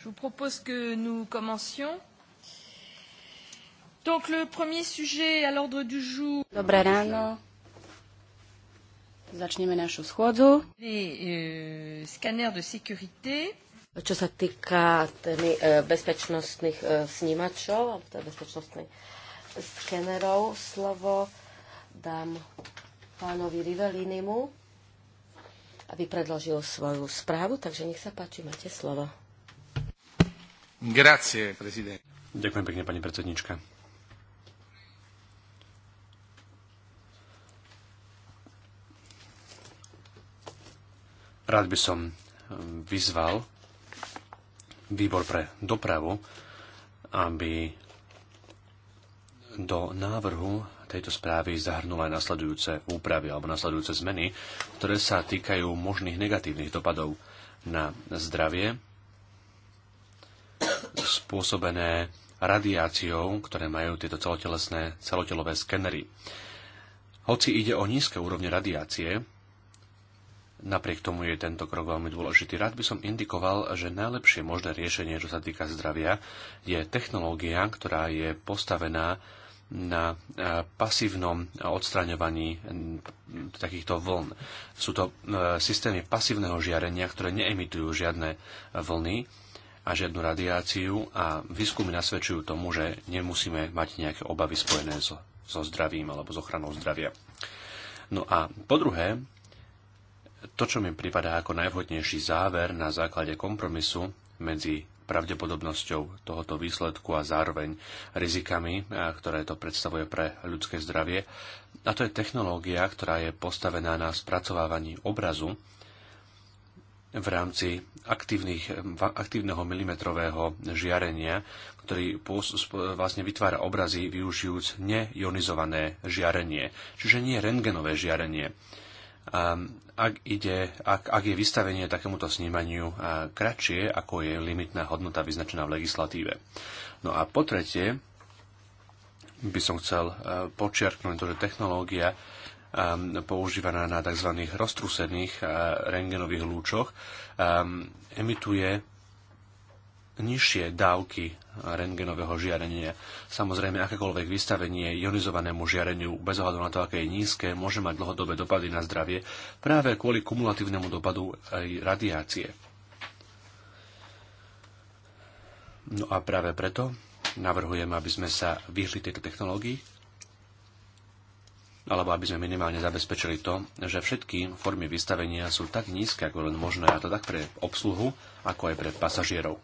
Je vous propose que nous commencions. Donc le premier sujet à l'ordre du jour. Dobré ráno. Začneme našu schôdzu. Les euh, scanners de sécurité. Čo sa týka témy euh, bezpečnostných euh, snímačov, teda bezpečnostných skenerov, slovo dám pánovi Rivelinimu, aby predložil svoju správu, takže nech sa páči, máte slovo. Grazie, prezident. Ďakujem pekne, pani predsednička. Rád by som vyzval výbor pre dopravu, aby do návrhu tejto správy zahrnul aj nasledujúce úpravy alebo nasledujúce zmeny, ktoré sa týkajú možných negatívnych dopadov na zdravie spôsobené radiáciou, ktoré majú tieto celotelesné, celotelové skenery. Hoci ide o nízke úrovne radiácie, napriek tomu je tento krok veľmi dôležitý. Rád by som indikoval, že najlepšie možné riešenie, čo sa týka zdravia, je technológia, ktorá je postavená na e, pasívnom odstraňovaní mm, takýchto vln. Sú to e, systémy pasívneho žiarenia, ktoré neemitujú žiadne vlny a žiadnu radiáciu a výskumy nasvedčujú tomu, že nemusíme mať nejaké obavy spojené so, so zdravím alebo s so ochranou zdravia. No a po druhé, to, čo mi pripadá ako najvhodnejší záver na základe kompromisu medzi pravdepodobnosťou tohoto výsledku a zároveň rizikami, ktoré to predstavuje pre ľudské zdravie. A to je technológia, ktorá je postavená na spracovávaní obrazu, v rámci aktívneho milimetrového žiarenia, ktorý vlastne vytvára obrazy využijúc neionizované žiarenie, čiže nie rentgenové žiarenie. Ak, ide, ak, ak je vystavenie takémuto snímaniu kratšie, ako je limitná hodnota vyznačená v legislatíve. No a po tretie by som chcel počiarknúť to, že technológia Um, používaná na tzv. roztrusených uh, rengenových lúčoch, um, emituje nižšie dávky rengenového žiarenia. Samozrejme, akékoľvek vystavenie ionizovanému žiareniu bez ohľadu na to, aké je nízke, môže mať dlhodobé dopady na zdravie práve kvôli kumulatívnemu dopadu aj radiácie. No a práve preto navrhujem, aby sme sa vyhli tejto technológii, alebo aby sme minimálne zabezpečili to, že všetky formy vystavenia sú tak nízke, ako len možné, a to tak pre obsluhu, ako aj pre pasažierov.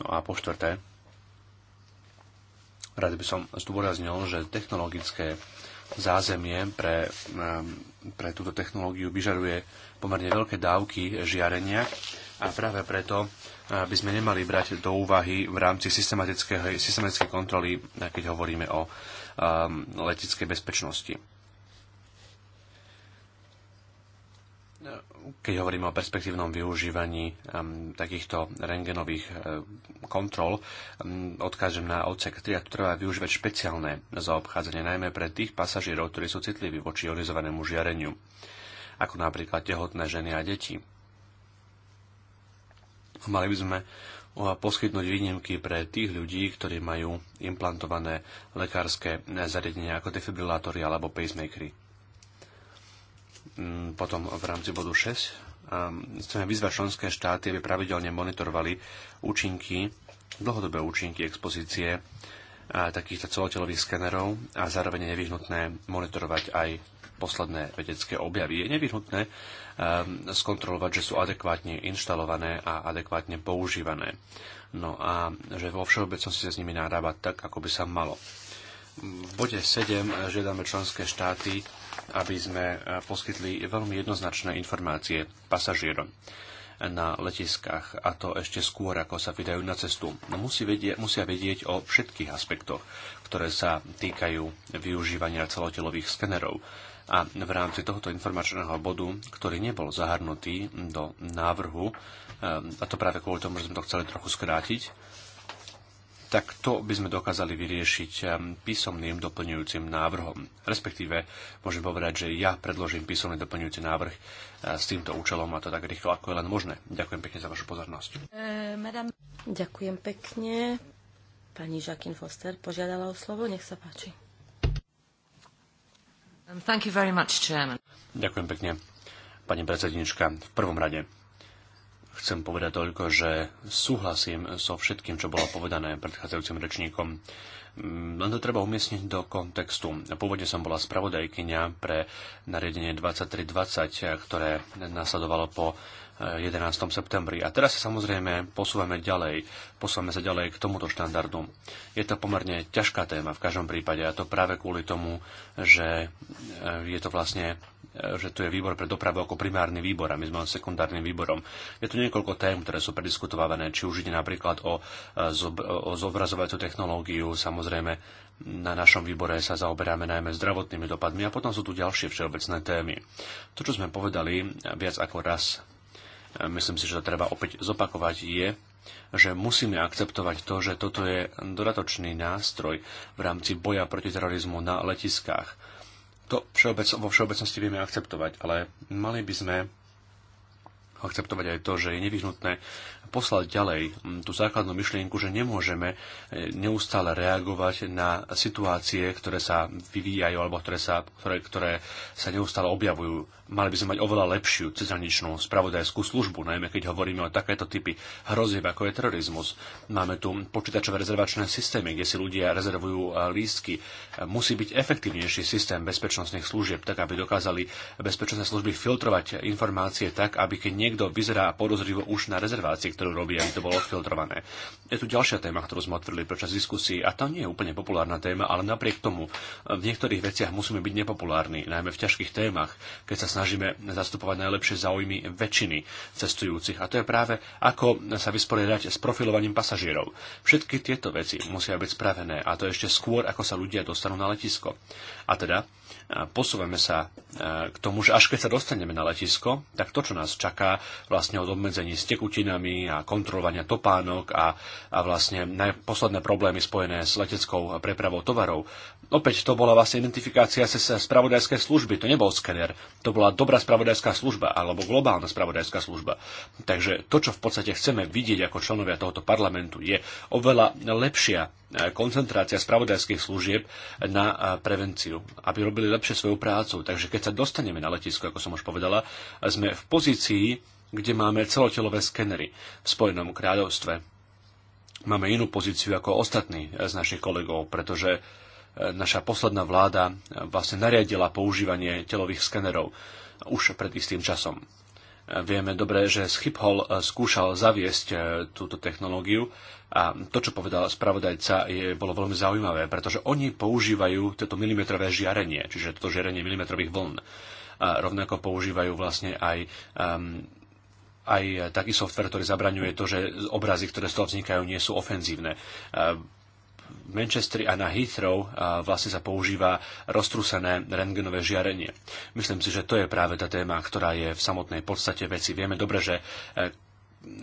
No a po štvrté, rád by som zdôraznil, že technologické zázemie pre, pre túto technológiu vyžaruje pomerne veľké dávky žiarenia a práve preto eh, by sme nemali brať do úvahy v rámci systematickej kontroly, eh, keď hovoríme o leteckej bezpečnosti. keď hovoríme o perspektívnom využívaní takýchto rengenových kontrol, odkážem na odsek 3 a tu treba využívať špeciálne zaobchádzanie, najmä pre tých pasažierov, ktorí sú citliví voči ionizovanému žiareniu, ako napríklad tehotné ženy a deti. Mali by sme poskytnúť výnimky pre tých ľudí, ktorí majú implantované lekárske zariadenia ako defibrilátory alebo pacemakery. Mm, potom v rámci bodu 6 ehm, chceme vyzvať členské štáty, aby pravidelne monitorovali účinky, dlhodobé účinky expozície eh, takýchto celotelových skenerov a zároveň je nevyhnutné monitorovať aj posledné vedecké objavy. Je nevyhnutné ehm, skontrolovať, že sú adekvátne inštalované a adekvátne používané. No a že vo všeobecnosti sa s nimi narába tak, ako by sa malo. V bode 7 eh, žiadame členské štáty aby sme e, poskytli veľmi jednoznačné informácie pasažierom na letiskách a to ešte skôr, ako sa vydajú na cestu. No musí vedieť, musia vedieť o všetkých aspektoch, ktoré sa týkajú využívania celotelových skenerov. A v rámci tohoto informačného bodu, ktorý nebol zahrnutý do návrhu, e, a to práve kvôli tomu, že sme to chceli trochu skrátiť, tak to by sme dokázali vyriešiť písomným doplňujúcim návrhom. Respektíve môžem povedať, že ja predložím písomný doplňujúci návrh e, s týmto účelom a to tak rýchlo, ako je len možné. Ďakujem pekne za vašu pozornosť. E, Ďakujem pekne. Pani Jacqueline Foster požiadala o slovo, nech sa páči. Um, thank you very much, Ďakujem pekne, pani predsednička. V prvom rade chcem povedať toľko, že súhlasím so všetkým, čo bolo povedané predchádzajúcim rečníkom. Mm, len to treba umiestniť do kontextu. Pôvodne som bola spravodajkynia pre nariadenie 2320, ktoré nasledovalo po 11. Eh, septembri. A teraz sa samozrejme posúvame ďalej, posúvame sa ďalej k tomuto štandardu. Je to pomerne ťažká téma v každom prípade a to práve kvôli tomu, že eh, je to vlastne že tu je výbor pre dopravu ako primárny výbor a my sme len sekundárnym výborom. Je tu niekoľko tém, ktoré sú prediskutované, či už ide napríklad o, e, o zobrazovaciu technológiu, samozrejme na našom výbore sa zaoberáme najmä zdravotnými dopadmi a potom sú tu ďalšie všeobecné témy. To, čo sme povedali viac ako raz, e, myslím si, že to treba opäť zopakovať, je, že musíme akceptovať to, že toto je dodatočný nástroj v rámci boja proti terorizmu na letiskách to všeobec, vo všeobecnosti vieme akceptovať, ale mali by sme akceptovať aj to, že je nevyhnutné poslať ďalej mm, tú základnú myšlienku, že nemôžeme e, neustále reagovať na situácie, ktoré sa vyvíjajú alebo ktoré sa, ktoré, ktoré sa neustále objavujú. Mali by sme mať oveľa lepšiu cezhraničnú spravodajskú službu, najmä keď hovoríme o takéto typy hrozieb, ako je terorizmus. Máme tu počítačové rezervačné systémy, kde si ľudia rezervujú e, lístky. Musí byť efektívnejší systém bezpečnostných služieb, tak aby dokázali bezpečnostné služby filtrovať informácie tak, aby keď niekto niekto vyzerá podozrivo už na rezervácii, ktorú robí, aby to bolo odfiltrované. Je tu ďalšia téma, ktorú sme otvorili počas diskusí a to nie je úplne populárna téma, ale napriek tomu v niektorých veciach musíme byť nepopulárni, najmä v ťažkých témach, keď sa snažíme zastupovať najlepšie záujmy väčšiny cestujúcich. A to je práve, ako sa vysporiadať s profilovaním pasažierov. Všetky tieto veci musia byť spravené a to ešte skôr, ako sa ľudia dostanú na letisko. A teda posúvame sa e, k tomu, že až keď sa dostaneme na letisko, tak to, čo nás čaká vlastne od obmedzení s tekutinami a kontrolovania topánok a, a vlastne posledné problémy spojené s leteckou prepravou tovarov Opäť to bola vlastne identifikácia cez spravodajské služby. To nebol skener. To bola dobrá spravodajská služba alebo globálna spravodajská služba. Takže to, čo v podstate chceme vidieť ako členovia tohoto parlamentu, je oveľa lepšia eh, koncentrácia spravodajských služieb na eh, prevenciu, aby robili lepšie svoju prácu. Takže keď sa dostaneme na letisko, ako som už povedala, sme v pozícii, kde máme celotelové skenery v Spojenom kráľovstve. Máme inú pozíciu ako ostatní eh, z našich kolegov, pretože naša posledná vláda vlastne nariadila používanie telových skenerov už pred istým časom. Vieme dobre, že Schiphol skúšal zaviesť e, túto technológiu a to, čo povedal spravodajca, je, bolo veľmi zaujímavé, pretože oni používajú toto milimetrové žiarenie, čiže toto žiarenie milimetrových vln. A rovnako používajú vlastne aj um, aj taký software, ktorý zabraňuje to, že obrazy, ktoré z toho vznikajú, nie sú ofenzívne. Manchestri a na Heathrow vlastne sa používa roztrúsené rentgenové žiarenie. Myslím si, že to je práve tá téma, ktorá je v samotnej podstate veci. Vieme dobre, že e,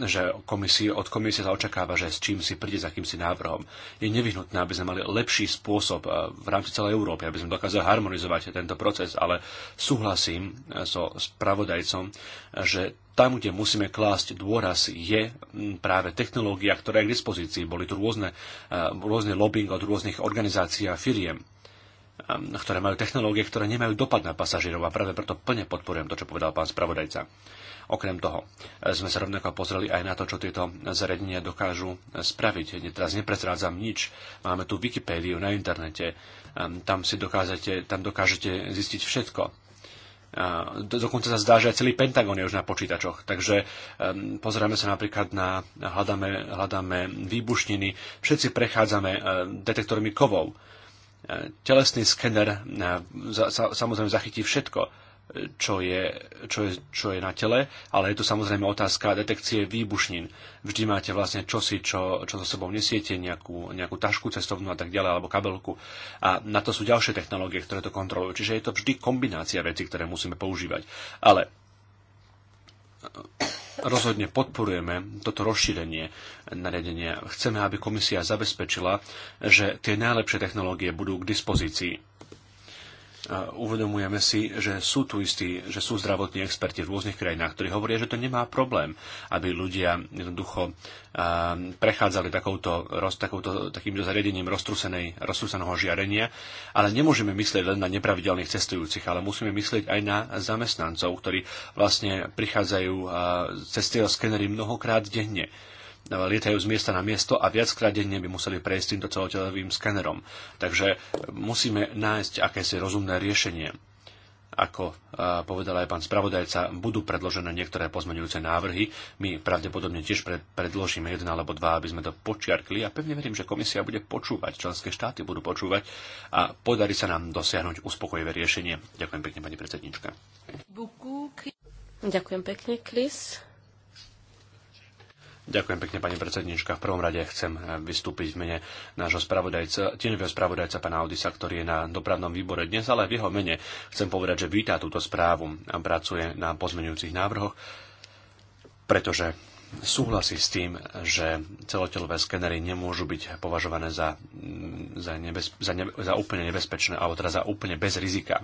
že komisie, od komisie sa očakáva, že s čím si príde, s akýmsi návrhom. Je nevyhnutné, aby sme mali lepší spôsob e, v rámci celej Európy, aby sme dokázali harmonizovať tento proces, ale súhlasím e, so spravodajcom, že tam, kde musíme klásť dôraz, je mm, práve technológia, ktorá je k dispozícii. Boli tu rôzne, eh, rôzne lobbying od rôznych organizácií a firiem eh, ktoré majú technológie, ktoré nemajú dopad na pasažierov a práve preto plne podporujem to, čo povedal pán spravodajca. Okrem toho, eh, sme sa rovnako pozreli aj na to, čo tieto zariadenia dokážu spraviť. Teraz neprezrádzam nič. Máme tu Wikipédiu na internete. Tam si dokážete, tam dokážete zistiť všetko. Dokonca sa zdá, že aj celý Pentagon je už na počítačoch. Takže pozeráme sa napríklad na, hľadáme, hľadáme výbušniny, všetci prechádzame detektormi kovov. E, telesný skener e, samozrejme zachytí všetko čo je, čo, je, čo je na tele, ale je to samozrejme otázka detekcie výbušnín. Vždy máte vlastne čosi, čo, čo so sebou nesiete, nejakú, nejakú tašku cestovnú a tak ďalej, alebo kabelku. A na to sú ďalšie technológie, ktoré to kontrolujú. Čiže je to vždy kombinácia vecí, ktoré musíme používať. Ale rozhodne podporujeme toto rozšírenie nariadenia. Chceme, aby komisia zabezpečila, že tie najlepšie technológie budú k dispozícii uvedomujeme si, že sú tu istí, že sú zdravotní experti v rôznych krajinách, ktorí hovoria, že to nemá problém, aby ľudia jednoducho prechádzali takouto, takouto, takýmto zariadením roztrúseného žiarenia, ale nemôžeme myslieť len na nepravidelných cestujúcich, ale musíme myslieť aj na zamestnancov, ktorí vlastne prichádzajú cez tie skenery mnohokrát denne lietajú z miesta na miesto a viackrát denne by museli prejsť týmto celotelovým skenerom. Takže musíme nájsť akési rozumné riešenie. Ako e, povedal aj pán spravodajca, budú predložené niektoré pozmeňujúce návrhy. My pravdepodobne tiež predložíme jeden alebo dva, aby sme to počiarkli a pevne verím, že komisia bude počúvať, členské štáty budú počúvať a podarí sa nám dosiahnuť uspokojivé riešenie. Ďakujem pekne, pani predsednička. Ďakujem pekne, Chris. Ďakujem pekne, pani predsednička. V prvom rade chcem eh, vystúpiť v mene nášho spravodajca, tieňového spravodajca pana Audisa, ktorý je na dopravnom výbore dnes, ale v jeho mene chcem povedať, že vítá túto správu a pracuje na pozmeňujúcich návrhoch, pretože súhlasí s tým, že celotelové skenery nemôžu byť považované za, mm, za, nebez, za, ne, za úplne nebezpečné alebo teda za úplne bez rizika.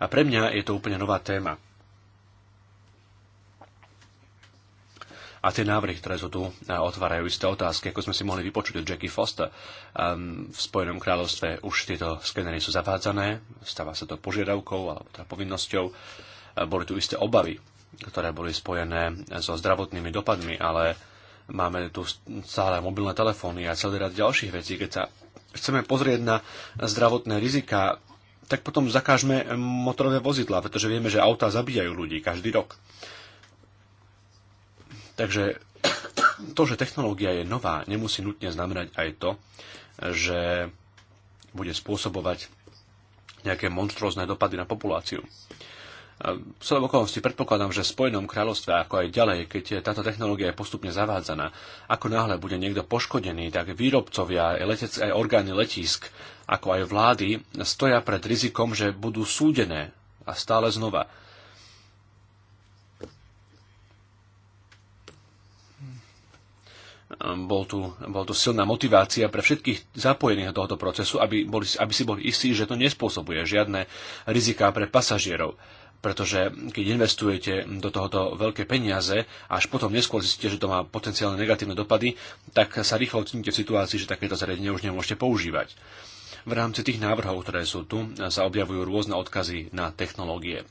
A pre mňa je to úplne nová téma A tie návrhy, ktoré sú tu, e, otvárajú isté otázky. Ako sme si mohli vypočuť od Jackie Foster, um, v Spojenom kráľovstve už tieto skenery sú zavádzané, stáva sa to požiadavkou alebo teda povinnosťou. E, boli tu isté obavy, ktoré boli spojené so zdravotnými dopadmi, ale máme tu stále mobilné telefóny a celý rad ďalších vecí. Keď sa chceme pozrieť na zdravotné rizika, tak potom zakážme motorové vozidla, pretože vieme, že autá zabíjajú ľudí každý rok. Takže to, že technológia je nová, nemusí nutne znamenať aj to, že bude spôsobovať nejaké monstrózne dopady na populáciu. V celom okolnosti predpokladám, že v Spojenom kráľovstve, ako aj ďalej, keď táto technológia je postupne zavádzaná, ako náhle bude niekto poškodený, tak výrobcovia, aj, letec, aj orgány letísk, ako aj vlády, stoja pred rizikom, že budú súdené a stále znova. Ehm, bol tu, bol tu silná motivácia pre všetkých zapojených do tohoto procesu, aby, boli, aby si boli istí, že to nespôsobuje žiadne riziká pre pasažierov pretože keď investujete do tohoto veľké peniaze a až potom neskôr zistíte, že to má potenciálne negatívne dopady, tak sa rýchlo ocnite v situácii, že takéto zariadenie už nemôžete používať. V rámci tých návrhov, ktoré sú tu, sa objavujú rôzne odkazy na technológie.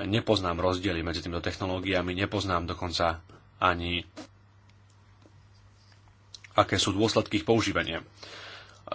Nepoznám rozdiely medzi týmito technológiami, nepoznám dokonca ani aké sú dôsledky ich používania.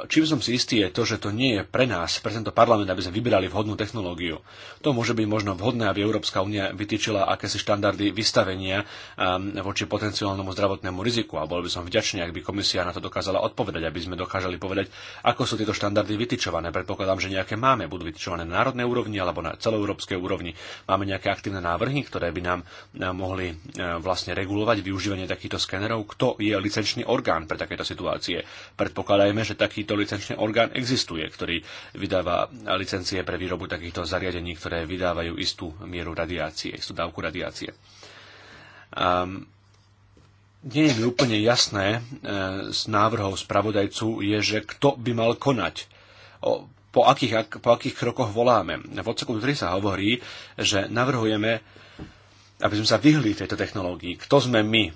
Čím som si istý je to, že to nie je pre nás, pre tento parlament, aby sme vybrali vhodnú technológiu. To môže byť možno vhodné, aby Európska únia vytýčila akési štandardy vystavenia um, voči potenciálnemu zdravotnému riziku. A bol by som vďačný, ak by komisia na to dokázala odpovedať, aby sme dokázali povedať, ako sú tieto štandardy vytýčované. Predpokladám, že nejaké máme, budú vytýčované na národnej úrovni alebo na celoeurópskej úrovni. Máme nejaké aktívne návrhy, ktoré by nám eh, mohli eh, vlastne regulovať využívanie takýchto skenerov. Kto je licenčný orgán pre takéto situácie? Predpokladajme, že taký takýto licenčný orgán existuje, ktorý vydáva licencie pre výrobu takýchto zariadení, ktoré vydávajú istú mieru radiácie, istú dávku radiácie. Um, nie je mi úplne jasné e, z návrhov spravodajcu je, že kto by mal konať. O, po, akých, ak, po akých krokoch voláme. V odseku 3 sa hovorí, že navrhujeme, aby sme sa vyhli tejto technológii. Kto sme my?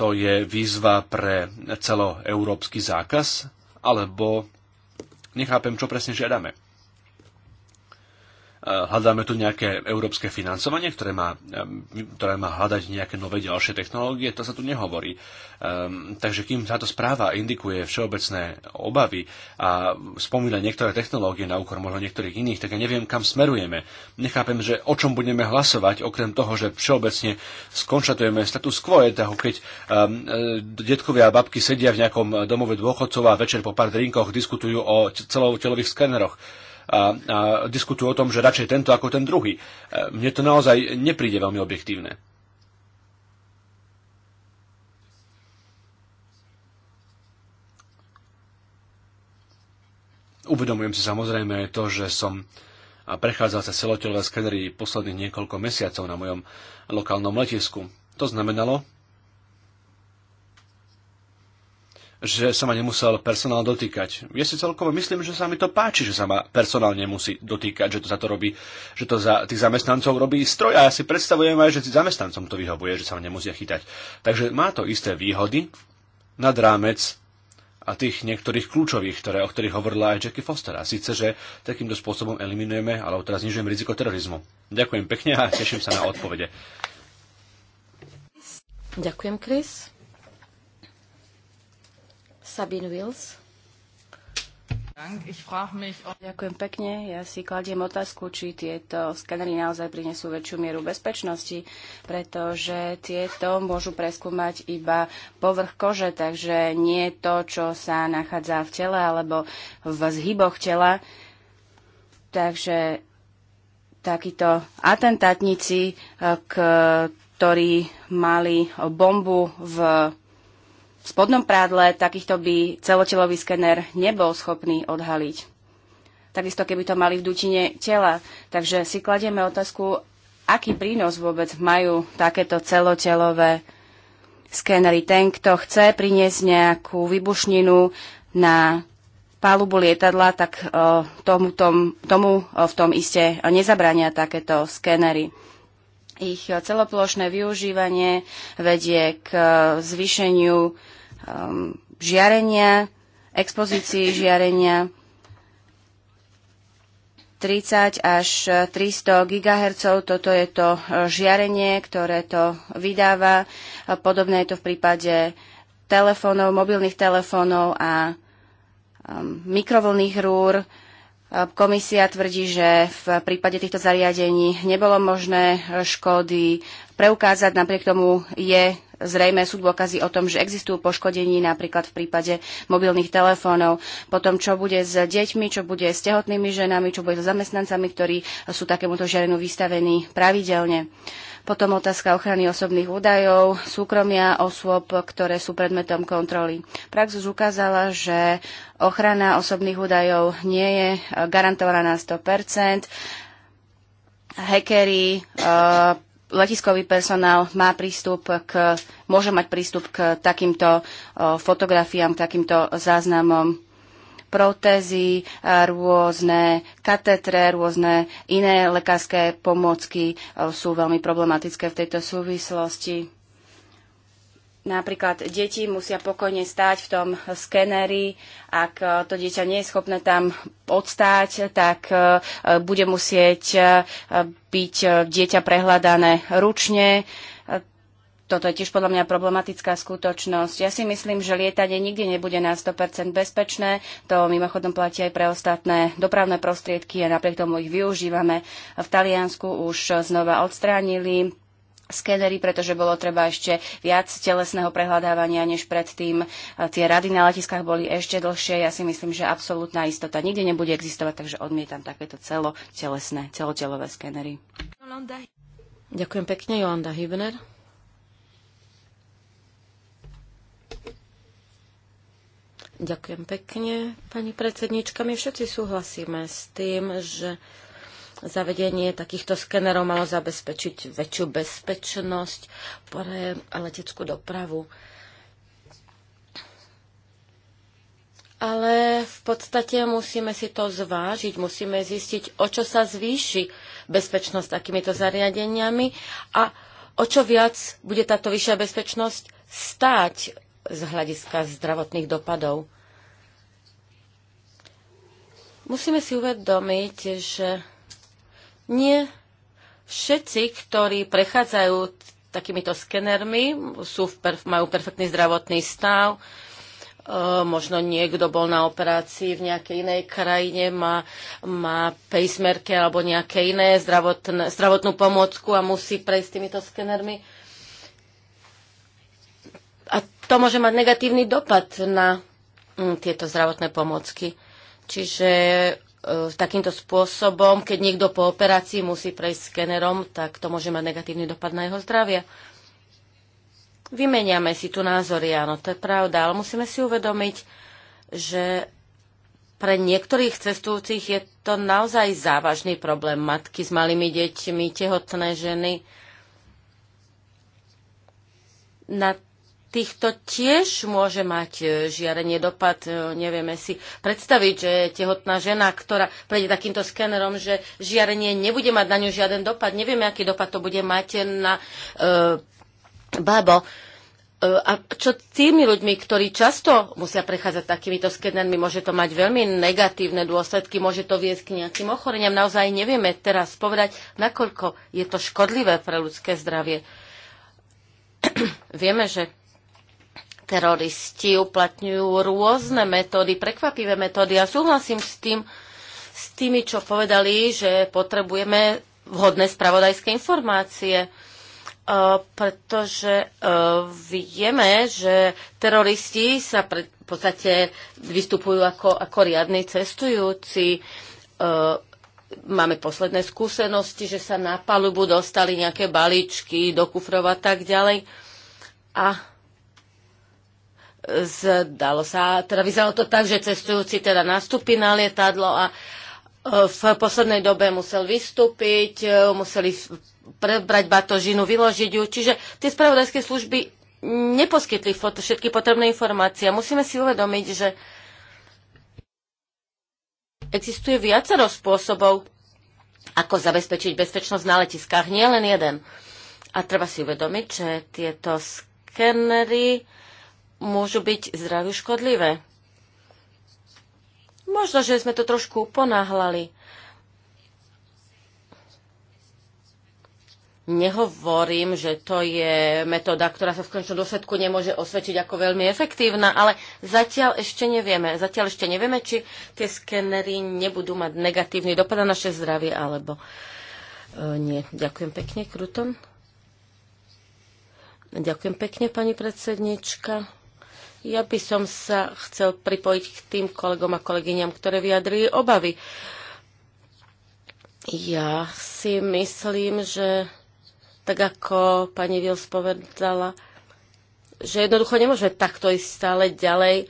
To je výzva pre celoeurópsky zákaz alebo nechápem, čo presne žiadame. Eh, hľadáme tu nejaké európske financovanie, ktoré má, eh, ktoré má hľadať nejaké nové ďalšie technológie, to sa tu nehovorí. Um, takže kým táto správa indikuje všeobecné obavy a spomína niektoré technológie na úkor možno niektorých iných, tak ja neviem, kam smerujeme. Nechápem, že o čom budeme hlasovať, okrem toho, že všeobecne skonštatujeme status quo, je toho, keď um, detkovia a babky sedia v nejakom domove dôchodcov a večer po pár drinkoch diskutujú o celotelových skeneroch a, a diskutujú o tom, že radšej tento ako ten druhý. E, mne to naozaj nepríde veľmi objektívne. Uvedomujem si samozrejme aj to, že som prechádzal cez celotelové skenery posledných niekoľko mesiacov na mojom lokálnom letisku. To znamenalo, že sa ma nemusel personál dotýkať. Ja si celkovo myslím, že sa mi to páči, že sa ma personál nemusí dotýkať, že to za to robí, že to za tých zamestnancov robí stroj a ja si predstavujem aj, že tých zamestnancom to vyhovuje, že sa ma nemusia chytať. Takže má to isté výhody nad rámec a tých niektorých kľúčových, ktoré, o ktorých hovorila aj Jackie Foster. A síce, že takýmto spôsobom eliminujeme, ale teraz znižujeme riziko terorizmu. Ďakujem pekne a teším sa na odpovede. Ďakujem, Chris. Sabine Wills. Ďakujem pekne. Ja si kladiem otázku, či tieto skenery naozaj prinesú väčšiu mieru bezpečnosti, pretože tieto môžu preskúmať iba povrch kože, takže nie to, čo sa nachádza v tele alebo v zhyboch tela. Takže takíto atentátnici, eh, ktorí mali bombu v v spodnom prádle, takýchto by celotelový skener nebol schopný odhaliť. Takisto keby to mali v dutine tela. Takže si kladieme otázku, aký prínos vôbec majú takéto celotelové skenery. Ten, kto chce priniesť nejakú vybušninu na pálubu lietadla, tak e, tomu, tom, tomu e, v tom iste nezabrania takéto skenery. Ich celoplošné využívanie vedie k e, zvýšeniu um, žiarenia, expozícii žiarenia 30 až 300 GHz. Toto je to uh, žiarenie, ktoré to vydáva. Podobné je to v prípade telefónov, mobilných telefónov a um, mikrovlných rúr. Komisia tvrdí, že v prípade týchto zariadení nebolo možné škody preukázať, napriek tomu je zrejme sú dôkazy o tom, že existujú poškodení napríklad v prípade mobilných telefónov. Potom, čo bude s deťmi, čo bude s tehotnými ženami, čo bude s zamestnancami, ktorí sú takémuto žiarenu vystavení pravidelne. Potom otázka ochrany osobných údajov, súkromia osôb, ktoré sú predmetom kontroly. Prax už ukázala, že ochrana osobných údajov nie je eh, garantovaná na 100%. Hekery, eh, letiskový personál má prístup k, môže mať prístup k takýmto fotografiám, k takýmto záznamom protézy, e, rôzne katetre, rôzne iné lekárske pomôcky e, sú veľmi problematické v tejto súvislosti. Napríklad deti musia pokojne stáť v tom skeneri, Ak e, to dieťa nie je schopné tam odstáť, tak e, e, bude musieť byť dieťa prehľadané ručne. Toto je tiež podľa mňa problematická skutočnosť. Ja si myslím, že lietanie nikdy nebude na 100% bezpečné. To mimochodom platí aj pre ostatné dopravné prostriedky a napriek tomu ich využívame. V Taliansku už znova odstránili skenery, pretože bolo treba ešte viac telesného prehľadávania než predtým. Tie rady na letiskách boli ešte dlhšie. Ja si myslím, že absolútna istota nikde nebude existovať, takže odmietam takéto celotelesné, celotelové skenery. Ďakujem pekne, Jolanda Hübner. Ďakujem pekne, pani predsednička. My všetci súhlasíme s tým, že zavedenie takýchto skenerov malo zabezpečiť väčšiu bezpečnosť pre leteckú dopravu. Ale v podstate musíme si to zvážiť, musíme zistiť, o čo sa zvýši bezpečnosť takýmito zariadeniami a o čo viac bude táto vyššia bezpečnosť stáť z hľadiska zdravotných dopadov. Musíme si uvedomiť, že nie všetci, ktorí prechádzajú takýmito skenermi, sú v perf- majú perfektný zdravotný stav, e, možno niekto bol na operácii v nejakej inej krajine, má, má pacemaker alebo nejaké iné zdravotné, zdravotnú pomocku a musí prejsť týmito skenermi. A to môže mať negatívny dopad na hm, tieto zdravotné pomocky, Čiže E, takýmto spôsobom, keď niekto po operácii musí prejsť skenerom, tak to môže mať negatívny dopad na jeho zdravie. Vymeniame si tu názory, áno, to je pravda, ale musíme si uvedomiť, že pre niektorých cestujúcich je to naozaj závažný problém. Matky s malými deťmi, tehotné ženy. Na týchto tiež môže mať e, žiarenie dopad. E, nevieme si predstaviť, že tehotná žena, ktorá prejde takýmto skenerom, že žiarenie nebude mať na ňu žiaden dopad. Nevieme, aký dopad to bude mať na e, babo. E, a čo tými ľuďmi, ktorí často musia prechádzať takýmito skenermi, môže to mať veľmi negatívne dôsledky, môže to viesť k nejakým ochoreniam. Naozaj nevieme teraz povedať, nakoľko je to škodlivé pre ľudské zdravie. Vieme, že teroristi uplatňujú rôzne metódy, prekvapivé metódy a súhlasím s tým, s tými, čo povedali, že potrebujeme vhodné spravodajské informácie. Uh, pretože uh, vieme, že teroristi sa pre, v podstate vystupujú ako, ako riadni cestujúci. Uh, máme posledné skúsenosti, že sa na palubu dostali nejaké balíčky do kufrov a tak ďalej. A zdalo sa, teda vyzeralo to tak, že cestujúci teda nastúpi na lietadlo a e, v poslednej dobe musel vystúpiť, e, museli prebrať batožinu, vyložiť ju. Čiže tie spravodajské služby neposkytli všetky potrebné informácie. Musíme si uvedomiť, že existuje viacero spôsobov, ako zabezpečiť bezpečnosť na letiskách, nie len jeden. A treba si uvedomiť, že tieto skenery môžu byť zdraviu škodlivé. Možno, že sme to trošku ponáhlali. Nehovorím, že to je metóda, ktorá sa v končnom dôsledku nemôže osvedčiť ako veľmi efektívna, ale zatiaľ ešte nevieme. Zatiaľ ešte nevieme, či tie skenery nebudú mať negatívny dopad na naše zdravie, alebo e, nie. Ďakujem pekne, Kruton. Ďakujem pekne, pani predsednička. Ja by som sa chcel pripojiť k tým kolegom a kolegyňam, ktoré vyjadrili obavy. Ja si myslím, že tak ako pani Vils povedala, že jednoducho nemôžeme takto ísť stále ďalej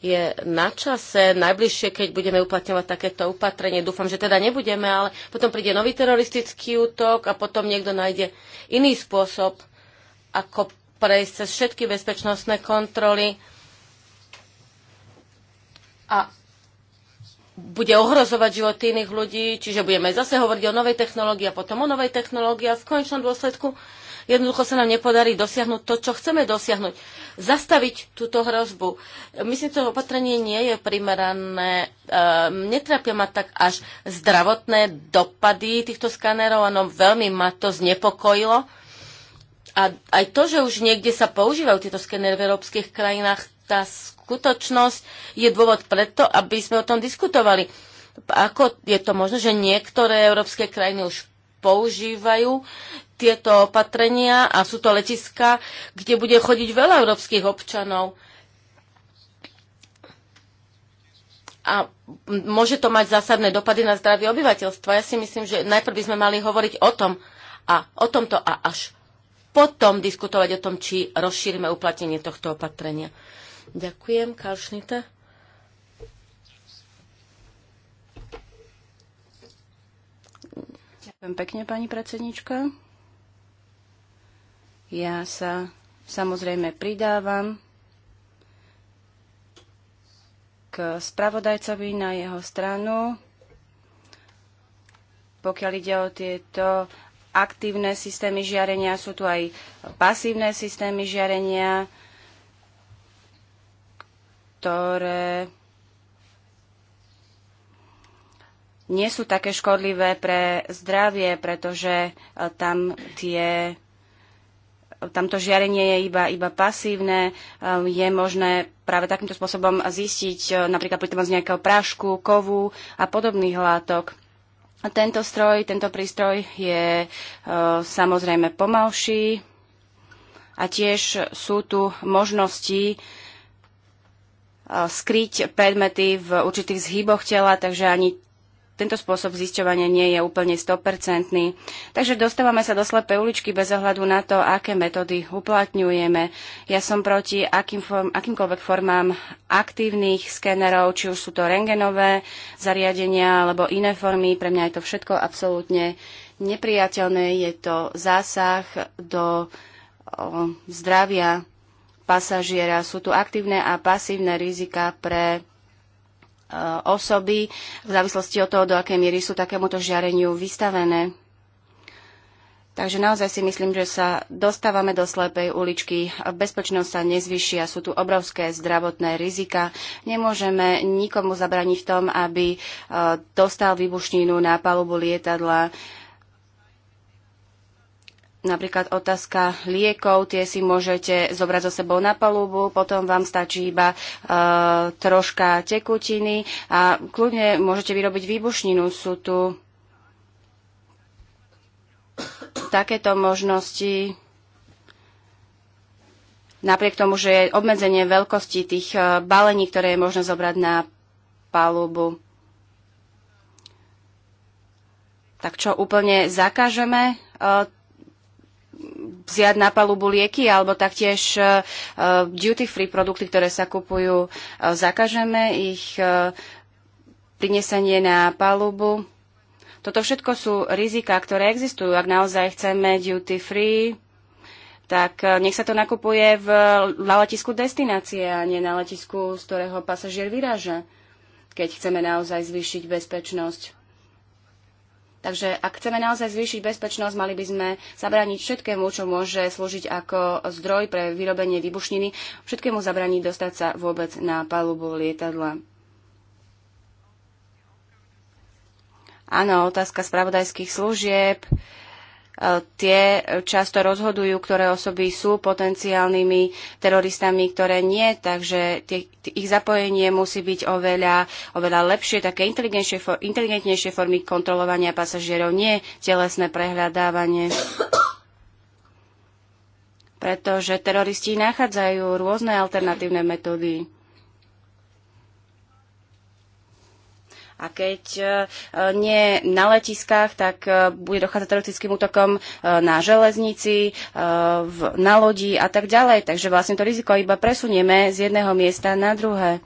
je na čase, najbližšie, keď budeme uplatňovať takéto opatrenie. Dúfam, že teda nebudeme, ale potom príde nový teroristický útok a potom niekto nájde iný spôsob, ako prejsť cez všetky bezpečnostné kontroly a bude ohrozovať život iných ľudí, čiže budeme zase hovoriť o novej technológii a potom o novej technológii a v konečnom dôsledku jednoducho sa nám nepodarí dosiahnuť to, čo chceme dosiahnuť. Zastaviť túto hrozbu. Myslím, to opatrenie nie je primerané. Ehm, netrápia ma tak až zdravotné dopady týchto skanerov. ano veľmi ma to znepokojilo. A aj to, že už niekde sa používajú tieto skenery v európskych krajinách, tá skutočnosť je dôvod preto, aby sme o tom diskutovali. Ako je to možné, že niektoré európske krajiny už používajú tieto opatrenia a sú to letiska, kde bude chodiť veľa európskych občanov. A môže to mať zásadné dopady na zdravie obyvateľstva. Ja si myslím, že najprv by sme mali hovoriť o tom a o tomto a až potom diskutovať o tom, či rozšírime uplatnenie tohto opatrenia. Ďakujem, Karl Ďakujem pekne, pani predsednička. Ja sa samozrejme pridávam k spravodajcovi na jeho stranu, pokiaľ ide o tieto aktívne systémy žiarenia, sú tu aj pasívne systémy žiarenia, ktoré nie sú také škodlivé pre zdravie, pretože e, tam tie tamto žiarenie je iba, iba pasívne, e, je možné práve takýmto spôsobom zistiť e, napríklad z nejakého prášku, kovu a podobných látok. Tento stroj, tento prístroj je e, samozrejme pomalší a tiež sú tu možnosti e, skryť predmety v určitých zhyboch tela, takže ani tento spôsob zisťovania nie je úplne 100%. Takže dostávame sa do slepej uličky bez ohľadu na to, aké metódy uplatňujeme. Ja som proti akým form, akýmkoľvek formám aktívnych skenerov, či už sú to rengenové zariadenia alebo iné formy. Pre mňa je to všetko absolútne nepriateľné. Je to zásah do o, zdravia pasažiera. Sú tu aktívne a pasívne rizika pre Eh, osoby v závislosti od toho, do akej miery sú takémuto žiareniu vystavené. Takže naozaj si myslím, že sa dostávame do slepej uličky. Bezpečnosť sa nezvyšia, sú tu obrovské zdravotné rizika. Nemôžeme nikomu zabraniť v tom, aby eh, dostal výbušninu na palubu lietadla. Napríklad otázka liekov, tie si môžete zobrať so sebou na palubu, potom vám stačí iba e, troška tekutiny a kľudne môžete vyrobiť výbušninu. Sú tu takéto možnosti. Napriek tomu, že je obmedzenie veľkosti tých e, balení, ktoré je možné zobrať na palubu. Tak čo úplne zakážeme? E, vziať na palubu lieky alebo taktiež e, e, duty free produkty, ktoré sa kupujú, e, zakažeme ich prinesenie na palubu. Toto všetko sú rizika, ktoré existujú. Ak naozaj chceme duty free, tak nech sa to nakupuje v, na letisku destinácie a nie na letisku, z ktorého pasažier vyráža, keď chceme naozaj zvýšiť bezpečnosť. Takže ak chceme naozaj zvýšiť bezpečnosť, mali by sme zabrániť všetkému, čo môže slúžiť ako zdroj pre vyrobenie výbušniny, všetkému zabrániť dostať sa vôbec na palubu lietadla. Áno, otázka spravodajských služieb tie často rozhodujú, ktoré osoby sú potenciálnymi teroristami, ktoré nie, takže tie, ich zapojenie musí byť oveľa, oveľa lepšie, také inteligentnejšie formy kontrolovania pasažierov, nie telesné prehľadávanie pretože teroristi nachádzajú rôzne alternatívne metódy. A keď e, nie na letiskách, tak e, bude dochádzať teroristickým útokom e, na železnici, na lodi a tak ďalej. Takže vlastne to riziko iba presunieme z jedného miesta na druhé.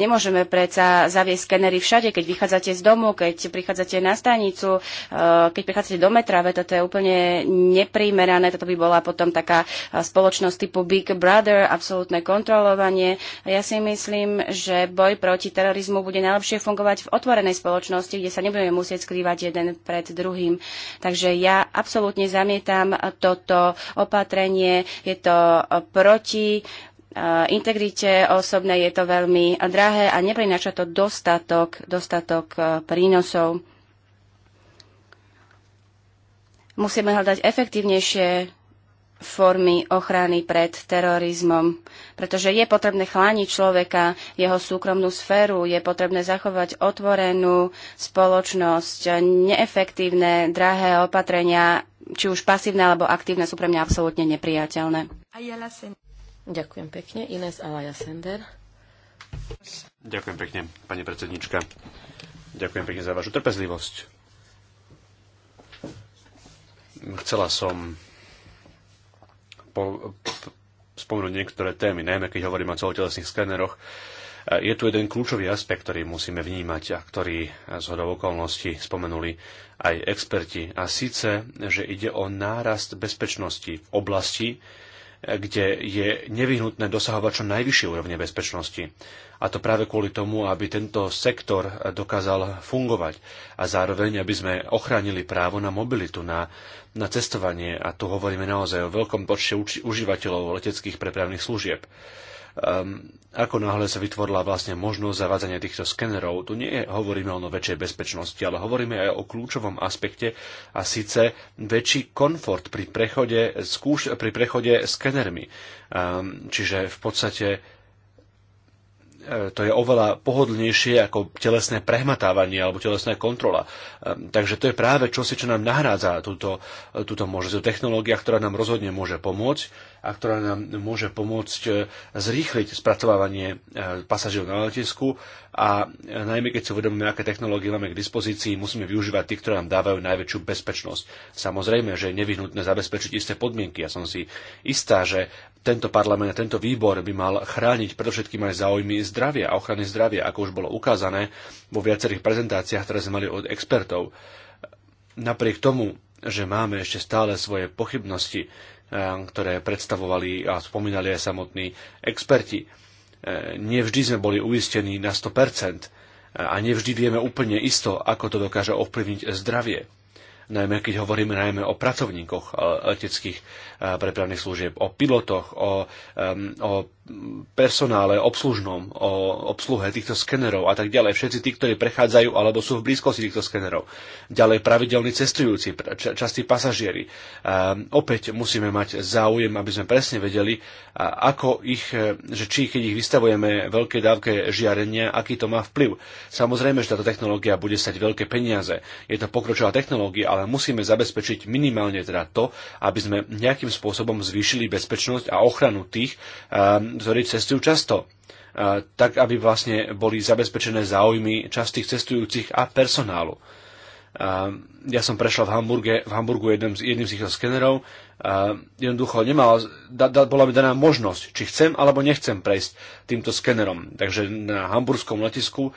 Nemôžeme predsa zaviesť skenery všade, keď vychádzate z domu, keď prichádzate na stanicu, eh, keď prichádzate do metra, veď toto je úplne neprimerané, toto by bola potom taká eh, spoločnosť typu Big Brother, absolútne kontrolovanie. Ja si myslím, že boj proti terorizmu bude najlepšie fungovať v otvorenej spoločnosti, kde sa nebudeme musieť skrývať jeden pred druhým. Takže ja absolútne zamietam toto opatrenie. Je to eh, proti integrite osobnej je to veľmi drahé a neprináša to dostatok, dostatok e, prínosov. Musíme hľadať efektívnejšie formy ochrany pred terorizmom. Pretože je potrebné chlániť človeka, jeho súkromnú sféru, je potrebné zachovať otvorenú spoločnosť, neefektívne, drahé opatrenia, či už pasívne alebo aktívne, sú pre mňa absolútne nepriateľné. Ďakujem pekne. Ines Alaja Sender. Ďakujem pekne, pani predsednička. Ďakujem pekne za vašu trpezlivosť. Chcela som po, spomenúť niektoré témy, najmä keď hovorím o celotelesných skeneroch. Je tu jeden kľúčový aspekt, ktorý musíme vnímať a ktorý z hodov okolností spomenuli aj experti. A síce, že ide o nárast bezpečnosti v oblasti, kde je nevyhnutné dosahovať čo najvyššie úrovne bezpečnosti. A to práve kvôli tomu, aby tento sektor dokázal fungovať a zároveň, aby sme ochránili právo na mobilitu, na, na cestovanie. A tu hovoríme naozaj o veľkom počte užívateľov leteckých prepravných služieb um, ako náhle sa vytvorila vlastne možnosť zavádzania týchto skenerov, tu nie je, hovoríme o no väčšej bezpečnosti, ale hovoríme aj o kľúčovom aspekte a síce väčší komfort pri prechode, skúš, pri prechode skenermi. Um, čiže v podstate E, to je oveľa pohodlnejšie ako telesné prehmatávanie alebo telesná kontrola. E, takže to je práve čosi, čo nám nahrádza túto, e, túto možnosť. Technológia, ktorá nám rozhodne môže pomôcť a ktorá nám môže pomôcť zrýchliť spracovávanie pasažierov na letisku a najmä keď si uvedomíme, aké technológie máme k dispozícii, musíme využívať tie, ktoré nám dávajú najväčšiu bezpečnosť. Samozrejme, že je nevyhnutné zabezpečiť isté podmienky. Ja som si istá, že tento parlament a tento výbor by mal chrániť predovšetkým aj záujmy zdravia a ochrany zdravia, ako už bolo ukázané vo viacerých prezentáciách, ktoré sme mali od expertov. Napriek tomu, že máme ešte stále svoje pochybnosti, eh, ktoré predstavovali a spomínali aj samotní experti nevždy sme boli uistení na 100% a nevždy vieme úplne isto, ako to dokáže ovplyvniť zdravie najmä keď hovoríme najmä o pracovníkoch leteckých prepravných služieb, o pilotoch, o, um, o personále obslužnom, o obsluhe týchto skenerov a tak ďalej. Všetci tí, ktorí prechádzajú alebo sú v blízkosti týchto skenerov. Ďalej pravidelní cestujúci, častí pasažieri. Ehm, opäť musíme mať záujem, aby sme presne vedeli, ako ich, e, že či keď ich vystavujeme veľké dávke žiarenia, aký to má vplyv. Samozrejme, že táto technológia bude stať veľké peniaze. Je to pokročová technológia, ale musíme zabezpečiť minimálne teda to, aby sme nejakým spôsobom zvýšili bezpečnosť a ochranu tých, ehm, ktorí cestujú často tak aby vlastne boli zabezpečené záujmy častých cestujúcich a personálu. Ja som prešiel v, Hamburge, v Hamburgu jedným z, jedným z týchto skenerov. Jednoducho nemal, da, da, bola mi daná možnosť, či chcem alebo nechcem prejsť týmto skenerom. Takže na hamburskom letisku e,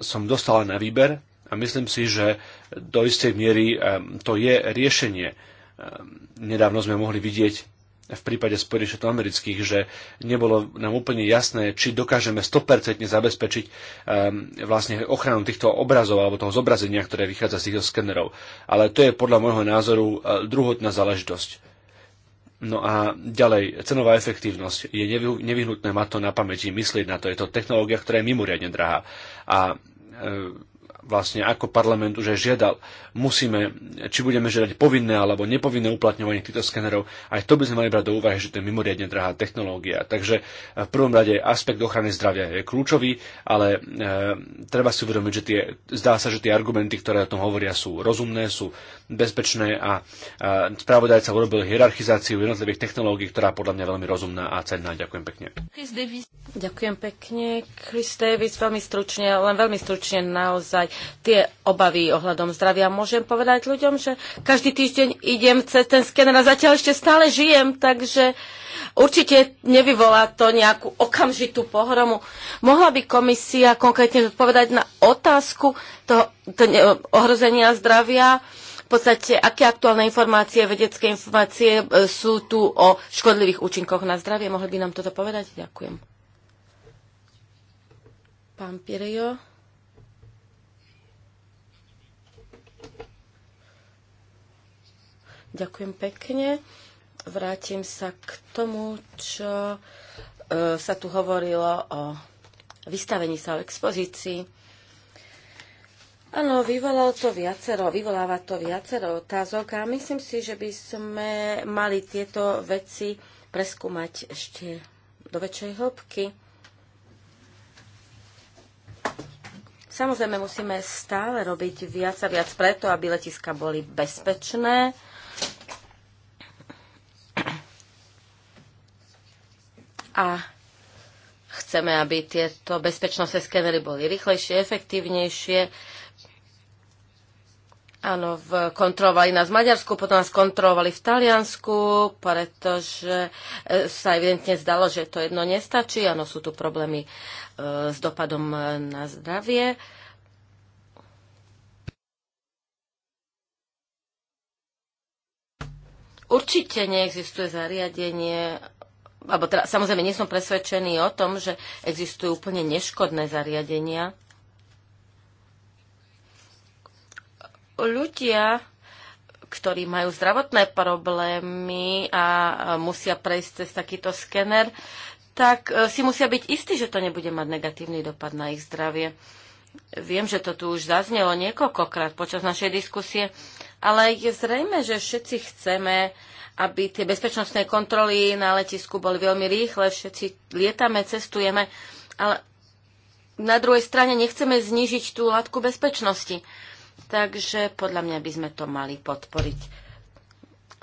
som dostala na výber a myslím si, že do istej miery e, to je riešenie. E, nedávno sme mohli vidieť v prípade Spojených štátov amerických, že nebolo nám úplne jasné, či dokážeme 100% zabezpečiť um, vlastne ochranu týchto obrazov alebo toho zobrazenia, ktoré vychádza z týchto skenerov. Ale to je podľa môjho názoru e, druhotná záležitosť. No a ďalej, cenová efektívnosť. Je nevyhnutné mať to na pamäti, myslieť na to. Je to technológia, ktorá je mimoriadne drahá. A e, vlastne ako parlament už aj žiadal, musíme, či budeme žiadať povinné alebo nepovinné uplatňovanie týchto skenerov, aj to by sme mali brať do úvahy, že to je mimoriadne drahá technológia. Takže e, v prvom rade aspekt ochrany zdravia je kľúčový, ale e, treba si uvedomiť, že tie, zdá sa, že tie argumenty, ktoré o tom hovoria, sú rozumné, sú bezpečné a e, spravodajca urobil hierarchizáciu jednotlivých technológií, ktorá podľa mňa je veľmi rozumná a cenná. Ďakujem pekne. Ďakujem pekne. Chris Davis, veľmi stručne, len veľmi stručne naozaj tie obavy ohľadom zdravia. Môžem povedať ľuďom, že každý týždeň idem cez ten skener a zatiaľ ešte stále žijem, takže určite nevyvolá to nejakú okamžitú pohromu. Mohla by komisia konkrétne odpovedať na otázku toho, to, ne, ohrozenia zdravia? V podstate, aké aktuálne informácie, vedecké informácie e, sú tu o škodlivých účinkoch na zdravie? Mohli by nám toto povedať? Ďakujem. Pán Pirejo. Ďakujem pekne. Vrátim sa k tomu, čo e, sa tu hovorilo o vystavení sa o expozícii. Áno, vyvolalo to viacero, vyvoláva to viacero otázok a myslím si, že by sme mali tieto veci preskúmať ešte do väčšej hĺbky. Samozrejme musíme stále robiť viac a viac preto, aby letiska boli bezpečné a chceme, aby tieto bezpečnostné skenery boli rýchlejšie, efektívnejšie. Áno, v, kontrolovali nás v Maďarsku, potom nás kontrolovali v Taliansku, pretože e, sa evidentne zdalo, že to jedno nestačí. Áno, sú tu problémy e, s dopadom na zdravie. Určite neexistuje zariadenie alebo teda, samozrejme nie som presvedčený o tom, že existujú úplne neškodné zariadenia. Ľudia, ktorí majú zdravotné problémy a musia prejsť cez takýto skener, tak e, si musia byť istí, že to nebude mať negatívny dopad na ich zdravie. Viem, že to tu už zaznelo niekoľkokrát počas našej diskusie, ale je zrejme, že všetci chceme aby tie bezpečnostné kontroly na letisku boli veľmi rýchle, všetci lietame, cestujeme, ale na druhej strane nechceme znižiť tú látku bezpečnosti. Takže podľa mňa by sme to mali podporiť.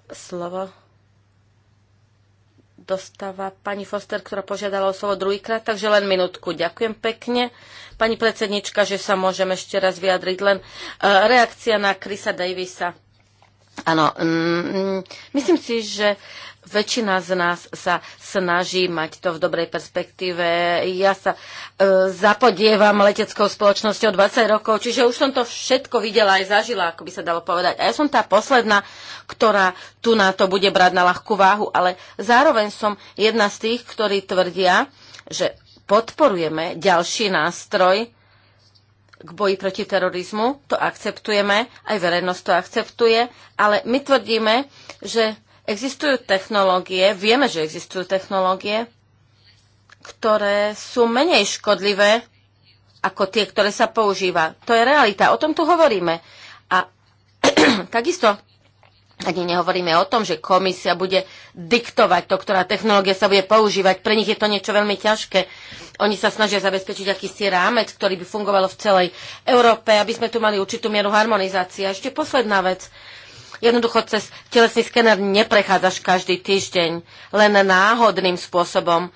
Slovo dostáva pani Foster, ktorá požiadala o slovo druhýkrát, takže len minútku. Ďakujem pekne. Pani predsednička, že sa môžem ešte raz vyjadriť. Len e, reakcia na Krisa Davisa Áno, mm, mm, myslím si, že väčšina z nás sa snaží mať to v dobrej perspektíve. Ja sa e, zapodievam leteckou spoločnosťou 20 rokov, čiže už som to všetko videla aj zažila, ako by sa dalo povedať. A ja som tá posledná, ktorá tu na to bude brať na ľahkú váhu, ale zároveň som jedna z tých, ktorí tvrdia, že podporujeme ďalší nástroj, k boji proti terorizmu, to akceptujeme, aj verejnosť to akceptuje, ale my tvrdíme, že existujú technológie, vieme, že existujú technológie, ktoré sú menej škodlivé ako tie, ktoré sa používa. To je realita, o tom tu hovoríme. A takisto ani nehovoríme o tom, že komisia bude diktovať to, ktorá technológia sa bude používať. Pre nich je to niečo veľmi ťažké. Oni sa snažia zabezpečiť akýsi rámec, ktorý by fungoval v celej Európe, aby sme tu mali určitú mieru harmonizácie. A ešte posledná vec. Jednoducho cez telesný skener neprechádzaš každý týždeň, len náhodným spôsobom.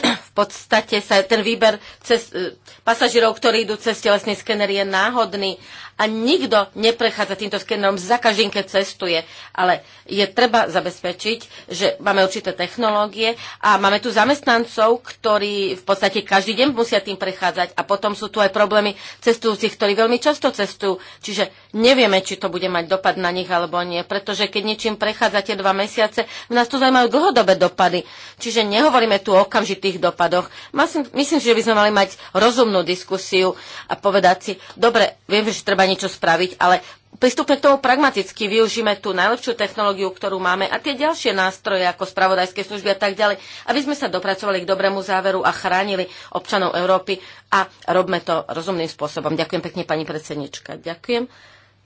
v podstate sa ten výber cez, e, pasažírov, ktorí idú cez telesný skener, je náhodný a nikto neprechádza týmto skénerom za každým, keď cestuje. Ale je treba zabezpečiť, že máme určité technológie a máme tu zamestnancov, ktorí v podstate každý deň musia tým prechádzať a potom sú tu aj problémy cestujúcich, ktorí veľmi často cestujú. Čiže nevieme, či to bude mať dopad na nich alebo nie, pretože keď niečím prechádzate dva mesiace, v nás tu zaujímajú dlhodobé dopady. Čiže nehovoríme tu o okamžitých dopadoch. Myslím, že by sme mali mať rozumnú diskusiu a povedať si, dobre, viem, že treba niečo spraviť, ale pristúpme k tomu pragmaticky, využíme tú najlepšiu technológiu, ktorú máme a tie ďalšie nástroje ako spravodajské služby a tak ďalej, aby sme sa dopracovali k dobrému záveru a chránili občanov Európy a robme to rozumným spôsobom. Ďakujem pekne, pani predsednička. Ďakujem.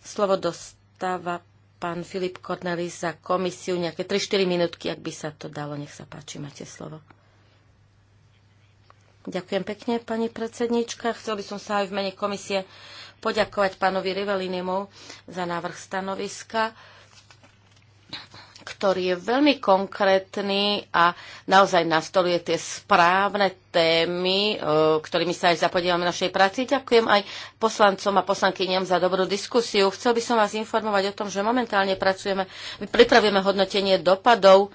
Slovo dostáva pán Filip Kornelis za komisiu nejaké 3-4 minútky, ak by sa to dalo. Nech sa páči, máte slovo. Ďakujem pekne, pani predsednička. Chcel by som sa aj v mene komisie poďakovať pánovi Revelinemu za návrh stanoviska, ktorý je veľmi konkrétny a naozaj nastoluje tie správne témy, e, ktorými sa aj zapodívame v našej práci. Ďakujem aj poslancom a poslankyniam za dobrú diskusiu. Chcel by som vás informovať o tom, že momentálne pracujeme, pripravujeme hodnotenie dopadov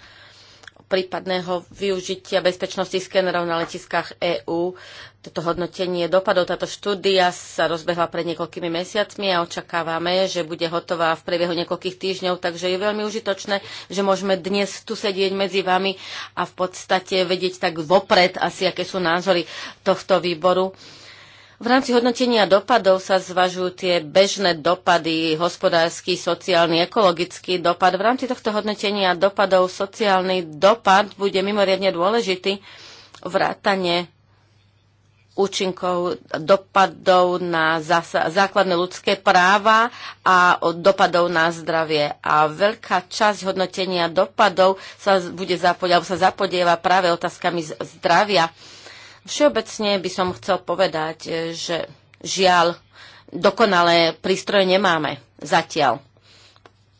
prípadného využitia bezpečnosti skenerov na letiskách EÚ. Toto hodnotenie dopadov, táto štúdia sa rozbehla pred niekoľkými mesiacmi a očakávame, že bude hotová v priebehu niekoľkých týždňov, takže je veľmi užitočné, že môžeme dnes tu sedieť medzi vami a v podstate vedieť tak vopred asi, aké sú názory tohto výboru v rámci hodnotenia dopadov sa zvažujú tie bežné dopady, hospodársky, sociálny, ekologický dopad. V rámci tohto hodnotenia dopadov sociálny dopad bude mimoriadne dôležitý Vrátanie účinkov dopadov na základné ľudské práva a dopadov na zdravie. A veľká časť hodnotenia dopadov sa bude zapodia, sa zapodieva práve otázkami zdravia Všeobecne by som chcel povedať, e, že žiaľ, dokonalé prístroje nemáme zatiaľ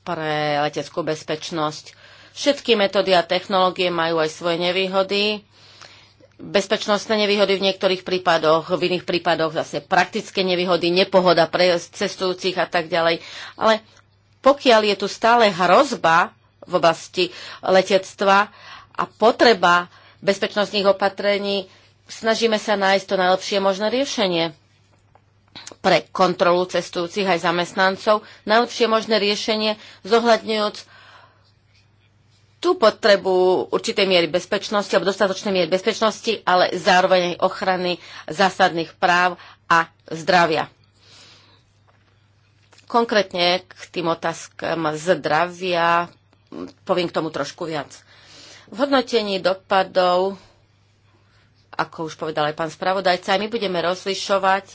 pre leteckú bezpečnosť. Všetky metódy a technológie majú aj svoje nevýhody. Bezpečnostné nevýhody v niektorých prípadoch, v iných prípadoch zase praktické nevýhody, nepohoda pre cestujúcich a tak ďalej. Ale pokiaľ je tu stále hrozba v oblasti letectva a potreba bezpečnostných opatrení, snažíme sa nájsť to najlepšie možné riešenie pre kontrolu cestujúcich aj zamestnancov, najlepšie možné riešenie zohľadňujúc tú potrebu určitej miery bezpečnosti alebo dostatočnej miery bezpečnosti, ale zároveň aj ochrany zásadných práv a zdravia. Konkrétne k tým otázkam zdravia poviem k tomu trošku viac. V hodnotení dopadov ako už povedal aj pán spravodajca, aj my budeme rozlišovať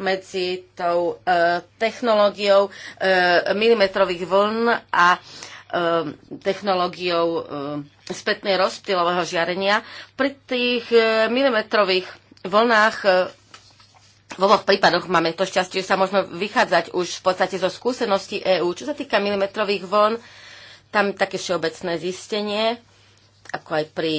medzi tou e, technológiou e, milimetrových vln a e, technológiou e, spätnej rozptýlového žiarenia. Pri tých e, milimetrových vlnách e, v oboch prípadoch máme to šťastie, že sa môžeme vychádzať už v podstate zo skúseností EÚ. Čo sa týka milimetrových vln, tam také všeobecné zistenie, ako aj pri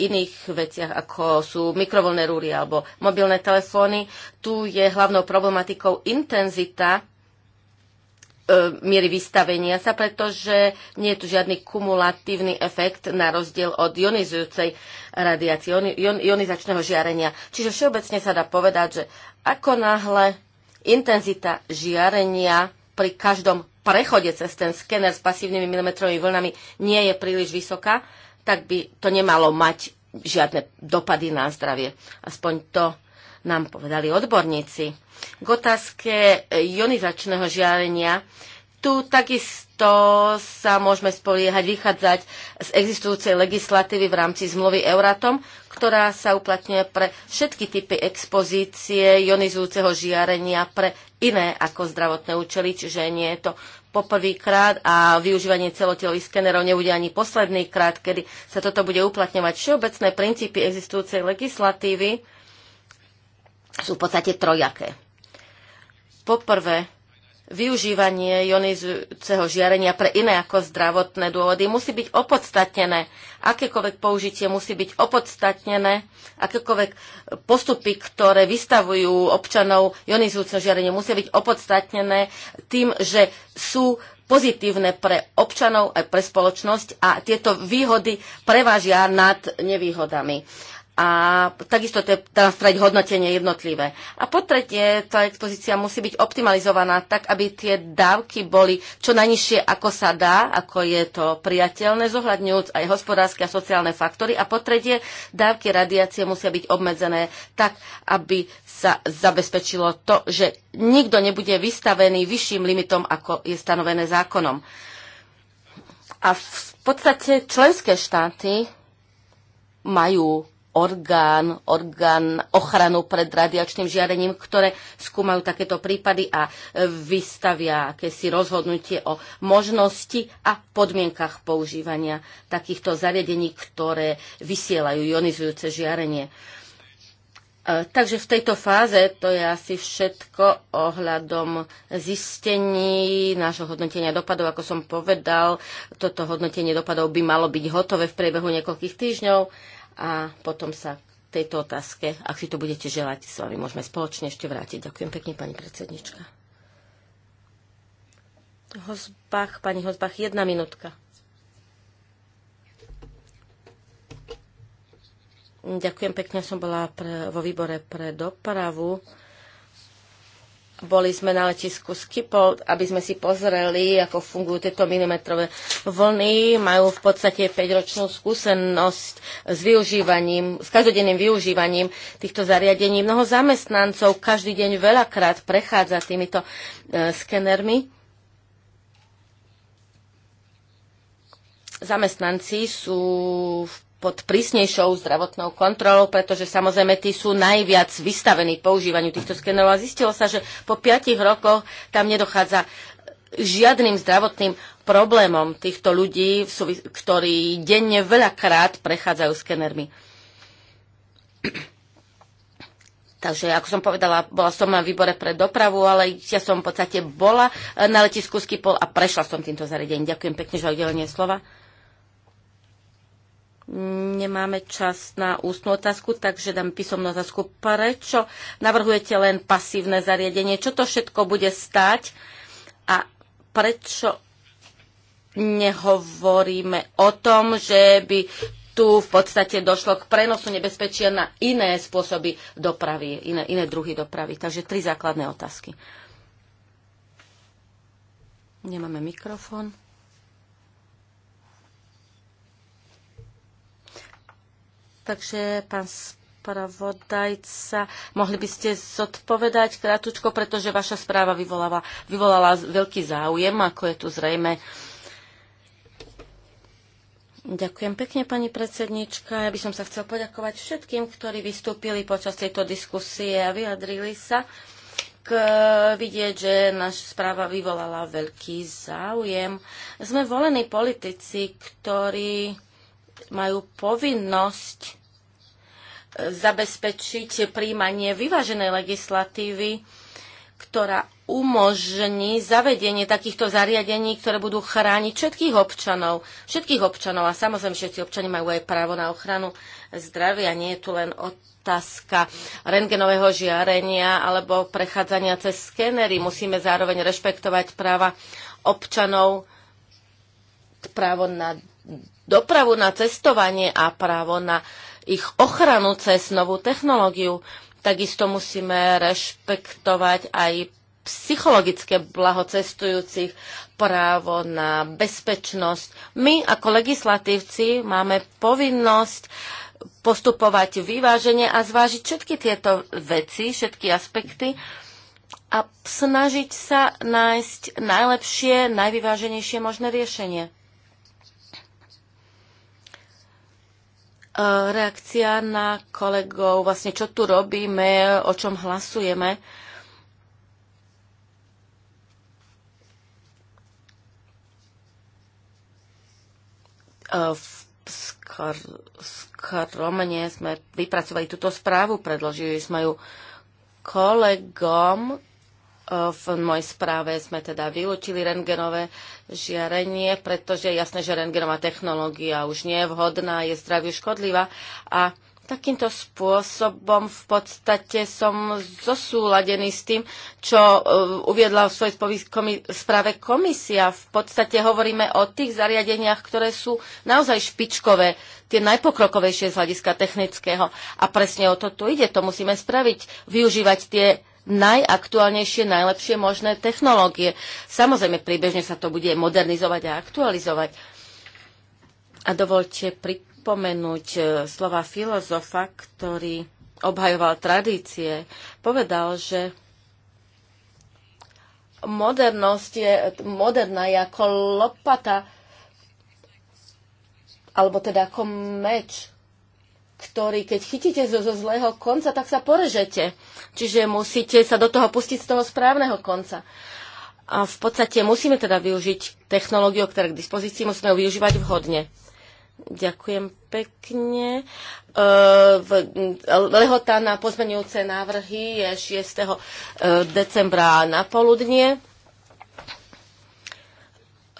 iných veciach, ako sú mikrovlné rúry alebo mobilné telefóny. Tu je hlavnou problematikou intenzita e, miery vystavenia sa, pretože nie je tu žiadny kumulatívny efekt na rozdiel od ionizujúcej radiácie, ionizačného žiarenia. Čiže všeobecne sa dá povedať, že ako náhle intenzita žiarenia pri každom prechode cez ten skener s pasívnymi milimetrovými vlnami nie je príliš vysoká, tak by to nemalo mať žiadne dopady na zdravie. Aspoň to nám povedali odborníci. K otázke ionizačného e, žiarenia tu takisto sa môžeme spoliehať, vychádzať z existujúcej legislatívy v rámci zmluvy Euratom, ktorá sa uplatňuje pre všetky typy expozície ionizujúceho žiarenia pre iné ako zdravotné účely, čiže nie je to poprvýkrát a využívanie celotelových skenerov nebude ani posledný krát, kedy sa toto bude uplatňovať. Všeobecné princípy existujúcej legislatívy sú v podstate trojaké. Poprvé, využívanie ionizujúceho žiarenia pre iné ako zdravotné dôvody musí byť opodstatnené. Akékoľvek použitie musí byť opodstatnené, akékoľvek postupy, ktoré vystavujú občanov ionizujúceho žiarenia, musia byť opodstatnené tým, že sú pozitívne pre občanov aj pre spoločnosť a tieto výhody prevážia nad nevýhodami a takisto to je teraz spraviť teda hodnotenie jednotlivé. A po tretie, tá expozícia musí byť optimalizovaná tak, aby tie dávky boli čo najnižšie, ako sa dá, ako je to priateľné, zohľadňujúc aj hospodárske a sociálne faktory. A po tretie, dávky radiácie musia byť obmedzené tak, aby sa zabezpečilo to, že nikto nebude vystavený vyšším limitom, ako je stanovené zákonom. A v podstate členské štáty majú orgán, orgán ochranu pred radiačným žiarením, ktoré skúmajú takéto prípady a e, vystavia akési rozhodnutie o možnosti a podmienkach používania takýchto zariadení, ktoré vysielajú ionizujúce žiarenie. E, takže v tejto fáze to je asi všetko ohľadom zistení nášho hodnotenia dopadov. Ako som povedal, toto hodnotenie dopadov by malo byť hotové v priebehu niekoľkých týždňov a potom sa tejto otázke, ak si to budete želať, s vami môžeme spoločne ešte vrátiť. Ďakujem pekne, pani predsednička. Hozbach, pani Hozbach, jedna minútka. Ďakujem pekne, som bola pre, vo výbore pre dopravu boli sme na letisku Skipol, aby sme si pozreli, ako fungujú tieto milimetrové vlny. Majú v podstate 5-ročnú skúsenosť s využívaním, s každodenným využívaním týchto zariadení. Mnoho zamestnancov každý deň veľakrát prechádza týmito e, skenermi. Zamestnanci sú v pod prísnejšou zdravotnou kontrolou, pretože samozrejme tí sú najviac vystavení používaniu týchto skenerov. A zistilo sa, že po piatich rokoch tam nedochádza žiadnym zdravotným problémom týchto ľudí, ktorí denne veľakrát prechádzajú skenermi. Takže, ako som povedala, bola som na výbore pre dopravu, ale ja som v podstate bola na letisku Skypol a prešla som týmto zariadením. Ďakujem pekne za udelenie slova nemáme čas na ústnu otázku, takže dám písomnú otázku. Prečo navrhujete len pasívne zariadenie? Čo to všetko bude stať? A prečo nehovoríme o tom, že by tu v podstate došlo k prenosu nebezpečia na iné spôsoby dopravy, iné, iné druhy dopravy. Takže tri základné otázky. Nemáme mikrofón. Takže pán spravodajca, mohli by ste zodpovedať krátko, pretože vaša správa vyvolala, vyvolala veľký záujem, ako je tu zrejme. Ďakujem pekne, pani predsednička. Ja by som sa chcel poďakovať všetkým, ktorí vystúpili počas tejto diskusie a vyjadrili sa. K, vidieť, že naša správa vyvolala veľký záujem. Sme volení politici, ktorí majú povinnosť e, zabezpečiť príjmanie vyváženej legislatívy, ktorá umožní zavedenie takýchto zariadení, ktoré budú chrániť všetkých občanov. Všetkých občanov a samozrejme všetci občania majú aj právo na ochranu zdravia. Nie je tu len otázka rengenového žiarenia alebo prechádzania cez skenery. Musíme zároveň rešpektovať práva občanov, právo na dopravu, na cestovanie a právo na ich ochranu cez novú technológiu. Takisto musíme rešpektovať aj psychologické blaho cestujúcich, právo na bezpečnosť. My ako legislatívci máme povinnosť postupovať vyváženie a zvážiť všetky tieto veci, všetky aspekty a snažiť sa nájsť najlepšie, najvyváženejšie možné riešenie. reakcia na kolegov, vlastne čo tu robíme, o čom hlasujeme. E, skr, skromne sme vypracovali túto správu, predložili sme ju kolegom, v mojej správe sme teda vylúčili rengenové žiarenie, pretože je jasné, že rengenová technológia už nie je vhodná, je zdraviu škodlivá a takýmto spôsobom v podstate som zosúladený s tým, čo e, uviedla v svojej správe komisia. V podstate hovoríme o tých zariadeniach, ktoré sú naozaj špičkové, tie najpokrokovejšie z hľadiska technického. A presne o to tu ide, to musíme spraviť, využívať tie najaktuálnejšie, najlepšie možné technológie. Samozrejme, príbežne sa to bude modernizovať a aktualizovať. A dovolte pripomenúť e, slova filozofa, ktorý obhajoval tradície. Povedal, že modernosť je, moderná je ako lopata, alebo teda ako meč ktorý keď chytíte zo, zo zlého konca, tak sa porežete. Čiže musíte sa do toho pustiť z toho správneho konca. A v podstate musíme teda využiť technológiu, ktorá k dispozícii, musíme ju využívať vhodne. Ďakujem pekne. E, lehota na pozmenujúce návrhy je 6. E, decembra na poludnie.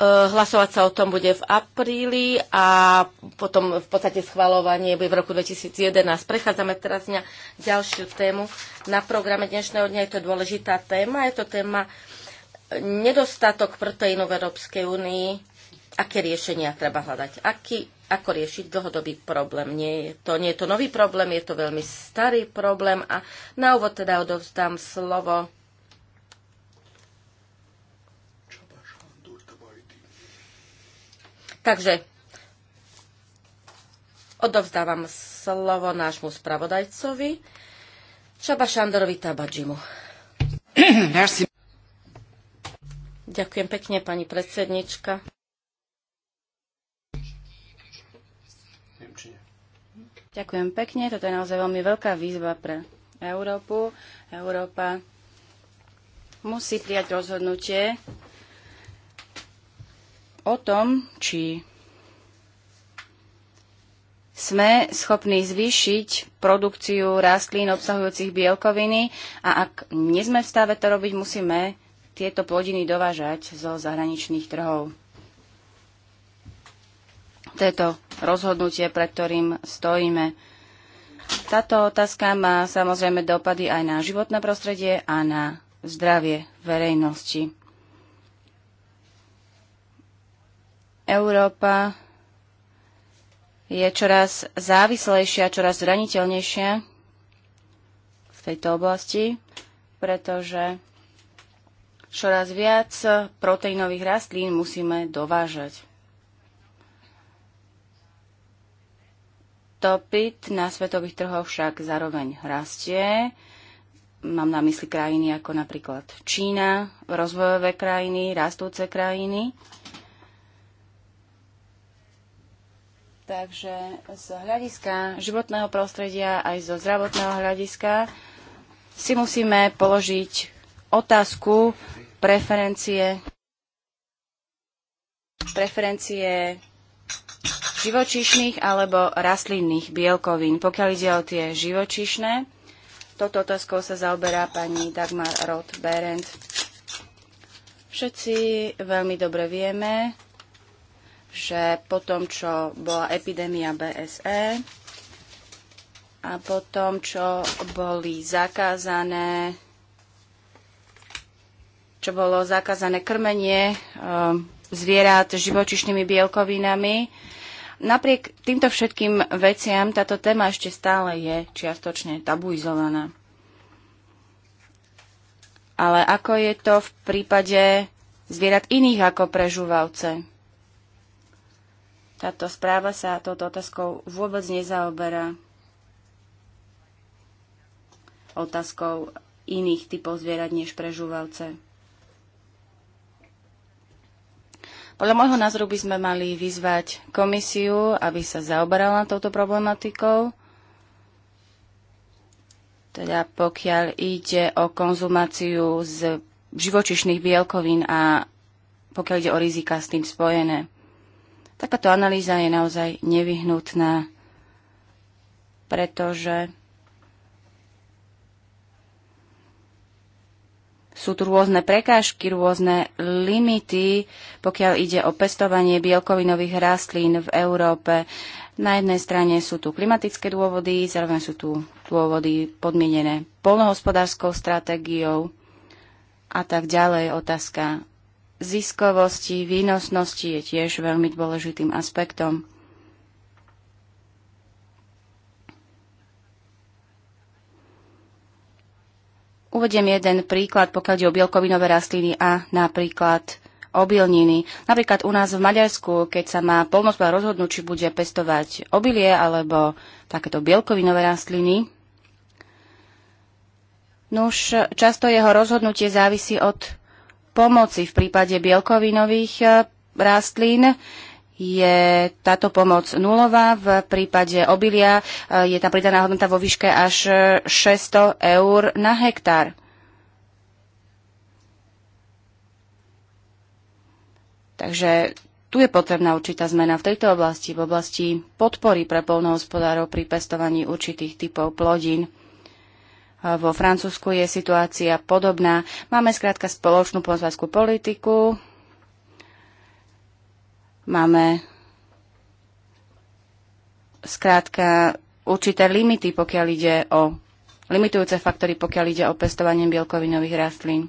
E, hlasovať sa o tom bude v apríli a potom v podstate schvalovanie bude v roku 2011. Prechádzame teraz na ďalšiu tému. Na programe dnešného dňa je to dôležitá téma. Je to téma nedostatok proteínu v Európskej únii. Aké riešenia treba hľadať? Aký, ako riešiť dlhodobý problém? Nie je, to, nie je to nový problém, je to veľmi starý problém. A na úvod teda odovzdám slovo Takže odovzdávam slovo nášmu spravodajcovi Čaba Šandorovi Tabadžimu. Ďakujem pekne, pani predsednička. Ďakujem pekne. Toto je naozaj veľmi veľká výzva pre Európu. Európa musí prijať rozhodnutie, o tom, či sme schopní zvýšiť produkciu rastlín obsahujúcich bielkoviny a ak nie sme v stave to robiť, musíme tieto plodiny dovážať zo zahraničných trhov. To je to rozhodnutie, pred ktorým stojíme. Táto otázka má samozrejme dopady aj na životné prostredie a na zdravie verejnosti. Európa je čoraz závislejšia, čoraz zraniteľnejšia v tejto oblasti, pretože čoraz viac proteínových rastlín musíme dovážať. Topit na svetových trhoch však zároveň rastie. Mám na mysli krajiny ako napríklad Čína, rozvojové krajiny, rastúce krajiny. Takže z hľadiska životného prostredia aj zo zdravotného hľadiska si musíme položiť otázku preferencie preferencie živočíšnych alebo rastlinných bielkovín. Pokiaľ ide o tie živočíšne, toto otázkou sa zaoberá pani Dagmar Roth-Berendt. Všetci veľmi dobre vieme, že po tom, čo bola epidémia BSE a po tom, čo boli zakázané čo bolo zakázané krmenie ehm, zvierat živočišnými bielkovinami. Napriek týmto všetkým veciam táto téma ešte stále je čiastočne tabuizovaná. Ale ako je to v prípade zvierat iných ako prežúvavce? Táto správa sa touto otázkou vôbec nezaoberá otázkou iných typov zvierat než prežúvalce. Podľa môjho názoru by sme mali vyzvať komisiu, aby sa zaoberala touto problematikou. Teda pokiaľ ide o konzumáciu z živočišných bielkovín a pokiaľ ide o rizika s tým spojené. Takáto analýza je naozaj nevyhnutná, pretože sú tu rôzne prekážky, rôzne limity, pokiaľ ide o pestovanie bielkovinových rastlín v Európe. Na jednej strane sú tu klimatické dôvody, zároveň sú tu dôvody podmienené polnohospodárskou stratégiou a tak ďalej. Otázka ziskovosti, výnosnosti je tiež veľmi dôležitým aspektom. Uvediem jeden príklad, pokiaľ ide o bielkovinové rastliny a napríklad obilniny. Napríklad u nás v Maďarsku, keď sa má polnospoľa rozhodnúť, či bude pestovať obilie alebo takéto bielkovinové rastliny, Nuž, často jeho rozhodnutie závisí od pomoci v prípade bielkovinových e, rastlín je táto pomoc nulová. V prípade obilia e, je tá pridaná hodnota vo výške až 600 e, eur na hektár. Takže tu je potrebná určitá zmena v tejto oblasti, v oblasti podpory pre polnohospodárov pri pestovaní určitých typov plodín. Vo Francúzsku je situácia podobná. Máme skrátka spoločnú pozvazku politiku. Máme skrátka určité limity, pokiaľ ide o limitujúce faktory, pokiaľ ide o pestovanie bielkovinových rastlín.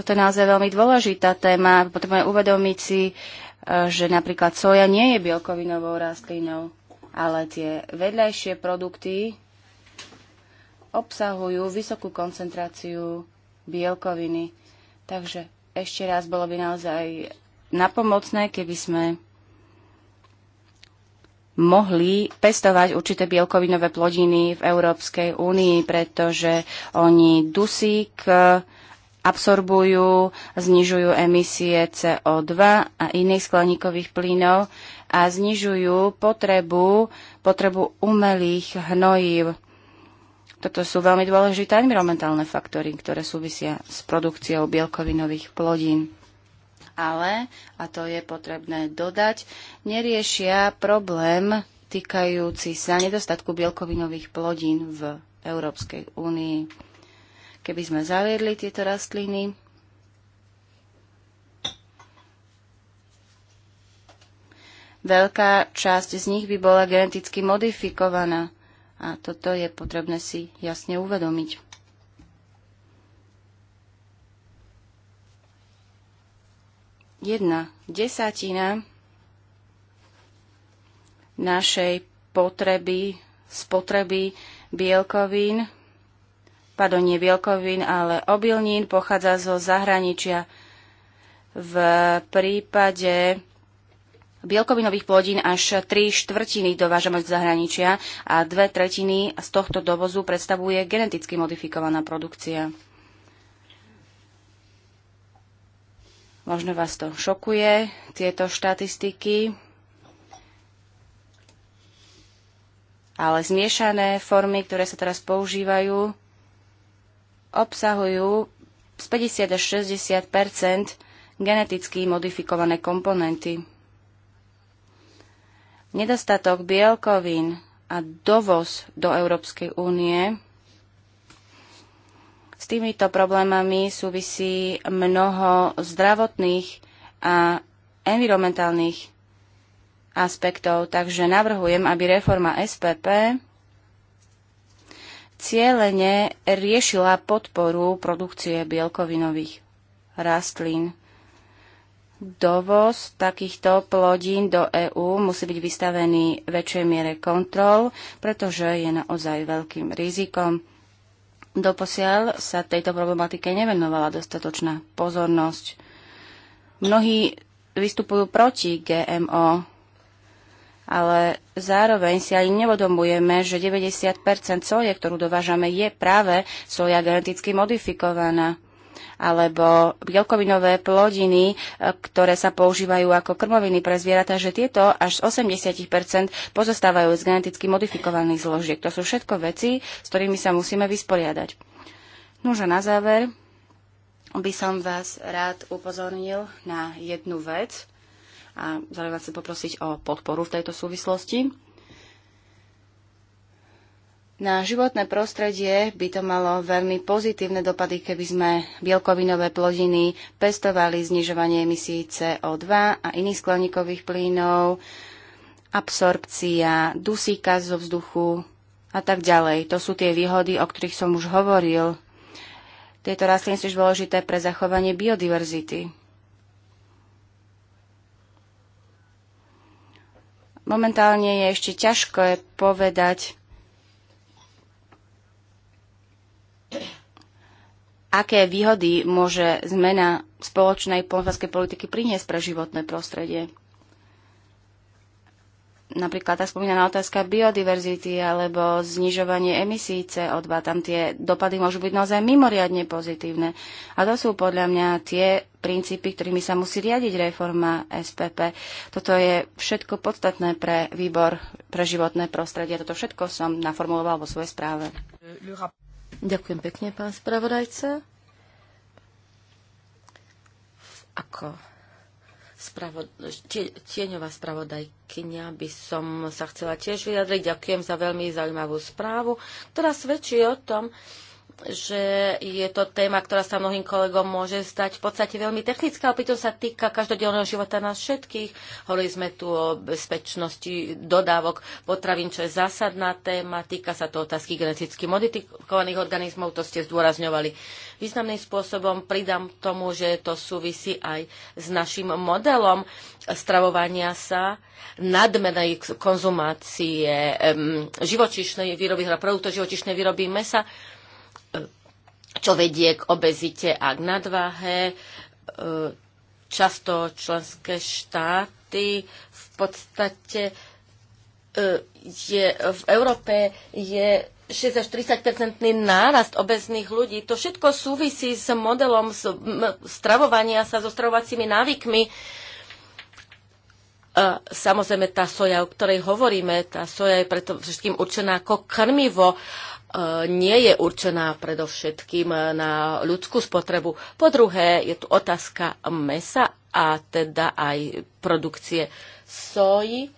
Toto je naozaj veľmi dôležitá téma. Potrebujeme uvedomiť si, e, že napríklad soja nie je bielkovinovou rastlinou, ale tie vedľajšie produkty obsahujú vysokú koncentráciu bielkoviny. Takže ešte raz bolo by naozaj napomocné, keby sme mohli pestovať určité bielkovinové plodiny v Európskej únii, pretože oni dusík, absorbujú, znižujú emisie CO2 a iných skleníkových plynov a znižujú potrebu, potrebu umelých hnojív. Toto sú veľmi dôležité environmentálne faktory, ktoré súvisia s produkciou bielkovinových plodín. Ale, a to je potrebné dodať, neriešia problém týkajúci sa nedostatku bielkovinových plodín v Európskej únii. Keby sme zaviedli tieto rastliny, veľká časť z nich by bola geneticky modifikovaná. A toto je potrebné si jasne uvedomiť. Jedna desatina našej potreby, spotreby bielkovín pardon, nie bielkovín, ale obilnín, pochádza zo zahraničia. V prípade bielkovinových plodín až 3 štvrtiny dovážame z zahraničia a dve tretiny z tohto dovozu predstavuje geneticky modifikovaná produkcia. Možno vás to šokuje, tieto štatistiky, ale zmiešané formy, ktoré sa teraz používajú, obsahujú z 50 až 60 geneticky modifikované komponenty. Nedostatok bielkovín a dovoz do Európskej únie s týmito problémami súvisí mnoho zdravotných a environmentálnych aspektov, takže navrhujem, aby reforma SPP cieľene riešila podporu produkcie bielkovinových rastlín. Dovoz takýchto plodín do EÚ musí byť vystavený väčšej miere kontrol, pretože je naozaj veľkým rizikom. Doposiaľ sa tejto problematike nevenovala dostatočná pozornosť. Mnohí vystupujú proti GMO, ale zároveň si ani nevodomujeme, že 90% soje, ktorú dovážame, je práve soja geneticky modifikovaná alebo bielkovinové plodiny, e, ktoré sa používajú ako krmoviny pre zvieratá, že tieto až z 80% pozostávajú z geneticky modifikovaných zložiek. To sú všetko veci, s ktorými sa musíme vysporiadať. Nože na záver by som vás rád upozornil na jednu vec, a zároveň vás chcem poprosiť o podporu v tejto súvislosti. Na životné prostredie by to malo veľmi pozitívne dopady, keby sme bielkovinové plodiny pestovali, znižovanie emisí CO2 a iných skleníkových plynov, absorpcia dusíka zo vzduchu a tak ďalej. To sú tie výhody, o ktorých som už hovoril. Tieto rastliny sú dôležité pre zachovanie biodiverzity. Momentálne je ešte ťažké povedať, aké výhody môže zmena spoločnej polnospodárskej politiky priniesť pre životné prostredie napríklad tá spomínaná otázka biodiverzity alebo znižovanie emisí CO2, tam tie dopady môžu byť naozaj mimoriadne pozitívne. A to sú podľa mňa tie princípy, ktorými sa musí riadiť reforma SPP. Toto je všetko podstatné pre výbor pre životné prostredie. Toto všetko som naformuloval vo svojej správe. Ďakujem pekne, pán spravodajca. Ako Spravo, tie, tieňová spravodajkynia by som sa chcela tiež vyjadriť. Ďakujem za veľmi zaujímavú správu, ktorá svedčí o tom, že je to téma, ktorá sa mnohým kolegom môže stať v podstate veľmi technická, ale pritom sa týka každodenného života nás všetkých. Hovorili sme tu o bezpečnosti dodávok potravín, čo je zásadná téma. Týka sa to otázky geneticky modifikovaných organizmov, to ste zdôrazňovali. Významným spôsobom pridám tomu, že to súvisí aj s našim modelom stravovania sa, nadmenej konzumácie um, živočišnej výroby, teda produktov živočišnej výroby mesa čo vedie k obezite a k nadváhe. E, často členské štáty v podstate e, je, v Európe je 6 až 30-percentný nárast obezných ľudí. To všetko súvisí s modelom stravovania sa, so stravovacími návykmi. Samozrejme, tá soja, o ktorej hovoríme, tá soja je preto všetkým určená ako krmivo E, nie je určená predovšetkým e, na ľudskú spotrebu. Po druhé, je tu otázka mesa a teda aj produkcie soji. E,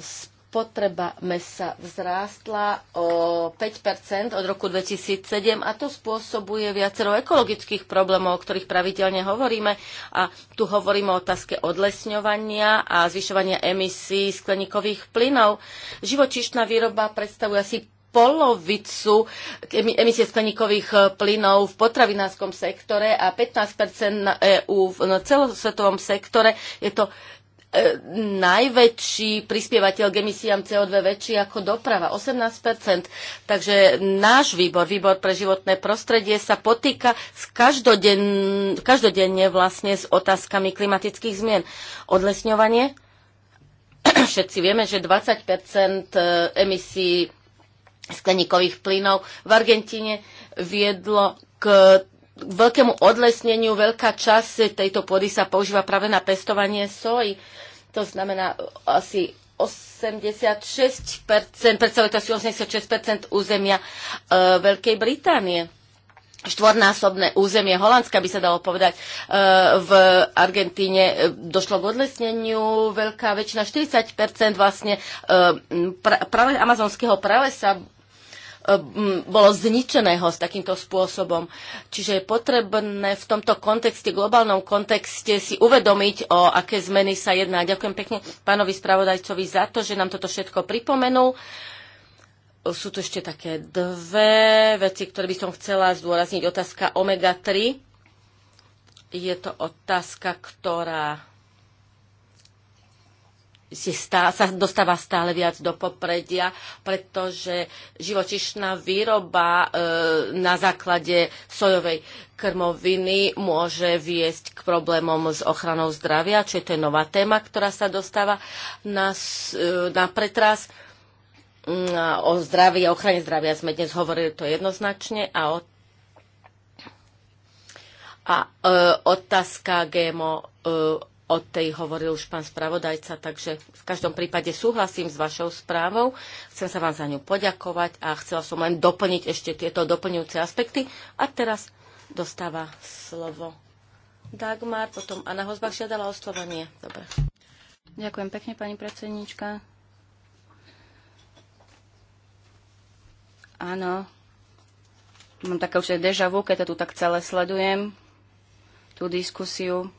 spotreba mesa vzrástla o 5 od roku 2007 a to spôsobuje viacero ekologických problémov, o ktorých pravidelne hovoríme. A tu hovoríme o otázke odlesňovania a zvyšovania emisí skleníkových plynov. Živočišná výroba predstavuje asi polovicu emisie skleníkových e, plynov v potravinárskom sektore a 15 na EU v celosvetovom sektore. Je to e, najväčší prispievateľ k emisiám CO2 väčší ako doprava, 18%. Takže náš výbor, výbor pre životné prostredie, sa potýka s každoden, každodenne vlastne s otázkami klimatických zmien. Odlesňovanie, všetci vieme, že 20% e, emisí skleníkových plynov v Argentíne viedlo k veľkému odlesneniu. Veľká časť tejto pôdy sa používa práve na pestovanie soji. To znamená uh, asi 86%, predstavuje to asi 86% územia e, Veľkej Británie štvornásobné územie Holandska, by sa dalo povedať. Uh, v Argentíne došlo k odlesneniu, veľká väčšina, 40% vlastne práve amazonského pralesa E, bolo zničeného s takýmto spôsobom. Čiže je potrebné v tomto kontexte, globálnom kontexte si uvedomiť, o aké zmeny sa jedná. Ďakujem pekne pánovi spravodajcovi za to, že nám toto všetko pripomenul. Sú tu ešte také dve veci, ktoré by som chcela zdôrazniť. Otázka omega-3. Je to otázka, ktorá si stá, sa dostáva stále viac do popredia, pretože živočišná výroba e, na základe sojovej krmoviny môže viesť k problémom s ochranou zdravia, čo je to je nová téma, ktorá sa dostáva na, e, na pretras. Mm, o zdraví a ochrane zdravia sme dnes hovorili to jednoznačne a o a e, otázka GMO e, o tej hovoril už pán spravodajca, takže v každom prípade súhlasím s vašou správou. Chcem sa vám za ňu poďakovať a chcela som len doplniť ešte tieto doplňujúce aspekty. A teraz dostáva slovo Dagmar, potom Anna Hozbach žiadala o slovo, nie. Dobre. Ďakujem pekne, pani predsedníčka. Áno, mám také už deja vu, keď to tu tak celé sledujem, tú diskusiu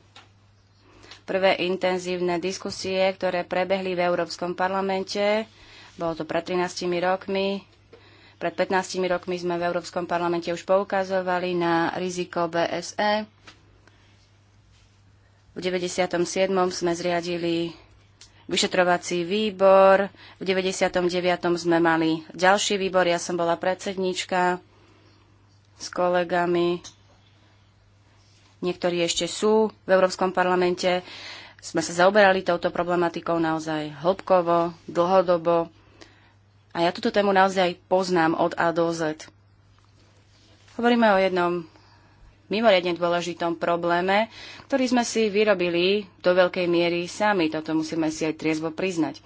prvé intenzívne diskusie, ktoré prebehli v Európskom parlamente. Bolo to pred 13 rokmi. Pred 15 rokmi sme v Európskom parlamente už poukazovali na riziko BSE. V 97. sme zriadili vyšetrovací výbor. V 99. sme mali ďalší výbor, ja som bola predsednička s kolegami niektorí ešte sú v Európskom parlamente. Sme sa zaoberali touto problematikou naozaj hĺbkovo, dlhodobo. A ja túto tému naozaj poznám od A do Z. Hovoríme o jednom mimoriadne dôležitom probléme, ktorý sme si vyrobili do veľkej miery sami. Toto musíme si aj triezvo priznať.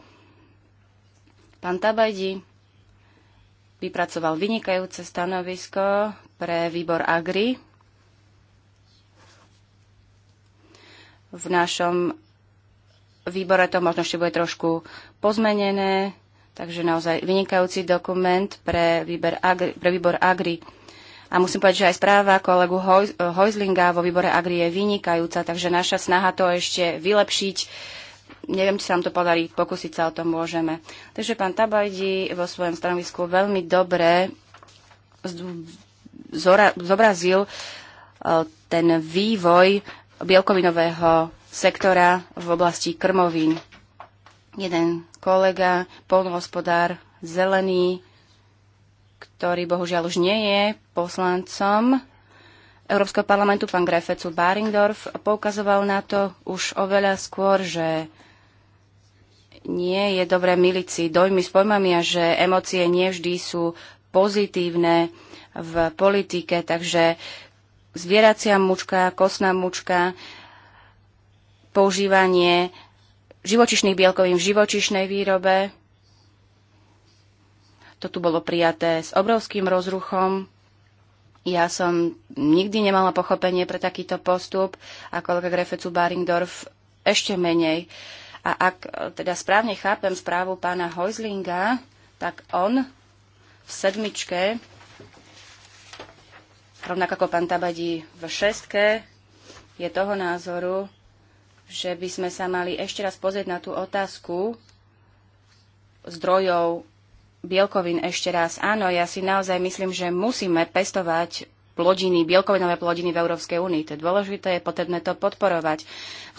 Pán Tabajdi vypracoval vynikajúce stanovisko pre výbor Agri v našom výbore to možno ešte bude trošku pozmenené, takže naozaj vynikajúci dokument pre, výber Agri, pre výbor Agri. A musím povedať, že aj správa kolegu Hojzlinga vo výbore Agri je vynikajúca, takže naša snaha to ešte vylepšiť. Neviem, či sa vám to podarí, pokúsiť sa o tom môžeme. Takže pán Tabajdi vo svojom stanovisku veľmi dobre zobrazil e, ten vývoj bielkovinového sektora v oblasti krmovín. Jeden kolega, polnohospodár, zelený, ktorý bohužiaľ už nie je poslancom Európskeho parlamentu, pán Grefecu Baringdorf, poukazoval na to už oveľa skôr, že nie je dobré miliť si dojmy s pojmami a že emócie nevždy sú pozitívne v politike, takže zvieracia mučka, kosná mučka, používanie živočišných bielkovín v živočišnej výrobe. To tu bolo prijaté s obrovským rozruchom. Ja som nikdy nemala pochopenie pre takýto postup a kolega Grefecu Baringdorf ešte menej. A ak e, teda správne chápem správu pána Hojzlinga, tak on v sedmičke rovnako ako pán Tabadí v šestke, je toho názoru, že by sme sa mali ešte raz pozrieť na tú otázku zdrojov bielkovín ešte raz. Áno, ja si naozaj myslím, že musíme pestovať plodiny, bielkovinové plodiny v Európskej únii. To je dôležité, je potrebné to podporovať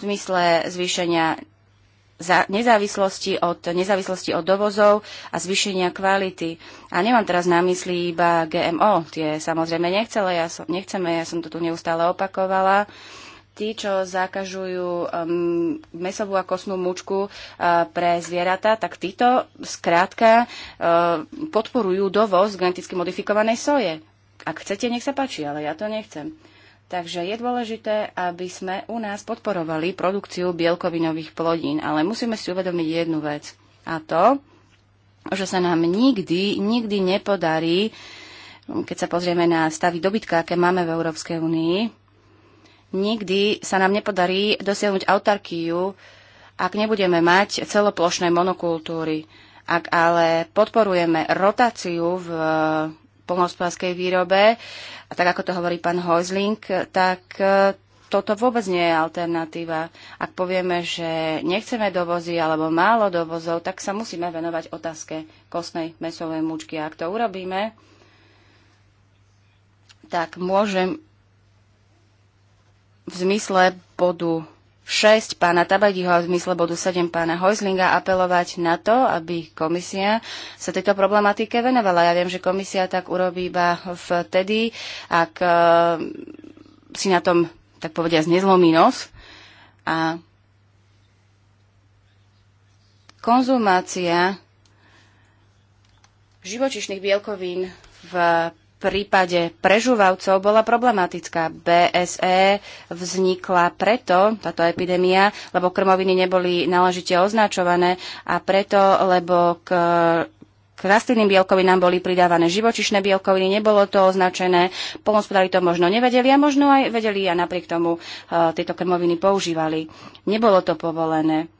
v zmysle zvýšenia za nezávislosti od, nezávislosti od dovozov a zvýšenia kvality. A nemám teraz na mysli iba GMO, tie samozrejme nechcele, ja som, nechceme, ja som to tu neustále opakovala. Tí, čo zakažujú um, mesovú a kosnú mučku uh, pre zvieratá, tak títo zkrátka uh, podporujú dovoz geneticky modifikovanej soje. Ak chcete, nech sa páči, ale ja to nechcem. Uh, Takže je dôležité, aby sme u nás podporovali produkciu bielkovinových plodín, ale musíme si uvedomiť jednu vec. A to, že sa nám nikdy, nikdy nepodarí, keď sa pozrieme na stavy dobytka, aké máme v Európskej únii, nikdy sa nám nepodarí dosiahnuť autarkiu, ak nebudeme mať celoplošné monokultúry. Ak ale podporujeme rotáciu v polnohospodárskej výrobe, a tak ako to hovorí pán Hojzling, tak e, toto vôbec nie je alternatíva. Ak povieme, že nechceme dovozy alebo málo dovozov, tak sa musíme venovať otázke kostnej mesovej múčky. A ak to urobíme, tak môžem v zmysle bodu 6 pána Tabadiho a v zmysle bodu 7 pána Hojzlinga apelovať na to, aby komisia sa tejto problematike venovala. Ja viem, že komisia tak urobí iba vtedy, ak e, si na tom, tak povedia, znezlomí nos. A konzumácia živočišných bielkovín v prípade prežúvavcov bola problematická. BSE vznikla preto, táto epidémia, lebo krmoviny neboli náležite označované a preto, lebo k k rastlinným bielkovinám boli pridávané živočišné bielkoviny, nebolo to označené, polnospodári to možno nevedeli a možno aj vedeli a napriek tomu uh, tieto krmoviny používali. Nebolo to povolené.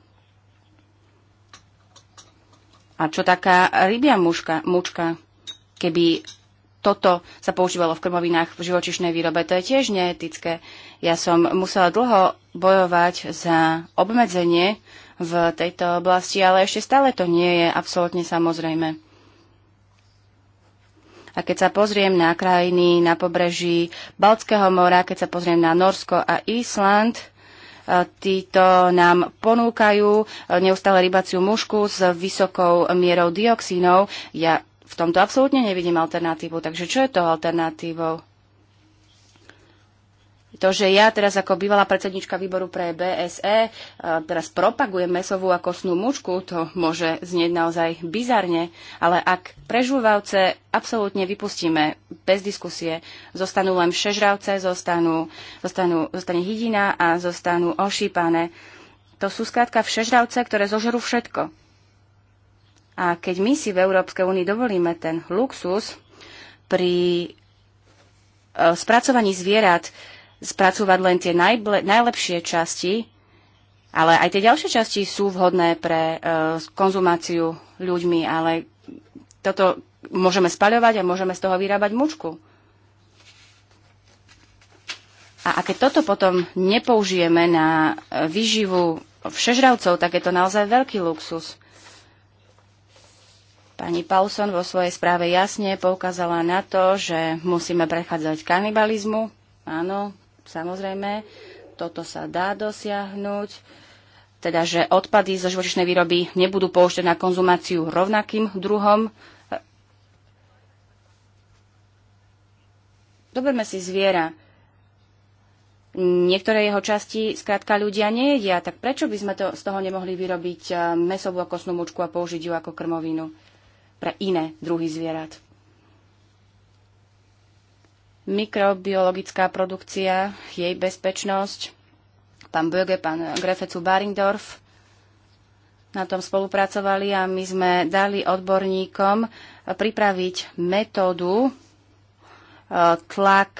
A čo taká rybia mučka, keby toto sa používalo v krmovinách v živočišnej výrobe. To je tiež neetické. Ja som musela dlho bojovať za obmedzenie v tejto oblasti, ale ešte stále to nie je absolútne samozrejme. A keď sa pozriem na krajiny na pobreží Baltského mora, keď sa pozriem na Norsko a Island, e, títo nám ponúkajú e, neustále rybaciu mušku s vysokou mierou dioxínov. Ja v tomto absolútne nevidím alternatívu. Takže čo je to alternatívou? To, že ja teraz ako bývalá predsednička výboru pre BSE e, teraz propagujem mesovú a kostnú mučku, to môže znieť naozaj bizarne, ale ak prežúvavce absolútne vypustíme bez diskusie, zostanú len všežravce, zostanú, zostanú, zostane hydina a zostanú ošípané. To sú skrátka všežravce, ktoré zožerú všetko. A keď my si v Európskej únii dovolíme ten luxus pri e, spracovaní zvierat spracovať len tie najlepšie časti, ale aj tie ďalšie časti sú vhodné pre e, konzumáciu ľuďmi, ale toto môžeme spaľovať a môžeme z toho vyrábať mučku. A, a keď toto potom nepoužijeme na e, výživu všežravcov, tak je to naozaj veľký luxus. Pani Paulson vo svojej správe jasne poukázala na to, že musíme prechádzať kanibalizmu. Áno, samozrejme, toto sa dá dosiahnuť. Teda, že odpady zo živočišnej výroby nebudú poušťať na konzumáciu rovnakým druhom. Doberme si zviera. Niektoré jeho časti skrátka ľudia nejedia, tak prečo by sme to, z toho nemohli vyrobiť eh, mesovú a kosnú mučku a použiť ju ako krmovinu? pre iné druhy zvierat. Mikrobiologická produkcia, jej bezpečnosť, pán Böge, pán Grefecu Barindorf na tom spolupracovali a my sme dali odborníkom pripraviť metódu e, tlak,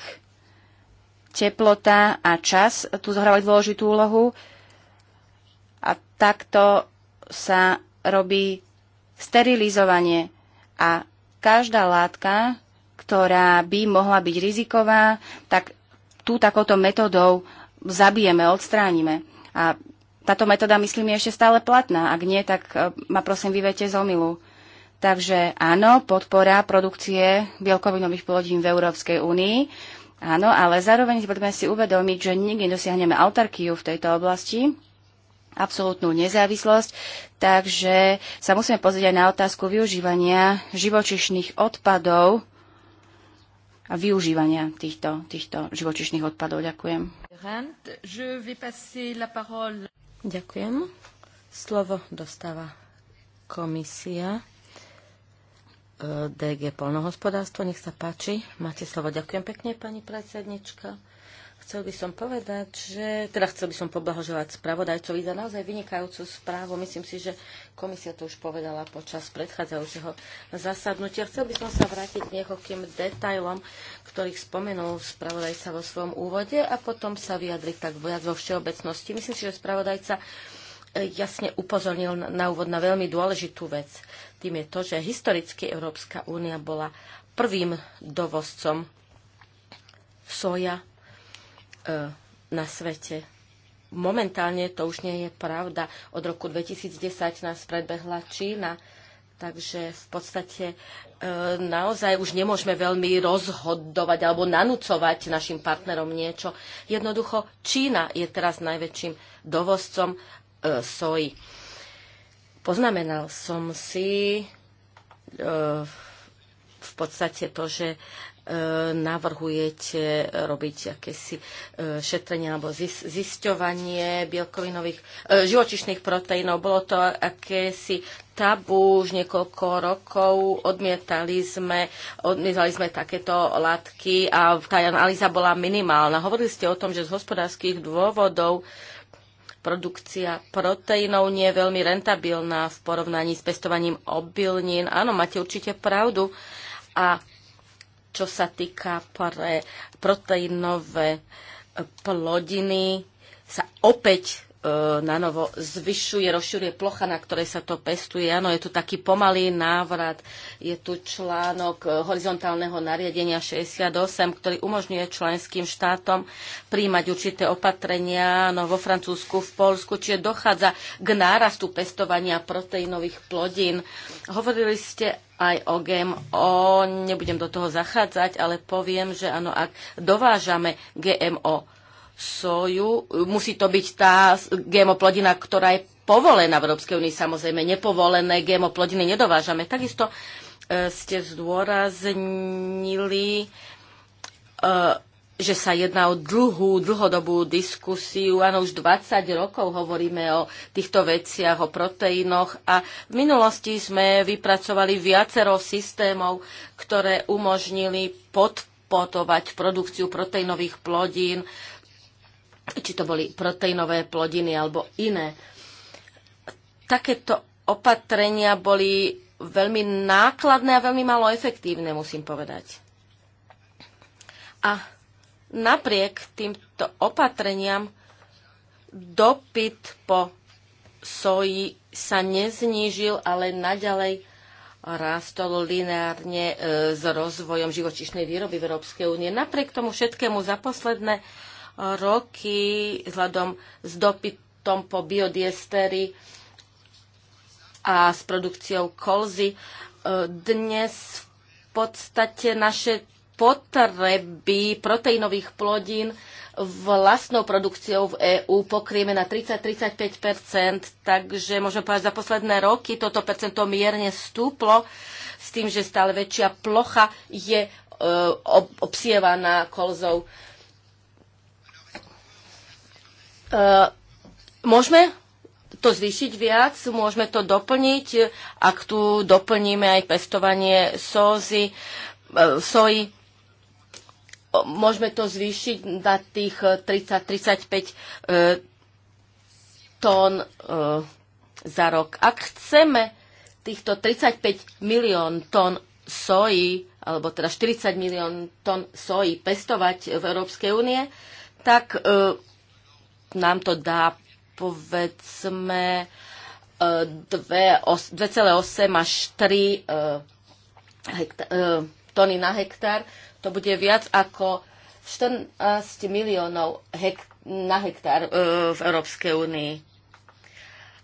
teplota a čas tu zohrávali dôležitú úlohu. A takto sa robí sterilizovanie a každá látka, ktorá by mohla byť riziková, tak tú takouto metódou zabijeme, odstránime. A táto metóda, myslím, je ešte stále platná. Ak nie, tak e, ma prosím vyvete z omilu. Takže áno, podpora produkcie bielkovinových plodín v Európskej únii. Áno, ale zároveň budeme si uvedomiť, že nikdy dosiahneme autarkiu v tejto oblasti absolútnu nezávislosť, takže sa musíme pozrieť aj na otázku využívania živočišných odpadov a využívania týchto, týchto živočišných odpadov. Ďakujem. Ďakujem. Slovo dostáva komisia eh, DG Polnohospodárstvo. Nech sa páči. Máte slovo. Ďakujem pekne, pani predsednička. Chcel by som povedať, že teda chcel by som poblahoželať spravodajcovi za naozaj vynikajúcu správu. Myslím si, že komisia to už povedala počas predchádzajúceho zasadnutia. Chcel by som sa vrátiť k niekoľkým detailom, ktorých spomenul spravodajca vo svojom úvode a potom sa vyjadriť tak viac vo všeobecnosti. Myslím si, že spravodajca eh, jasne upozornil na úvod na veľmi dôležitú vec. Tým je to, že historicky Európska únia bola prvým dovozcom soja E, na svete. Momentálne to už nie je pravda. Od roku 2010 nás predbehla Čína, takže v podstate e, naozaj už nemôžeme veľmi rozhodovať alebo nanúcovať našim partnerom niečo. Jednoducho Čína je teraz najväčším dovozcom e, soji. Poznamenal som si v podstate to, že navrhujete robiť akési e, šetrenie alebo zisťovanie bielkovinových, e, živočišných proteínov. Bolo to akési tabu už niekoľko rokov. Odmietali sme, odmietali sme takéto látky a tá analýza bola minimálna. Hovorili ste o tom, že z hospodárskych dôvodov produkcia proteínov nie je veľmi rentabilná v porovnaní s pestovaním obilnín. Áno, máte určite pravdu. A čo sa týka pre proteínové plodiny, sa opäť E, na novo zvyšuje, rozširuje plocha, na ktorej sa to pestuje. Áno, je tu taký pomalý návrat. Je tu článok horizontálneho nariadenia 68, ktorý umožňuje členským štátom príjmať určité opatrenia áno, vo Francúzsku, v Polsku, čiže dochádza k nárastu pestovania proteínových plodín. Hovorili ste aj o GMO, nebudem do toho zachádzať, ale poviem, že áno, ak dovážame GMO soju, musí to byť tá GMO plodina, ktorá je povolená v Európskej únii. Samozrejme, nepovolené GMO plodiny nedovážame. Takisto e, ste zdôraznili, e, že sa jedná o dlhú, dlhodobú diskusiu. Áno, už 20 rokov hovoríme o týchto veciach, o proteínoch a v minulosti sme vypracovali viacero systémov, ktoré umožnili podporovať produkciu proteínových plodín či to boli proteínové plodiny alebo iné. Takéto opatrenia boli veľmi nákladné a veľmi malo efektívne, musím povedať. A napriek týmto opatreniam dopyt po soji sa neznížil, ale naďalej rástol lineárne e, s rozvojom živočišnej výroby v Európskej únie. Napriek tomu všetkému za posledné roky vzhľadom s dopytom po biodiestery a s produkciou kolzy. E, dnes v podstate naše potreby proteínových plodín vlastnou produkciou v EÚ pokrieme na 30-35 takže môžeme povedať, za posledné roky toto percento mierne stúplo s tým, že stále väčšia plocha je e, obsievaná kolzou. E, môžeme to zvýšiť viac, môžeme to doplniť, ak tu doplníme aj pestovanie uh, soji, môžeme to zvýšiť na tých 30-35 e, tón za rok. Ak chceme týchto 35 milión tón soji, alebo teda 40 milión tón soji pestovať v Európskej únie, tak nám to dá povedzme 2,8 e, až 3 e, e, tony na hektár. To bude viac ako 14 miliónov hek- na hektár v Európskej únii.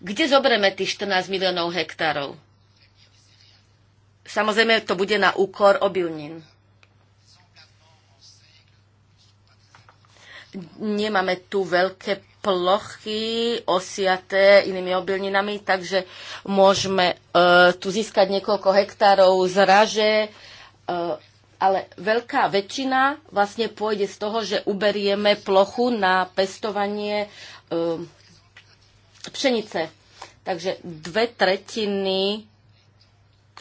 Kde zoberieme tých 14 miliónov hektárov? Samozrejme, to bude na úkor obilnín. nemáme tu veľké plochy osiaté inými obilninami, takže môžeme e, tu získať niekoľko hektárov z raže, e, ale veľká väčšina vlastne pôjde z toho, že uberieme plochu na pestovanie e, pšenice. Takže dve tretiny,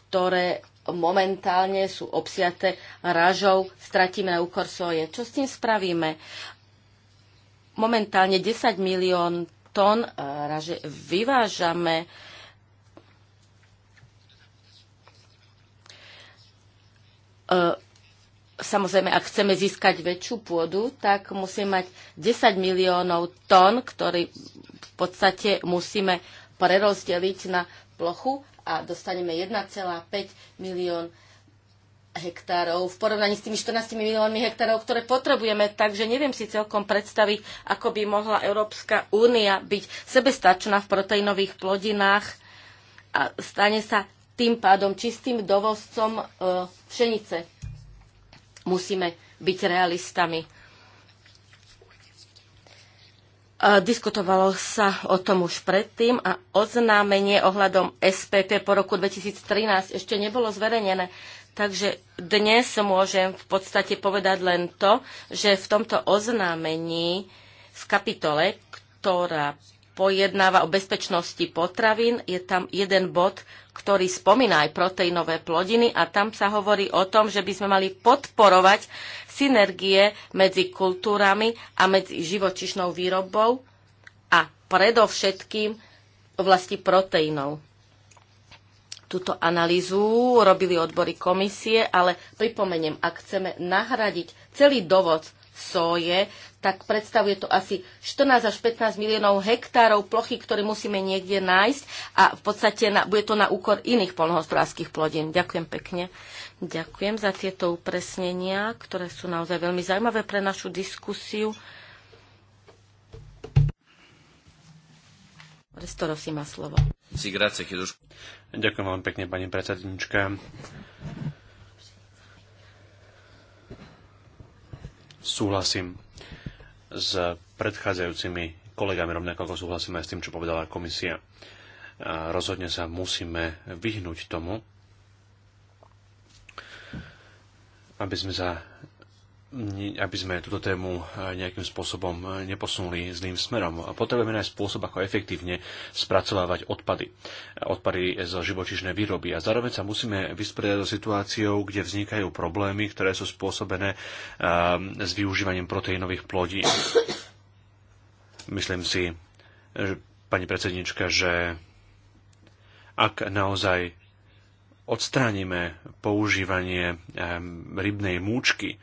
ktoré momentálne sú obsiate ražou, stratíme na úkor soje. Čo s tým spravíme? momentálne 10 milión tón e, vyvážame. E, samozrejme, ak chceme získať väčšiu pôdu, tak musíme mať 10 miliónov tón, ktorý v podstate musíme prerozdeliť na plochu a dostaneme 1,5 milión tón hektárov v porovnaní s tými 14 miliónmi hektárov, ktoré potrebujeme, takže neviem si celkom predstaviť, ako by mohla Európska únia byť sebestačná v proteínových plodinách a stane sa tým pádom čistým dovozcom e, pšenice. Musíme byť realistami. E, diskutovalo sa o tom už predtým a oznámenie ohľadom SPP po roku 2013 ešte nebolo zverejnené. Takže dnes môžem v podstate povedať len to, že v tomto oznámení v kapitole, ktorá pojednáva o bezpečnosti potravín, je tam jeden bod, ktorý spomína aj proteínové plodiny a tam sa hovorí o tom, že by sme mali podporovať synergie medzi kultúrami a medzi živočišnou výrobou a predovšetkým oblasti proteínov túto analýzu robili odbory komisie, ale pripomeniem, ak chceme nahradiť celý dovod soje, tak predstavuje to asi 14 až 15 miliónov hektárov plochy, ktoré musíme niekde nájsť a v podstate na, bude to na úkor iných polnohospodárských plodín. Ďakujem pekne. Ďakujem za tieto upresnenia, ktoré sú naozaj veľmi zaujímavé pre našu diskusiu. má slovo. Ďakujem vám pekne, pani predsednička. Súhlasím s predchádzajúcimi kolegami, rovnako ako súhlasím aj s tým, čo povedala komisia. A rozhodne sa musíme vyhnúť tomu, aby sme sa aby sme túto tému eh, nejakým spôsobom eh, neposunuli zlým smerom. Potrebujeme nájsť spôsob, ako efektívne spracovávať odpady, odpady zo živočišnej výroby. A zároveň sa musíme vysporiadať so situáciou, kde vznikajú problémy, ktoré sú spôsobené eh, s využívaním proteínových plodí. Myslím si, že, pani predsednička, že ak naozaj odstránime používanie rybnej múčky,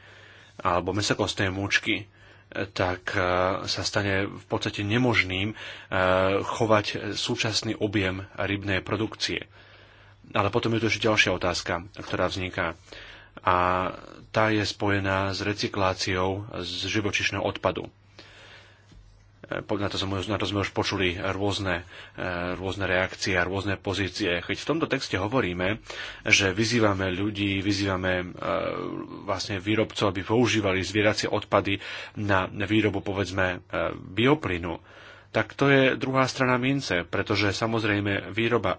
alebo mesokostnej múčky, e, tak e, sa stane v podstate nemožným e, chovať súčasný objem rybnej produkcie. Ale potom je tu ešte ďalšia otázka, ktorá vzniká. A tá je spojená s recykláciou z živočišného odpadu na to, sme, na to sme už počuli rôzne, e, rôzne reakcie a rôzne pozície. Keď v tomto texte hovoríme, že vyzývame ľudí, vyzývame e, vlastne výrobcov, aby používali zvieracie odpady na výrobu povedzme e, bioplynu, tak to je druhá strana mince, pretože samozrejme výroba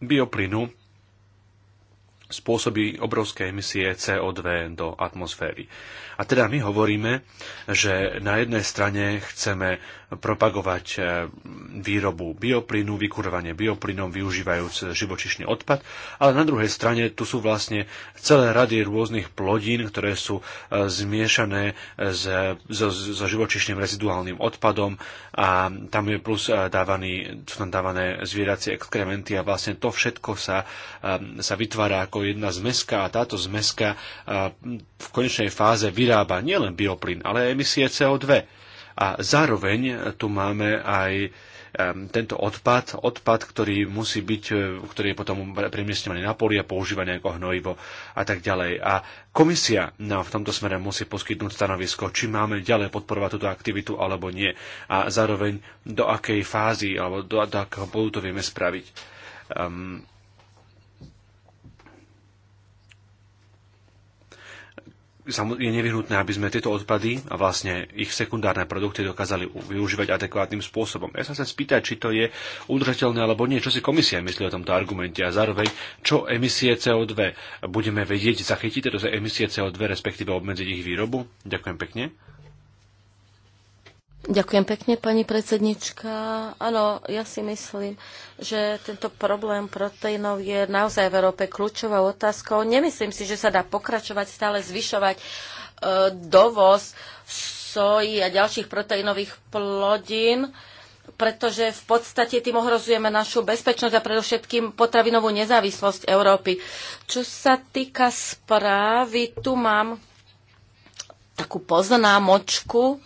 bioplynu spôsobí obrovské emisie CO2 do atmosféry. A teda my hovoríme, že na jednej strane chceme propagovať e, výrobu bioplynu, vykurovanie bioplynom, využívajúc živočišný odpad, ale na druhej strane tu sú vlastne celé rady rôznych plodín, ktoré sú e, zmiešané e, so živočišným reziduálnym odpadom a tam je plus dávaný, sú tam dávané zvieracie exkrementy a vlastne to všetko sa, sa vytvára ako jedna zmeska a táto zmeska v konečnej fáze vyrába nielen bioplyn, ale emisie CO2 a zároveň tu máme aj tento odpad, odpad, ktorý musí byť, e, ktorý je potom premiestňovaný na poli a používaný ako hnojivo a tak ďalej. A komisia nám v tomto smere musí poskytnúť stanovisko, či máme ďalej podporovať túto aktivitu alebo nie a zároveň do akej fázy alebo do, do akého bodu to vieme spraviť. Um, je nevyhnutné, aby sme tieto odpady a vlastne ich sekundárne produkty dokázali využívať adekvátnym spôsobom. Ja sa chcem spýtať, či to je udržateľné alebo nie, čo si komisia myslí o tomto argumente a zároveň, čo emisie CO2 budeme vedieť zachytiť, teda emisie CO2, respektíve obmedziť ich výrobu. Ďakujem pekne. Ďakujem pekne, pani predsednička. Áno, ja si myslím, že tento problém proteínov je naozaj v Európe kľúčovou otázkou. Nemyslím si, že sa dá pokračovať, stále zvyšovať e, dovoz soji a ďalších proteínových plodín, pretože v podstate tým ohrozujeme našu bezpečnosť a predovšetkým potravinovú nezávislosť Európy. Čo sa týka správy, tu mám takú poznámočku,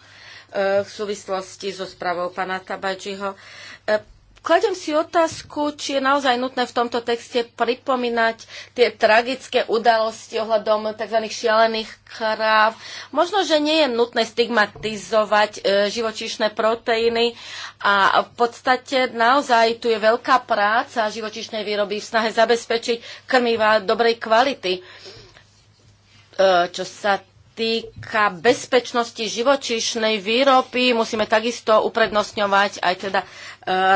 E, v súvislosti so správou pana Tabajčiho. E, kladem si otázku, či je naozaj nutné v tomto texte pripomínať tie tragické udalosti ohľadom tzv. šialených kráv. Možno, že nie je nutné stigmatizovať e, živočíšne proteíny a v podstate naozaj tu je veľká práca živočíšnej výroby v snahe zabezpečiť krmivá dobrej kvality. E, čo sa týka bezpečnosti živočíšnej výroby, musíme takisto uprednostňovať aj teda e,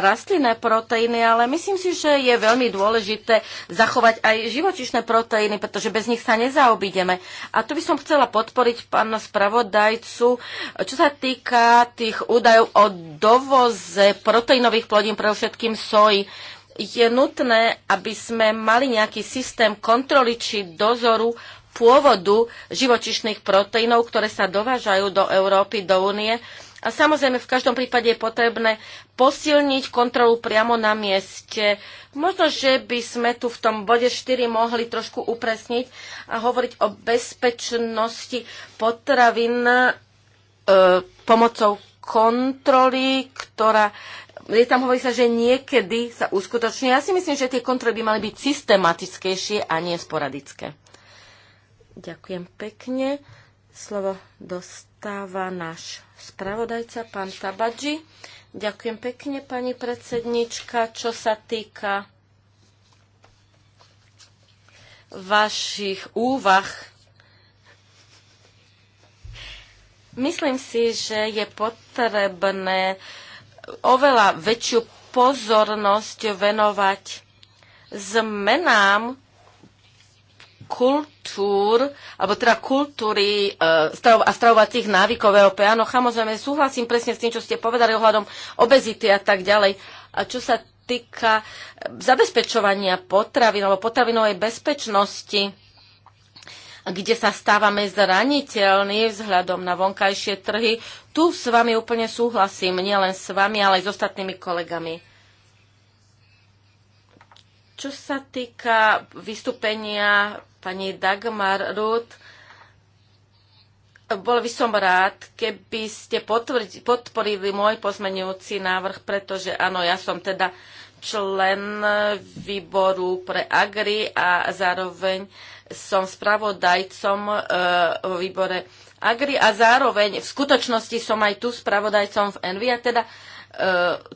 rastlinné proteíny, ale myslím si, že je veľmi dôležité zachovať aj živočišné proteíny, pretože bez nich sa nezaobídeme. A tu by som chcela podporiť pána spravodajcu, čo sa týka tých údajov o dovoze proteínových plodín, pre všetkým soji. Je nutné, aby sme mali nejaký systém kontroly či dozoru pôvodu živočišných proteínov, ktoré sa dovážajú do Európy, do únie. A samozrejme, v každom prípade je potrebné posilniť kontrolu priamo na mieste. Možno, že by sme tu v tom bode 4 mohli trošku upresniť a hovoriť o bezpečnosti potravín e, pomocou kontroly, ktorá je tam hovorí sa, že niekedy sa uskutoční. Ja si myslím, že tie kontroly by mali byť systematickejšie a nie sporadické. Ďakujem pekne. Slovo dostáva náš spravodajca, pán Tabadži. Ďakujem pekne, pani predsednička. Čo sa týka vašich úvah, myslím si, že je potrebné oveľa väčšiu pozornosť venovať zmenám kultúr, alebo teda kultúry e, a stravovacích návykov EOP. Áno, samozrejme, súhlasím presne s tým, čo ste povedali ohľadom obezity a tak ďalej. A čo sa týka e, zabezpečovania potravín alebo potravinovej bezpečnosti, kde sa stávame zraniteľní vzhľadom na vonkajšie trhy. Tu s vami úplne súhlasím, nielen s vami, ale aj s ostatnými kolegami. Čo sa týka vystúpenia pani Dagmar Ruth, bol by som rád, keby ste podporili môj pozmenujúci návrh, pretože áno, ja som teda člen výboru pre Agri a zároveň som spravodajcom e, v výbore Agri a zároveň v skutočnosti som aj tu spravodajcom v Envi. a teda E,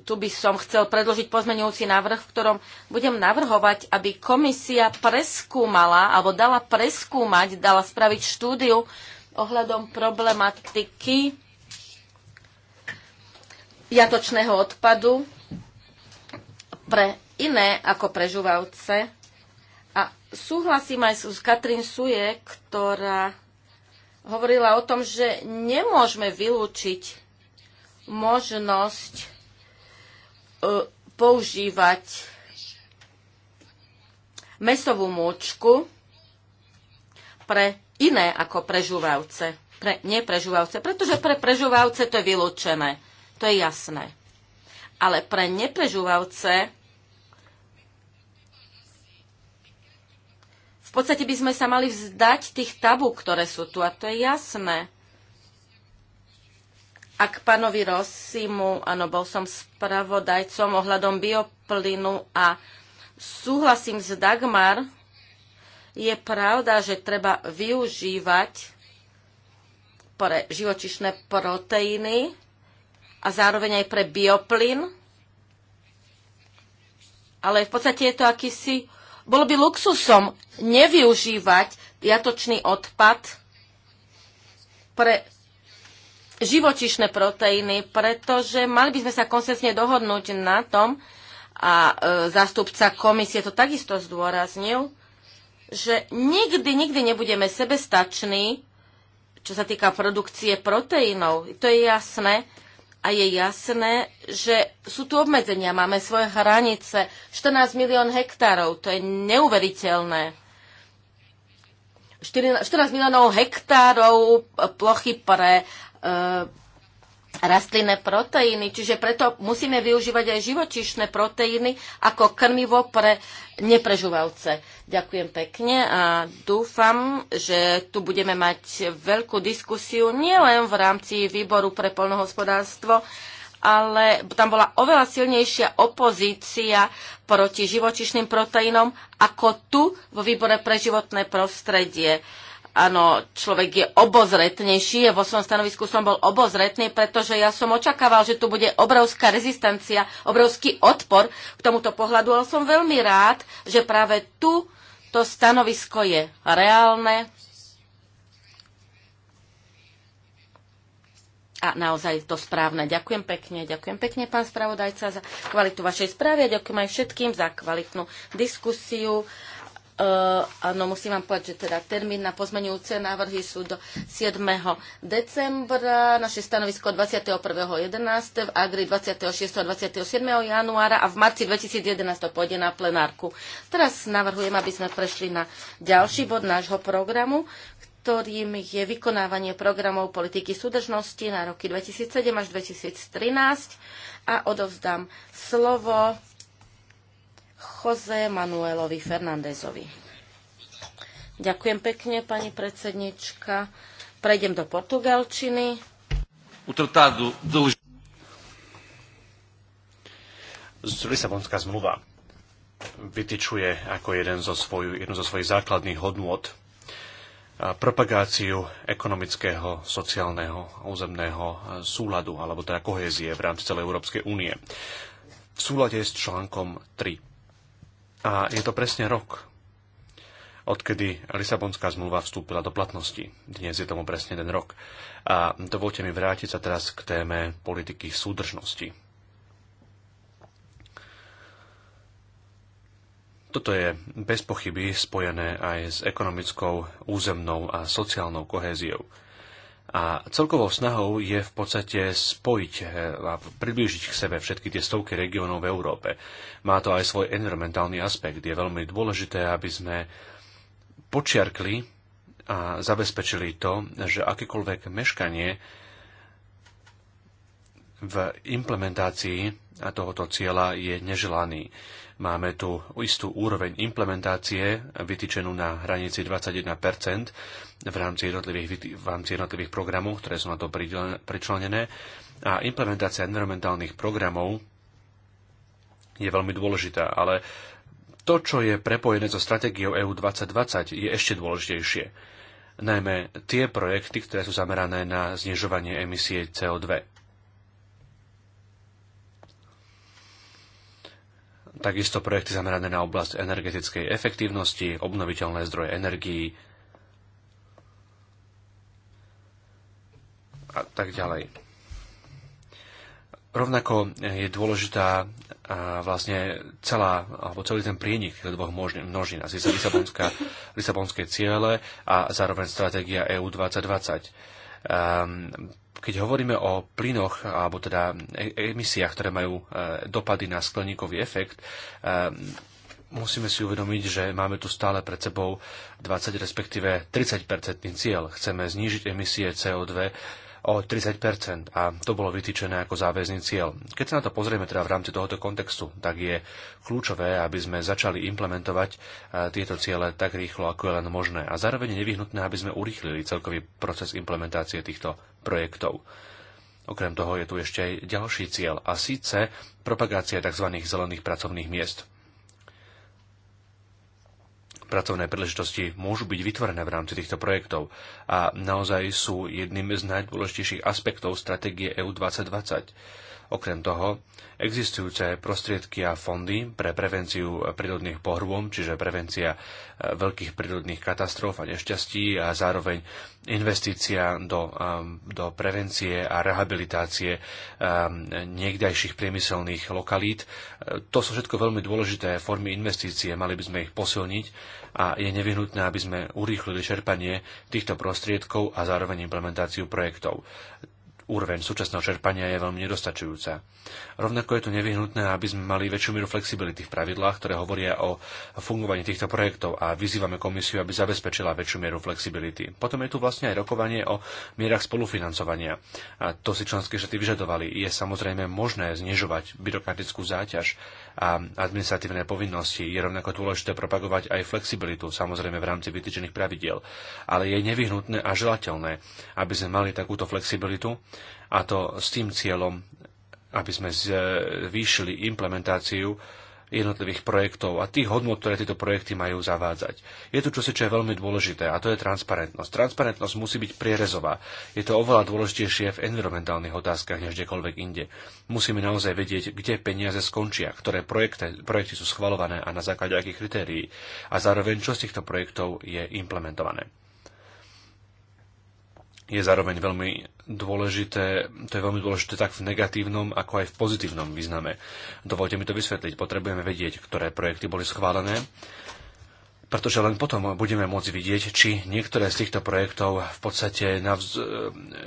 tu by som chcel predložiť pozmenujúci návrh, v ktorom budem navrhovať, aby komisia preskúmala alebo dala preskúmať, dala spraviť štúdiu ohľadom problematiky jatočného odpadu pre iné ako pre žuvavce. A súhlasím aj s Katrin Suje, ktorá hovorila o tom, že nemôžeme vylúčiť možnosť E, používať mesovú môčku pre iné ako prežúvavce. Pre neprežúvavce, pretože pre prežúvavce to je vylúčené. To je jasné. Ale pre neprežúvavce v podstate by sme sa mali vzdať tých tabú, ktoré sú tu. A to je jasné. A k pánovi Rosimu, áno, bol som spravodajcom ohľadom bioplynu a súhlasím s Dagmar, je pravda, že treba využívať pre živočišné proteíny a zároveň aj pre bioplyn. Ale v podstate je to akýsi... Bolo by luxusom nevyužívať jatočný odpad pre živočišné proteíny, pretože mali by sme sa konsensne dohodnúť na tom, a e, zástupca komisie to takisto zdôraznil, že nikdy, nikdy nebudeme sebestační, čo sa týka produkcie proteínov. To je jasné. A je jasné, že sú tu obmedzenia, máme svoje hranice. 14 milión hektárov, to je neuveriteľné. 14 miliónov hektárov plochy pre E, rastlinné proteíny, čiže preto musíme využívať aj živočišné proteíny ako krmivo pre neprežúvavce. Ďakujem pekne a dúfam, že tu budeme mať veľkú diskusiu nielen v rámci výboru pre polnohospodárstvo, ale tam bola oveľa silnejšia opozícia proti živočišným proteínom ako tu vo výbore pre životné prostredie áno, človek je obozretnejší. Vo svojom stanovisku som bol obozretný, pretože ja som očakával, že tu bude obrovská rezistencia, obrovský odpor k tomuto pohľadu, ale som veľmi rád, že práve tu to stanovisko je reálne a naozaj to správne. Ďakujem pekne, ďakujem pekne, pán spravodajca, za kvalitu vašej správy a ďakujem aj všetkým za kvalitnú diskusiu Eh, áno, musím vám povedať, že teda termín na pozmenujúce návrhy sú do 7. decembra, naše stanovisko 21.11. v Agri 26. a 27. januára a v marci 2011 to pôjde na plenárku. Teraz navrhujem, aby sme prešli na ďalší bod nášho programu, ktorým je vykonávanie programov politiky súdržnosti na roky 2007 až 2013 a odovzdám slovo Jose Manuelovi Fernandezovi. Ďakujem pekne, pani predsednička. Prejdem do portugalčiny. Lisabonská zmluva vytyčuje ako jeden zo svoju, jednu zo svojich základných hodnôt propagáciu ekonomického, sociálneho a územného súladu, alebo teda kohézie v rámci celej Európskej únie. V súlade s článkom 3 a je to presne rok, odkedy Lisabonská zmluva vstúpila do platnosti. Dnes je tomu presne ten rok. A dovolte mi vrátiť sa teraz k téme politiky súdržnosti. Toto je bez pochyby spojené aj s ekonomickou, územnou a sociálnou kohéziou. A celkovou snahou je v podstate spojiť eh, a priblížiť k sebe všetky tie stovky regiónov v Európe. Má to aj svoj environmentálny aspekt. Je veľmi dôležité, aby sme počiarkli a zabezpečili to, že akékoľvek meškanie v implementácii tohoto cieľa je neželaný Máme tu istú úroveň implementácie vytýčenú na hranici 21 v rámci jednotlivých, v rámci jednotlivých programov, ktoré sú na to pričlenené. A implementácia environmentálnych programov je veľmi dôležitá, ale to, čo je prepojené so stratégiou EU 2020, je ešte dôležitejšie. Najmä tie projekty, ktoré sú zamerané na znižovanie emisie CO2. Takisto projekty zamerané na oblasť energetickej efektívnosti, obnoviteľné zdroje energií a tak ďalej. Rovnako je dôležitá vlastne celá, alebo celý ten prienik do dvoch množín, asi sa Lisabonská, Lisabonské ciele a zároveň stratégia EU 2020. Um, keď hovoríme o plynoch, alebo teda e-, emisiách, ktoré majú e, dopady na skleníkový efekt, e, musíme si uvedomiť, že máme tu stále pred sebou 20 respektíve 30 cieľ. Chceme znížiť emisie CO2 o 30 a to bolo vytýčené ako záväzný cieľ. Keď sa na to pozrieme teda v rámci tohoto kontextu, tak je kľúčové, aby sme začali implementovať e, tieto ciele tak rýchlo, ako je len možné a zároveň nevyhnutné, aby sme urýchlili celkový proces implementácie týchto projektov. Okrem toho je tu ešte aj ďalší cieľ a síce propagácia tzv. zelených pracovných miest pracovné príležitosti môžu byť vytvorené v rámci týchto projektov a naozaj sú jedným z najdôležitejších aspektov stratégie EU 2020. Okrem toho, existujúce prostriedky a fondy pre prevenciu prírodných pohrôm, čiže prevencia e, veľkých prírodných katastrof a nešťastí a zároveň investícia do, do prevencie a rehabilitácie niekdajších priemyselných lokalít. E, to sú všetko veľmi dôležité formy investície, mali by sme ich posilniť a je nevyhnutné, aby sme urýchlili čerpanie týchto prostriedkov a zároveň implementáciu projektov. Úroveň súčasného čerpania je veľmi nedostačujúca. Rovnako je to nevyhnutné, aby sme mali väčšiu mieru flexibility v pravidlách, ktoré hovoria o fungovaní týchto projektov a vyzývame komisiu, aby zabezpečila väčšiu mieru flexibility. Potom je tu vlastne aj rokovanie o mierach spolufinancovania. A to si členské štáty vyžadovali. Je samozrejme možné znižovať byrokratickú záťaž a administratívne povinnosti. Je rovnako dôležité propagovať aj flexibilitu, samozrejme v rámci vytýčených pravidiel. Ale je nevyhnutné a želateľné, aby sme mali takúto flexibilitu a to s tým cieľom, aby sme zvýšili implementáciu jednotlivých projektov a tých hodnot, ktoré tieto projekty majú zavádzať. Je tu čosi, čo je veľmi dôležité a to je transparentnosť. Transparentnosť musí byť prierezová. Je to oveľa dôležitejšie v environmentálnych otázkach než kdekoľvek inde. Musíme naozaj vedieť, kde peniaze skončia, ktoré projekte, projekty sú schvalované a na základe akých kritérií a zároveň čo z týchto projektov je implementované je zároveň veľmi dôležité, to je veľmi dôležité tak v negatívnom, ako aj v pozitívnom význame. Dovolte mi to vysvetliť. Potrebujeme vedieť, ktoré projekty boli schválené, pretože len potom budeme môcť vidieť, či niektoré z týchto projektov v podstate navz-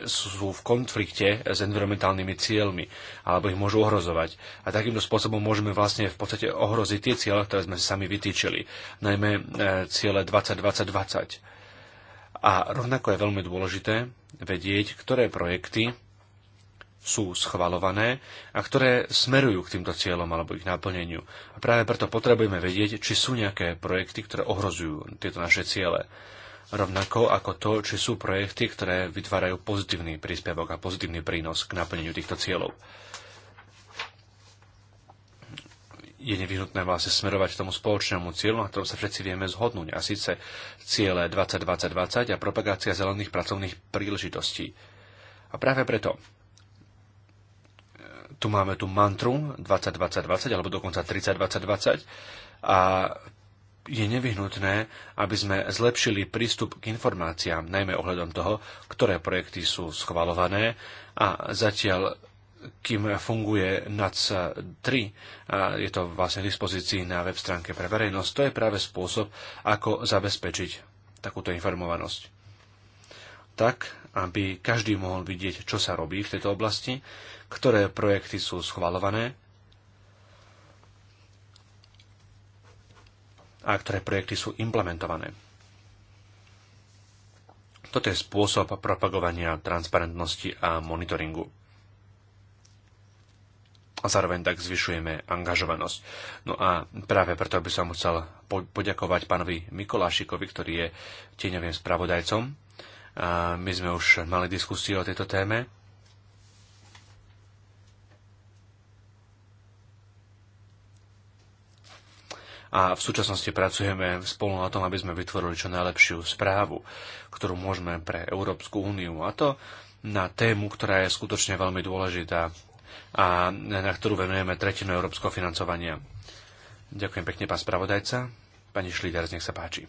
sú v konflikte s environmentálnymi cieľmi alebo ich môžu ohrozovať. A takýmto spôsobom môžeme vlastne v podstate ohroziť tie ciele, ktoré sme si sami vytýčili, najmä e, ciele 2020 20 a rovnako je veľmi dôležité vedieť, ktoré projekty sú schvalované a ktoré smerujú k týmto cieľom alebo ich naplneniu. A práve preto potrebujeme vedieť, či sú nejaké projekty, ktoré ohrozujú tieto naše ciele. Rovnako ako to, či sú projekty, ktoré vytvárajú pozitívny príspevok a pozitívny prínos k naplneniu týchto cieľov je nevyhnutné vlastne smerovať k tomu spoločnému cieľu, na ktorom sa všetci vieme zhodnúť, a síce ciele 2020 a propagácia zelených pracovných príležitostí. A práve preto e, tu máme tu mantru 2020 alebo dokonca 30 a je nevyhnutné, aby sme zlepšili prístup k informáciám, najmä ohľadom toho, ktoré projekty sú schvalované a zatiaľ kým funguje NAC 3, a je to vlastne k dispozícii na web stránke pre verejnosť, to je práve spôsob, ako zabezpečiť takúto informovanosť. Tak, aby každý mohol vidieť, čo sa robí v tejto oblasti, ktoré projekty sú schvalované a ktoré projekty sú implementované. Toto je spôsob propagovania transparentnosti a monitoringu a zároveň tak zvyšujeme angažovanosť. No a práve preto by som chcel poďakovať pánovi Mikolášikovi, ktorý je tieňovým spravodajcom. A my sme už mali diskusiu o tejto téme. a v súčasnosti pracujeme spolu na tom, aby sme vytvorili čo najlepšiu správu, ktorú môžeme pre Európsku úniu a to na tému, ktorá je skutočne veľmi dôležitá a na ktorú venujeme tretinu európskeho financovania. Ďakujem pekne, pán spravodajca. Pani Šlíder, nech sa páči.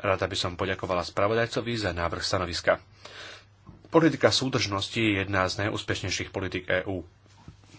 Rada by som poďakovala spravodajcovi za návrh stanoviska. Politika súdržnosti je jedna z najúspešnejších politik EÚ.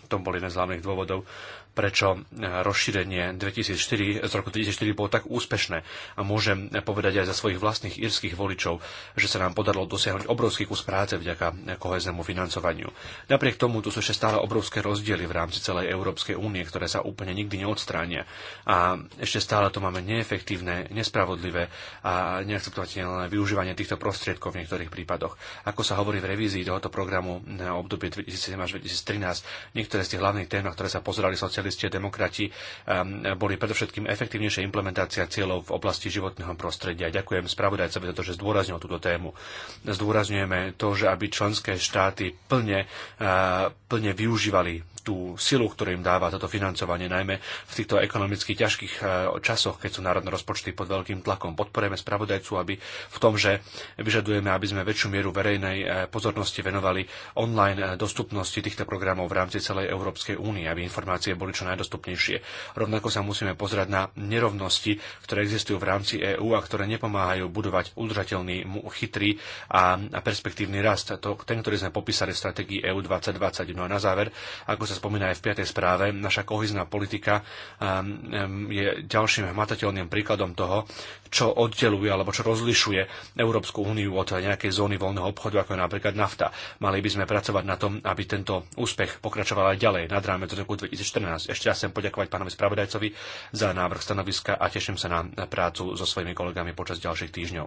To bol jeden z hlavných dôvodov, prečo e, rozšírenie 2004, z roku 2004 bolo tak úspešné. A môžem povedať aj za svojich vlastných írskych voličov, že sa nám podarilo dosiahnuť obrovský kus práce vďaka e, koheznému financovaniu. Napriek tomu tu sú ešte stále obrovské rozdiely v rámci celej Európskej únie, ktoré sa úplne nikdy neodstránia. A ešte stále to máme neefektívne, nespravodlivé a neakceptovateľné využívanie týchto prostriedkov v niektorých prípadoch. Ako sa hovorí v revízii tohoto programu na obdobie 2007 až 2013, niektoré z tých hlavných tém, na ktoré sa pozerali sociálne socialisti a demokrati ehm, boli predovšetkým efektívnejšia implementácia cieľov v oblasti životného prostredia. Ďakujem spravodajcovi za to, že zdôraznil túto tému. Zdôrazňujeme to, že aby členské štáty plne, ehm, plne využívali tú silu, ktorú im dáva toto financovanie, najmä v týchto ekonomicky ťažkých e, časoch, keď sú národné rozpočty pod veľkým tlakom. Podporujeme spravodajcu, aby v tom, že vyžadujeme, aby sme väčšiu mieru verejnej e, pozornosti venovali online e, dostupnosti týchto programov v rámci celej Európskej únie, aby informácie boli čo najdostupnejšie. Rovnako sa musíme pozerať na nerovnosti, ktoré existujú v rámci EÚ a ktoré nepomáhajú budovať udržateľný, chytrý a perspektívny rast. To, ten, ktorý sme popísali v stratégii EU 2020. No a na záver, ako sa spomína aj v 5. správe, naša kohizná politika um, um, je ďalším hmatateľným príkladom toho, čo oddeluje alebo čo rozlišuje Európsku úniu od nejakej zóny voľného obchodu, ako je napríklad nafta. Mali by sme pracovať na tom, aby tento úspech pokračoval aj ďalej nad rámec roku 2014. Ešte raz chcem poďakovať pánovi spravodajcovi za návrh stanoviska a teším sa na prácu so svojimi kolegami počas ďalších týždňov.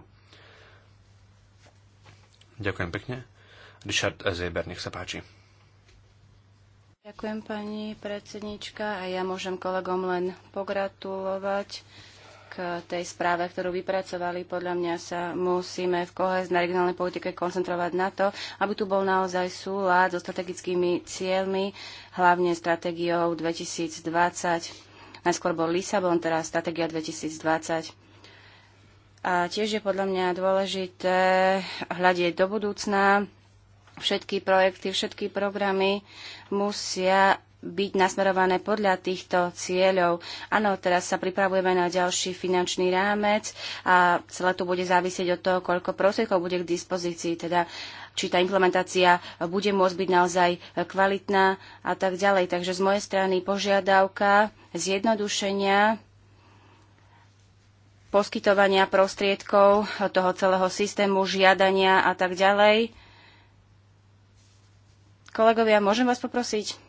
Ďakujem pekne. Richard Zeber, nech sa páči. Ďakujem pani predsednička a ja môžem kolegom len pogratulovať k tej správe, ktorú vypracovali. Podľa mňa sa musíme v na regionálnej politike koncentrovať na to, aby tu bol naozaj súlad so strategickými cieľmi, hlavne stratégiou 2020. Najskôr bol Lisabon, teraz stratégia 2020. A tiež je podľa mňa dôležité hľadiť do budúcna Všetky projekty, všetky programy musia byť nasmerované podľa týchto cieľov. Áno, teraz sa pripravujeme na ďalší finančný rámec a celé to bude závisieť od toho, koľko prostriedkov bude k dispozícii, teda či tá implementácia bude môcť byť naozaj kvalitná a tak ďalej. Takže z mojej strany požiadavka zjednodušenia poskytovania prostriedkov toho celého systému, žiadania a tak ďalej Kolegovia, môžem vás poprosiť?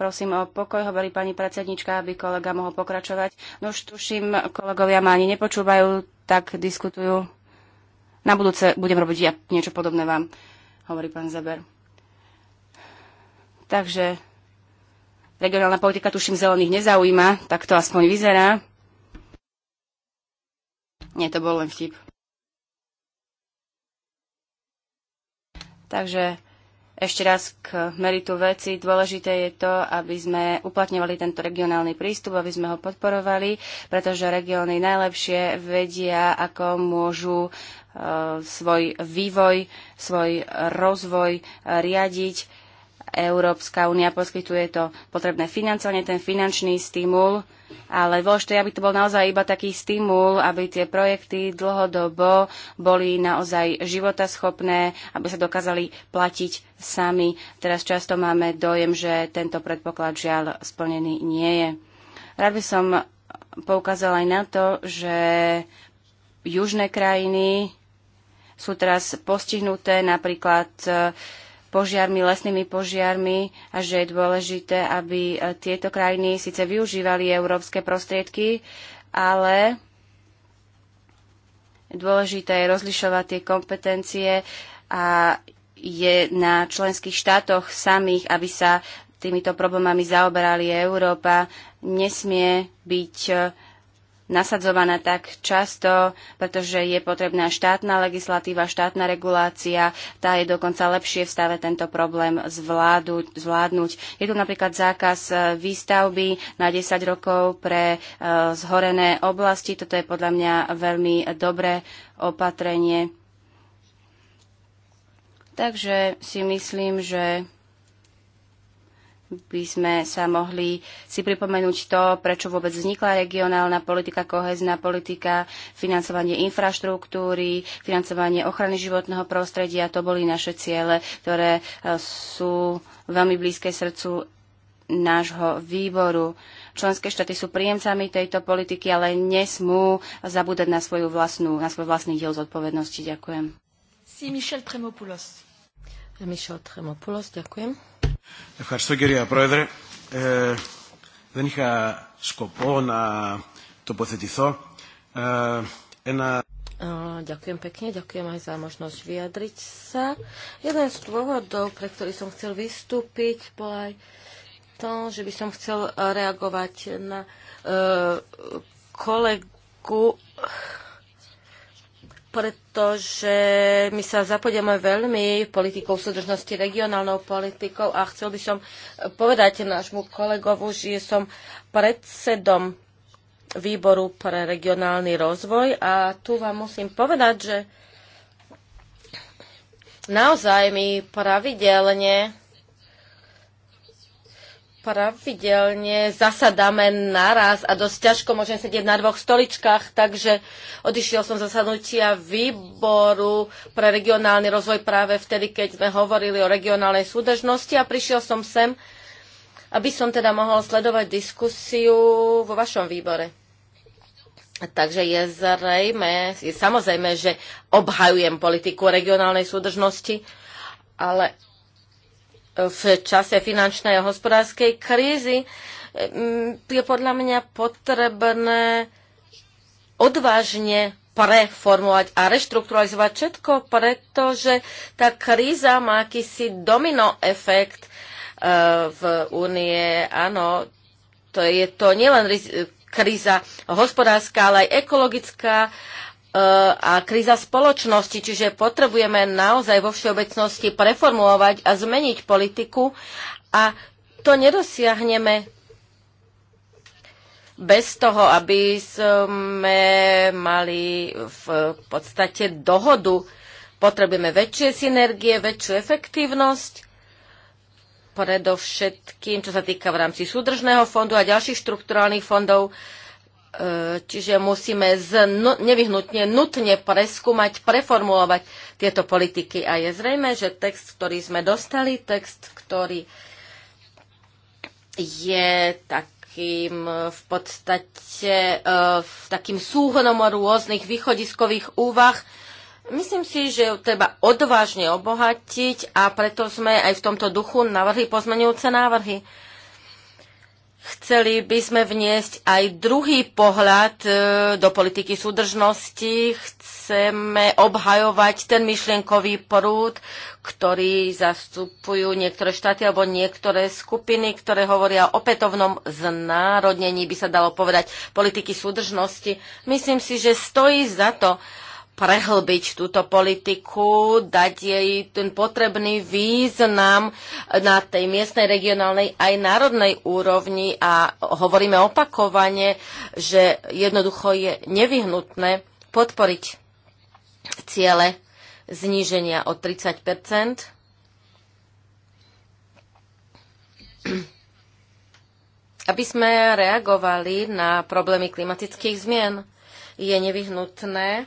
Prosím o pokoj, hovorí pani predsednička, aby kolega mohol pokračovať. No už tuším, kolegovia ma ani nepočúvajú, tak diskutujú. Na budúce budem robiť ja niečo podobné vám, hovorí pán Zeber. Takže regionálna politika tuším zelených nezaujíma, tak to aspoň vyzerá. Nie, to bol len vtip. Takže ešte raz k meritu veci. Dôležité je to, aby sme uplatňovali tento regionálny prístup, aby sme ho podporovali, pretože regióny najlepšie vedia, ako môžu e, svoj vývoj, svoj rozvoj e, riadiť. Európska únia poskytuje to potrebné financovanie, ten finančný stimul ale dôležité, aby to bol naozaj iba taký stimul, aby tie projekty dlhodobo boli naozaj životaschopné, aby sa dokázali platiť sami. Teraz často máme dojem, že tento predpoklad žiaľ splnený nie je. Rád by som poukázala aj na to, že južné krajiny sú teraz postihnuté napríklad požiarmi, lesnými požiarmi a že je dôležité, aby e, tieto krajiny síce využívali európske prostriedky, ale dôležité je rozlišovať tie kompetencie a je na členských štátoch samých, aby sa týmito problémami zaoberali Európa, nesmie byť e, nasadzovaná tak často, pretože je potrebná štátna legislatíva, štátna regulácia, tá je dokonca lepšie v stave tento problém zvládu, zvládnuť. Je tu napríklad zákaz e, výstavby na 10 rokov pre e, zhorené oblasti, toto je podľa mňa veľmi dobré opatrenie. Takže si myslím, že by sme sa mohli si pripomenúť to, prečo vôbec vznikla regionálna politika, kohezná politika, financovanie infraštruktúry, financovanie ochrany životného prostredia. To boli naše ciele, ktoré e, sú veľmi blízke srdcu nášho výboru. Členské štáty sú príjemcami tejto politiky, ale nesmú zabúdať na, svoju vlastnú, na svoj vlastný diel zodpovednosti. Ďakujem. Si Michel Tremopoulos. Michel Tremopoulos, ďakujem. Ευχαριστώ κυρία Πρόεδρε. Ε, δεν είχα σκοπό να τοποθετηθώ. Ε, ένα... Ďakujem pekne, ďakujem aj za možnosť vyjadriť sa. Jeden z dôvodov, pre ktorý som chcel vystúpiť, bol aj to, že by som chcel reagovať na uh, kolegu pretože my sa zapodieme veľmi politikou súdržnosti, regionálnou politikou a chcel by som povedať nášmu kolegovu, že som predsedom výboru pre regionálny rozvoj a tu vám musím povedať, že naozaj my pravidelne pravidelne zasadáme naraz a dosť ťažko môžem sedieť na dvoch stoličkách, takže odišiel som zasadnutia výboru pre regionálny rozvoj práve vtedy, keď sme hovorili o regionálnej súdržnosti a prišiel som sem, aby som teda mohol sledovať diskusiu vo vašom výbore. Takže je zrejme, je samozrejme, že obhajujem politiku regionálnej súdržnosti, ale v čase finančnej a hospodárskej krízy mm, je podľa mňa potrebné odvážne preformovať a reštrukturalizovať všetko, pretože tá kríza má akýsi domino efekt e, v únie. Áno, to je to nielen kríza hospodárska, ale aj ekologická E, a kríza spoločnosti, čiže potrebujeme naozaj vo všeobecnosti preformulovať a zmeniť politiku a to nedosiahneme bez toho, aby sme mali v podstate dohodu. Potrebujeme väčšie synergie, väčšiu efektívnosť, predovšetkým, čo sa týka v rámci súdržného fondu a ďalších štrukturálnych fondov, E, čiže musíme znu, nevyhnutne, nutne preskúmať, preformulovať tieto politiky. A je zrejme, že text, ktorý sme dostali, text, ktorý je takým e, v podstate e, takým súhnom rôznych východiskových úvah, Myslím si, že ju treba odvážne obohatiť a preto sme aj v tomto duchu navrhli pozmenujúce návrhy. Chceli by sme vniesť aj druhý pohľad e, do politiky súdržnosti. Chceme obhajovať ten myšlienkový prúd, ktorý zastupujú niektoré štáty alebo niektoré skupiny, ktoré hovoria o opätovnom znárodnení, by sa dalo povedať, politiky súdržnosti. Myslím si, že stojí za to, prehlbiť túto politiku, dať jej ten potrebný význam na tej miestnej, regionálnej aj národnej úrovni a hovoríme opakovane, že jednoducho je nevyhnutné podporiť ciele zníženia o 30 aby sme reagovali na problémy klimatických zmien. Je nevyhnutné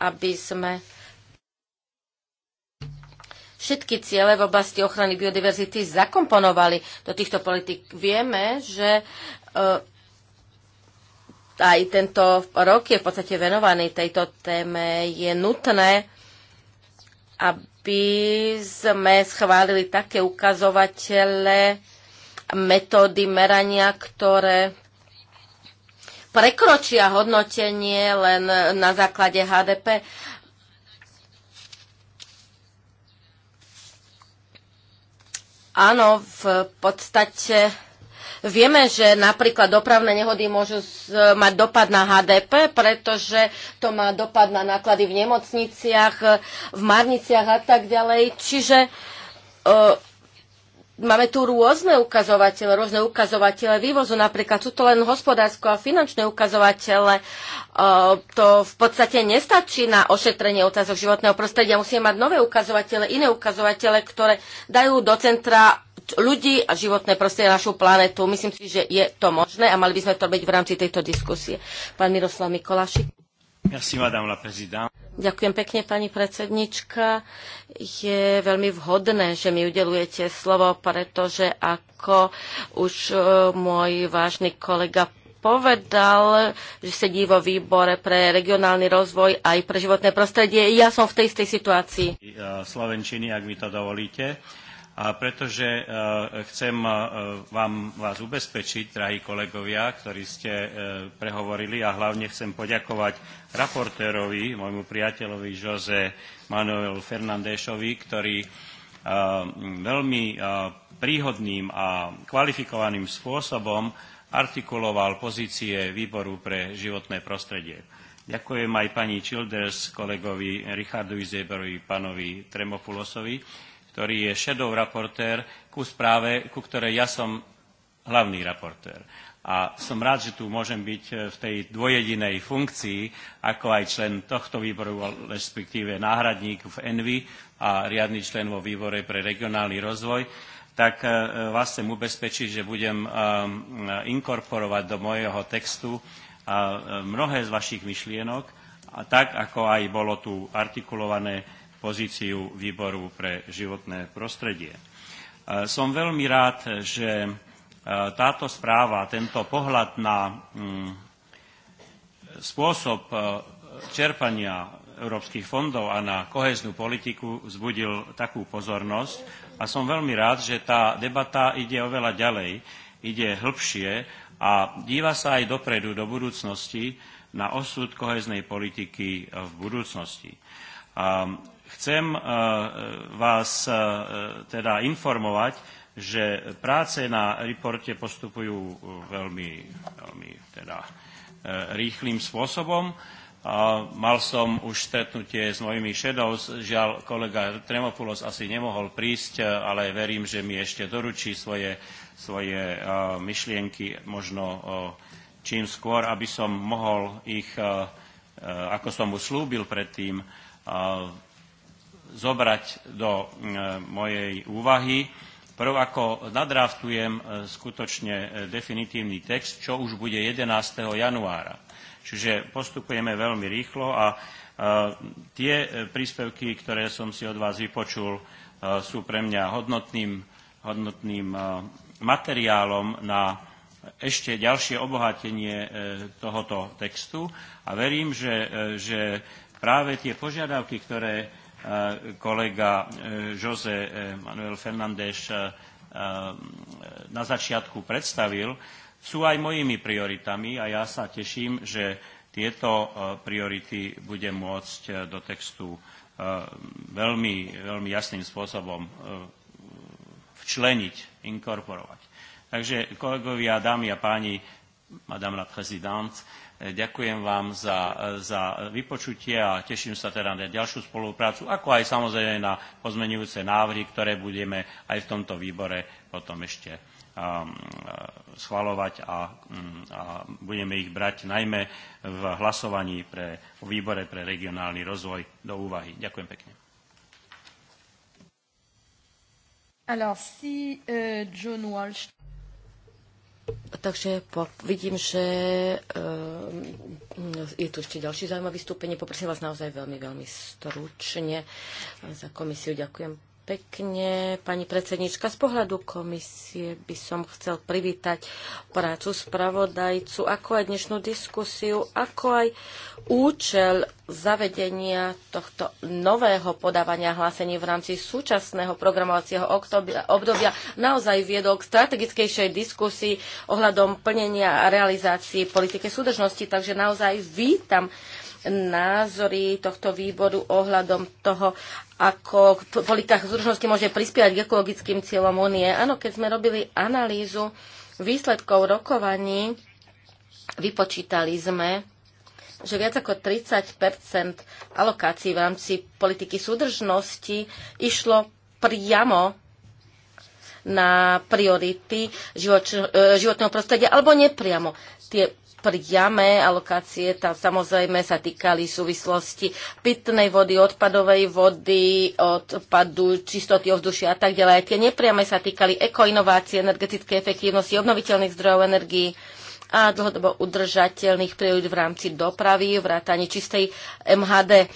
aby sme všetky ciele v oblasti ochrany biodiverzity zakomponovali do týchto politik. Vieme, že e, aj tento rok je v podstate venovaný tejto téme. Je nutné, aby sme schválili také ukazovatele, metódy merania, ktoré prekročia hodnotenie len na základe HDP. Áno, v podstate Vieme, že napríklad dopravné nehody môžu mať dopad na HDP, pretože to má dopad na náklady v nemocniciach, v marniciach a tak ďalej. Čiže e, máme tu rôzne ukazovatele, rôzne ukazovatele vývozu, napríklad sú to len hospodársko a finančné ukazovatele. E, to v podstate nestačí na ošetrenie otázok životného prostredia. Musíme mať nové ukazovatele, iné ukazovatele, ktoré dajú do centra ľudí a životné prostredie na našu planetu. Myslím si, že je to možné a mali by sme to byť v rámci tejto diskusie. Pán Miroslav Mikolášik. Ďakujem pekne, pani predsednička. Je veľmi vhodné, že mi udelujete slovo, pretože ako už e, môj vážny kolega povedal, že sedí vo výbore pre regionálny rozvoj aj pre životné prostredie. Ja som v tej istej situácii. E, Slovenčiny, ak mi to dovolíte. A pretože e, chcem e, vám, vás ubezpečiť, drahí kolegovia, ktorí ste e, prehovorili a hlavne chcem poďakovať raportérovi, môjmu priateľovi Jose Manuel Fernandéšovi, ktorý veľmi príhodným a kvalifikovaným spôsobom artikuloval pozície výboru pre životné prostredie. Ďakujem aj pani Childers, kolegovi Richardu Izebrovi, pánovi Tremopulosovi ktorý je shadow raportér ku správe, ku ktorej ja som hlavný raportér. A som rád, že tu môžem byť e, v tej dvojedinej funkcii, ako aj člen tohto výboru, respektíve náhradník v ENVI a riadny člen vo výbore pre regionálny rozvoj, tak e, vás chcem ubezpečiť, že budem e, inkorporovať do mojeho textu mnohé z vašich myšlienok, tak ako aj bolo tu artikulované pozíciu výboru pre životné prostredie. E, som veľmi rád, že e, táto správa, tento pohľad na mm, spôsob e, čerpania európskych fondov a na koheznú politiku vzbudil takú pozornosť a som veľmi rád, že tá debata ide oveľa ďalej, ide hĺbšie a díva sa aj dopredu do budúcnosti na osud koheznej politiky v budúcnosti. Chcem e, e, vás e, teda informovať, že práce na reporte postupujú veľmi, veľmi teda rýchlým spôsobom. A mal som už stretnutie s mojimi shadows, žiaľ kolega Tremopulos asi nemohol prísť, ale verím, že mi ešte doručí svoje, svoje myšlienky možno čím skôr, aby som mohol ich, ako som mu slúbil predtým, zobrať do e, mojej úvahy. Prv ako nadraftujem e, skutočne e, definitívny text, čo už bude 11. januára. Čiže postupujeme veľmi rýchlo a tie príspevky, ktoré som si od vás vypočul, sú pre mňa hodnotným, hodnotným materiálom na ešte ďalšie obohatenie tohoto textu a verím, že, že práve tie požiadavky, ktoré Eh, kolega eh, Jose eh, Manuel Fernández na začiatku predstavil, sú aj mojimi prioritami a ja sa teším, že tieto priority budem môcť do textu veľmi, veľmi jasným spôsobom včleniť, inkorporovať. Takže kolegovia, dámy a páni, madame la présidente, Ďakujem vám za, za vypočutie a teším sa teda na ďalšiu spoluprácu, ako aj samozrejme na pozmenujúce návrhy, ktoré budeme aj v tomto výbore potom ešte um, schvalovať a, um, a budeme ich brať najmä v hlasovaní pre výbore pre regionálny rozvoj do úvahy. Ďakujem pekne. Alors, si, euh, John Walsh... Takže po, vidím, že e, je tu ešte ďalšie zaujímavé vystúpenie. Poprosím vás naozaj veľmi, veľmi stručne. Za komisiu ďakujem pekne, pani predsednička. Z pohľadu komisie by som chcel privítať prácu spravodajcu, ako aj dnešnú diskusiu, ako aj účel zavedenia tohto nového podávania hlásení v rámci súčasného programovacieho obdobia naozaj viedol k strategickejšej diskusii ohľadom plnenia a realizácii politiky súdržnosti. Takže naozaj vítam názory tohto výboru ohľadom toho, ako politika zručnosti môže prispievať k ekologickým cieľom únie. Áno, keď sme robili analýzu výsledkov rokovaní, vypočítali sme, že viac ako 30 alokácií v rámci politiky súdržnosti išlo priamo na priority e, životného prostredia, alebo nepriamo. Tie priame alokácie tam samozrejme sa týkali súvislosti pitnej vody, odpadovej vody, odpadu, čistoty ovzdušia a tak ďalej. Tie nepriame sa týkali ekoinovácie, energetickej efektívnosti, obnoviteľných zdrojov energii a dlhodobo udržateľných priorit v rámci dopravy, vrátanie čistej MHD.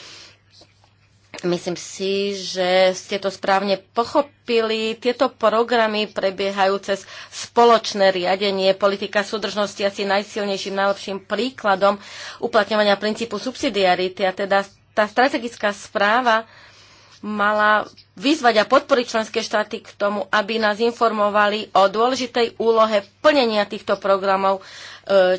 Myslím si, že ste to správne pochopili. Tieto programy prebiehajú cez spoločné riadenie. Politika súdržnosti asi najsilnejším, najlepším príkladom uplatňovania princípu subsidiarity. A teda tá strategická správa mala vyzvať a podporiť členské štáty k tomu, aby nás informovali o dôležitej úlohe plnenia týchto programov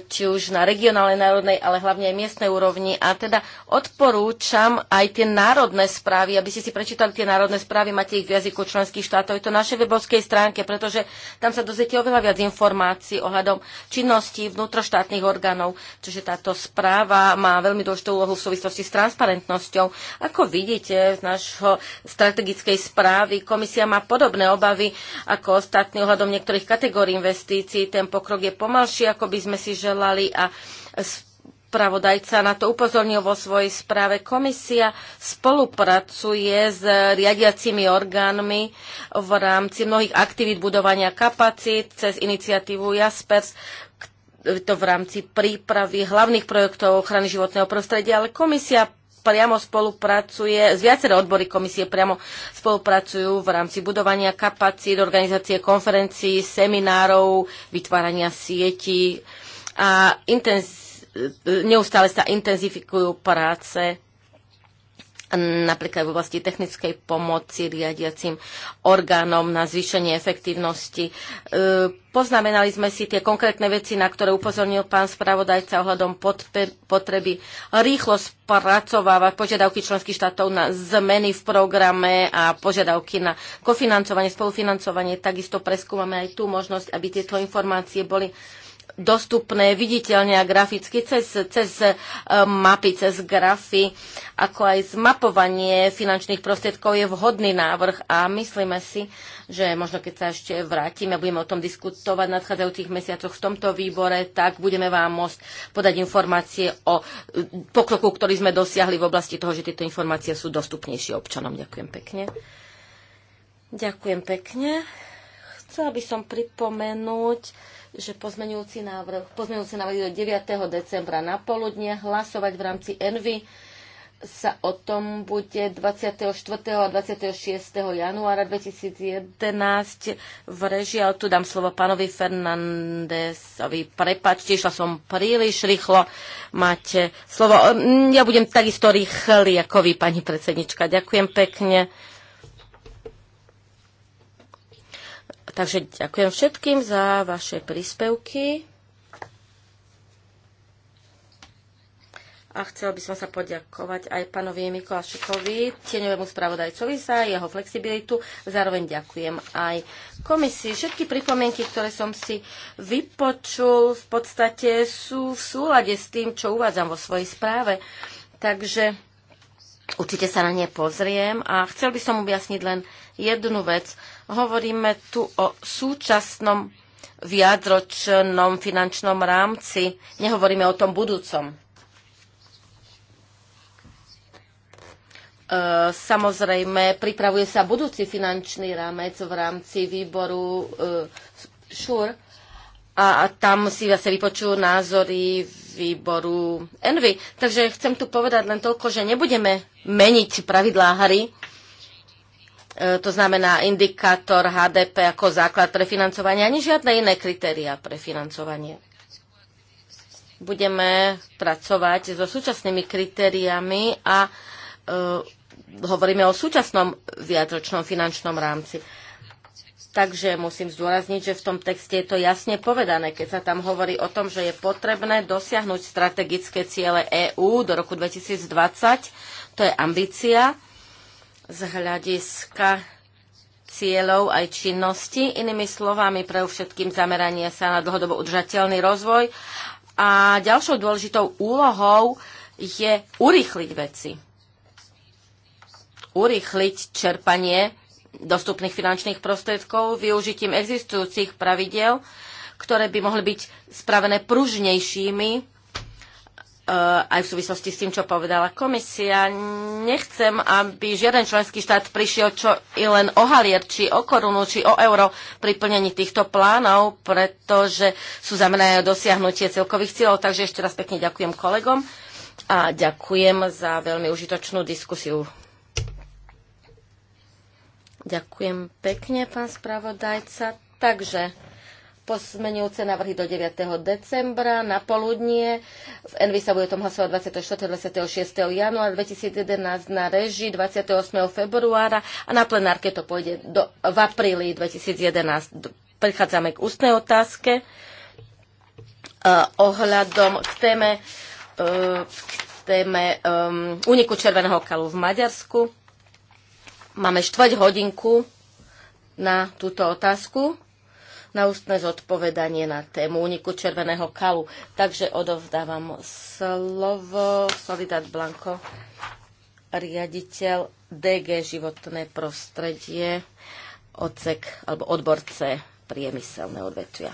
či už na regionálnej, národnej, ale hlavne aj miestnej úrovni. A teda odporúčam aj tie národné správy, aby ste si prečítali tie národné správy, máte ich v jazyku členských štátov. Je to našej webovskej stránke, pretože tam sa dozviete oveľa viac informácií ohľadom činnosti vnútroštátnych orgánov, čiže táto správa má veľmi dôležitú úlohu v súvislosti s transparentnosťou. Ako vidíte z našho strategickej správy, komisia má podobné obavy ako ostatní ohľadom niektorých kategórií investícií. Ten pokrok je pomalší, ako by sme sme si želali a spravodajca na to upozornil vo svojej správe. Komisia spolupracuje s riadiacimi orgánmi v rámci mnohých aktivít budovania kapacít cez iniciatívu Jaspers, to v rámci prípravy hlavných projektov ochrany životného prostredia, ale komisia priamo spolupracuje, z viaceré odbory komisie priamo spolupracujú v rámci budovania kapacít, organizácie konferencií, seminárov, vytvárania sietí, a intenz, neustále sa intenzifikujú práce napríklad v oblasti technickej pomoci riadiacim orgánom na zvýšenie efektívnosti. E, poznamenali sme si tie konkrétne veci, na ktoré upozornil pán spravodajca ohľadom potreby rýchlo spracovávať požiadavky členských štátov na zmeny v programe a požiadavky na kofinancovanie, spolufinancovanie. Takisto preskúmame aj tú možnosť, aby tieto informácie boli dostupné viditeľne a graficky cez, cez e, mapy, cez grafy, ako aj zmapovanie finančných prostriedkov je vhodný návrh a myslíme si, že možno keď sa ešte vrátime a budeme o tom diskutovať v nadchádzajúcich mesiacoch v tomto výbore, tak budeme vám môcť podať informácie o e, pokroku, ktorý sme dosiahli v oblasti toho, že tieto informácie sú dostupnejšie občanom. Ďakujem pekne. Ďakujem pekne. Chcela by som pripomenúť, že pozmenujúci návrh, pozmenujúci návrh do 9. decembra na poludne hlasovať v rámci Envy sa o tom bude 24. a 26. januára 2011 v režii, ale tu dám slovo pánovi Fernandesovi. Prepačte, išla som príliš rýchlo. Máte slovo. Ja budem takisto rýchly ako vy, pani predsednička. Ďakujem pekne. Takže ďakujem všetkým za vaše príspevky. a chcel by som sa poďakovať aj pánovi Mikulášikovi, tieňovému spravodajcovi za jeho flexibilitu. Zároveň ďakujem aj komisii. Všetky pripomienky, ktoré som si vypočul, v podstate sú v súlade s tým, čo uvádzam vo svojej správe. Takže určite sa na ne pozriem a chcel by som objasniť len jednu vec Hovoríme tu o súčasnom viacročnom finančnom rámci. Nehovoríme o tom budúcom. E, samozrejme, pripravuje sa budúci finančný rámec v rámci výboru e, ŠUR a tam si zase vypočujú názory výboru Envy. Takže chcem tu povedať len toľko, že nebudeme meniť pravidlá hry, E, to znamená indikátor HDP ako základ pre financovanie, ani žiadne iné kritéria pre financovanie. Budeme pracovať so súčasnými kritériami a uh, hovoríme o súčasnom viacročnom finančnom rámci. Takže musím zdôrazniť, že v tom texte je to jasne povedané, keď sa tam hovorí o tom, že je potrebné dosiahnuť strategické ciele EÚ do roku 2020. To je ambícia z hľadiska cieľov aj činnosti, inými slovami pre všetkým zameranie sa na dlhodobo udržateľný rozvoj. A ďalšou dôležitou úlohou je urýchliť veci. Urýchliť čerpanie dostupných finančných prostriedkov využitím existujúcich pravidel, ktoré by mohli byť spravené pružnejšími Eh, aj v súvislosti s tým, čo povedala komisia. Nechcem, aby žiaden členský štát prišiel čo i len o halier, či o korunu, či o euro pri plnení týchto plánov, pretože sú zamerané dosiahnutie celkových cieľov. Takže ešte raz pekne ďakujem kolegom a ďakujem za veľmi užitočnú diskusiu. Ďakujem pekne, pán spravodajca. Takže pozmenujúce návrhy do 9. decembra na poludnie. V Envy sa bude o tom hlasovať 24. 26. januára 2011 na reži 28. februára a na plenárke to pôjde do, v apríli 2011. Prichádzame k ústnej otázke uh, ohľadom k téme, uh, k téme um, uniku červeného kalu v Maďarsku. Máme štvrť hodinku na túto otázku na ústne zodpovedanie na tému úniku červeného kalu. Takže odovzdávam slovo Solidat Blanko, riaditeľ DG životné prostredie, odsek alebo odborce priemyselné odvetvia.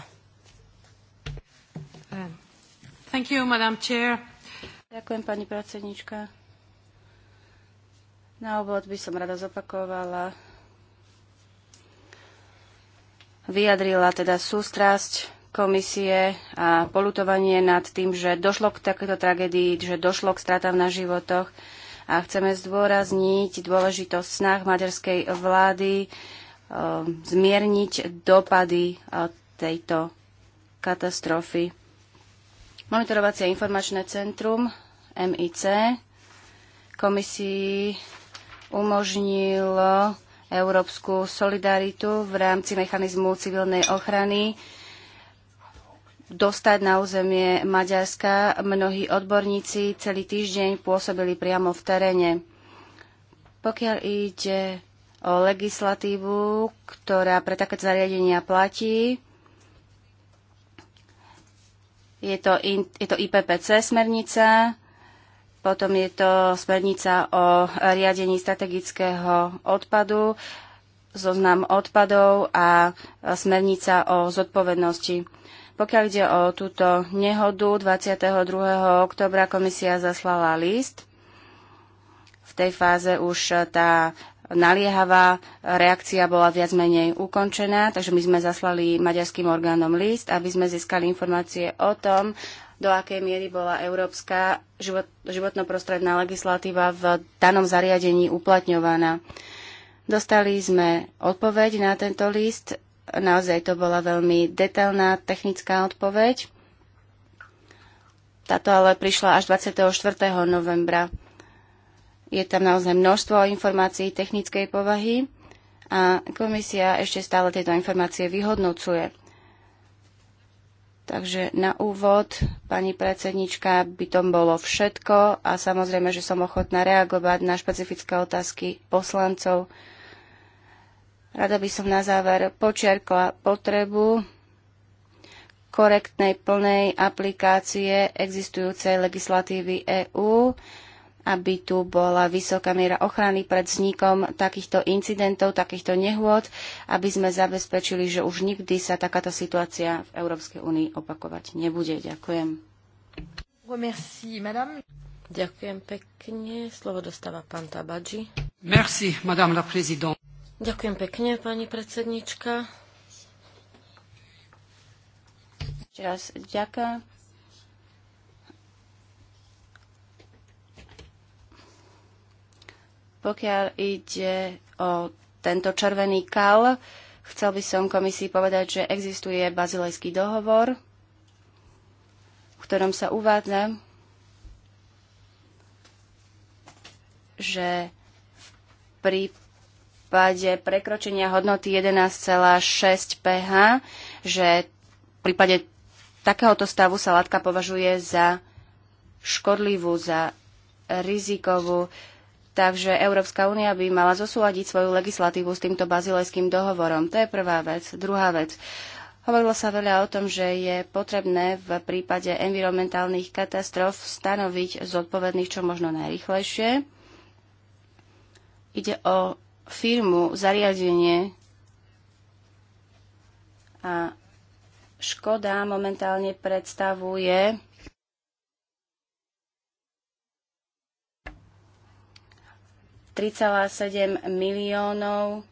Thank you, Madam Chair. Ďakujem, pani predsednička. Na obod by som rada zopakovala vyjadrila teda sústrasť komisie a polutovanie nad tým, že došlo k takéto tragédii, že došlo k stratám na životoch a chceme zdôrazniť dôležitosť snah maďarskej vlády e, zmierniť dopady uh, tejto katastrofy. Monitorovacie informačné centrum MIC komisii umožnilo európsku solidaritu v rámci mechanizmu civilnej ochrany dostať na územie Maďarska. Mnohí odborníci celý týždeň pôsobili priamo v teréne. Pokiaľ ide o legislatívu, ktorá pre takéto zariadenia platí, je to, in, je to IPPC smernica, potom je to smernica o riadení strategického odpadu, zoznam odpadov a smernica o zodpovednosti. Pokiaľ ide o túto nehodu, 22. oktobra komisia zaslala list. V tej fáze už tá naliehavá reakcia bola viac menej ukončená, takže my sme zaslali maďarským orgánom list, aby sme získali informácie o tom, do akej miery bola európska život, životnoprostredná legislatíva v danom zariadení uplatňovaná. Dostali sme odpoveď na tento list. Naozaj to bola veľmi detailná technická odpoveď. Táto ale prišla až 24. novembra. Je tam naozaj množstvo informácií technickej povahy a komisia ešte stále tieto informácie vyhodnocuje. Takže na úvod, pani predsednička, by tom bolo všetko a samozrejme, že som ochotná reagovať na špecifické otázky poslancov. Rada by som na záver počiarkla potrebu korektnej plnej aplikácie existujúcej legislatívy EÚ aby tu bola vysoká miera ochrany pred vznikom takýchto incidentov, takýchto nehôd, aby sme zabezpečili, že už nikdy sa takáto situácia v Európskej únii opakovať nebude. Ďakujem. Merci, madame. Ďakujem pekne. Slovo dostáva pán Tabadži. Merci, madame la présidente. Ďakujem pekne, pani predsednička. Ešte raz ďakujem. Pokiaľ ide o tento červený kal, chcel by som komisii povedať, že existuje bazilejský dohovor, v ktorom sa uvádza, že v prípade prekročenia hodnoty 11,6 pH, že v prípade takéhoto stavu sa látka považuje za škodlivú, za rizikovú. Takže Európska únia by mala zosúľadiť svoju legislatívu s týmto bazilejským dohovorom. To je prvá vec. Druhá vec. Hovorilo sa veľa o tom, že je potrebné v prípade environmentálnych katastrof stanoviť zodpovedných čo možno najrychlejšie. Ide o firmu, zariadenie a škoda momentálne predstavuje 3,7 miliónov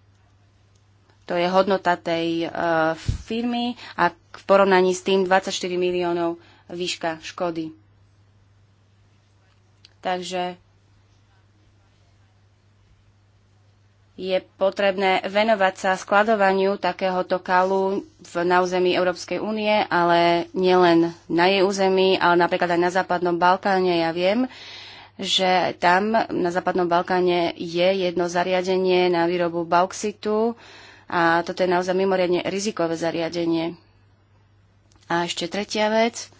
to je hodnota tej uh, firmy a v porovnaní s tým 24 miliónov výška škody. Takže je potrebné venovať sa skladovaniu takéhoto kalu v, na území Európskej únie, ale nielen na jej území, ale napríklad aj na Západnom Balkáne. Ja viem, že tam na Západnom Balkáne je jedno zariadenie na výrobu bauxitu a toto je naozaj mimoriadne rizikové zariadenie. A ešte tretia vec,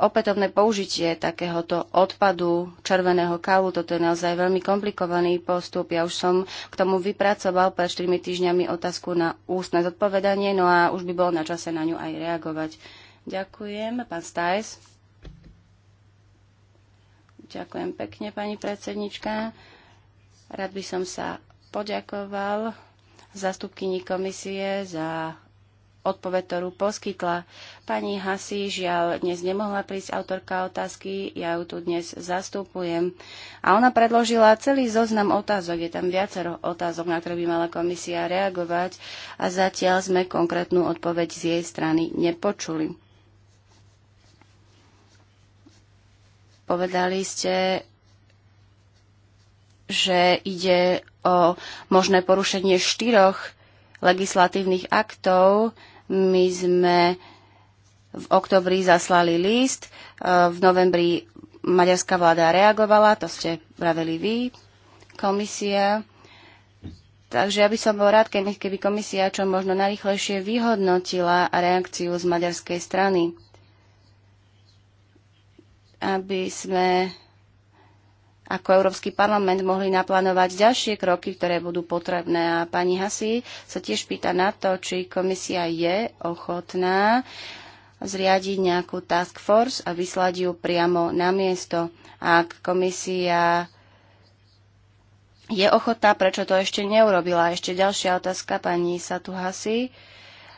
opätovné použitie takéhoto odpadu červeného kalu, toto je naozaj veľmi komplikovaný postup. Ja už som k tomu vypracoval pred 4 týždňami otázku na ústne zodpovedanie, no a už by bolo na čase na ňu aj reagovať. Ďakujem, pán Stajs. Ďakujem pekne, pani predsednička. Rád by som sa poďakoval zastupkyni komisie za odpoveď, ktorú poskytla. Pani Hasi žiaľ dnes nemohla prísť autorka otázky, ja ju tu dnes zastupujem. A ona predložila celý zoznam otázok, je tam viacero otázok, na ktoré by mala komisia reagovať a zatiaľ sme konkrétnu odpoveď z jej strany nepočuli. Povedali ste, že ide o možné porušenie štyroch legislatívnych aktov. My sme v oktobri zaslali list, e, v novembri maďarská vláda reagovala, to ste pravili vy, komisia. Takže ja by som bol rád, keby komisia čo možno najrychlejšie vyhodnotila reakciu z maďarskej strany aby sme ako Európsky parlament mohli naplánovať ďalšie kroky, ktoré budú potrebné. A pani Hasi sa tiež pýta na to, či komisia je ochotná zriadiť nejakú task force a vyslať ju priamo na miesto. Ak komisia je ochotná, prečo to ešte neurobila? Ešte ďalšia otázka pani Satuhasi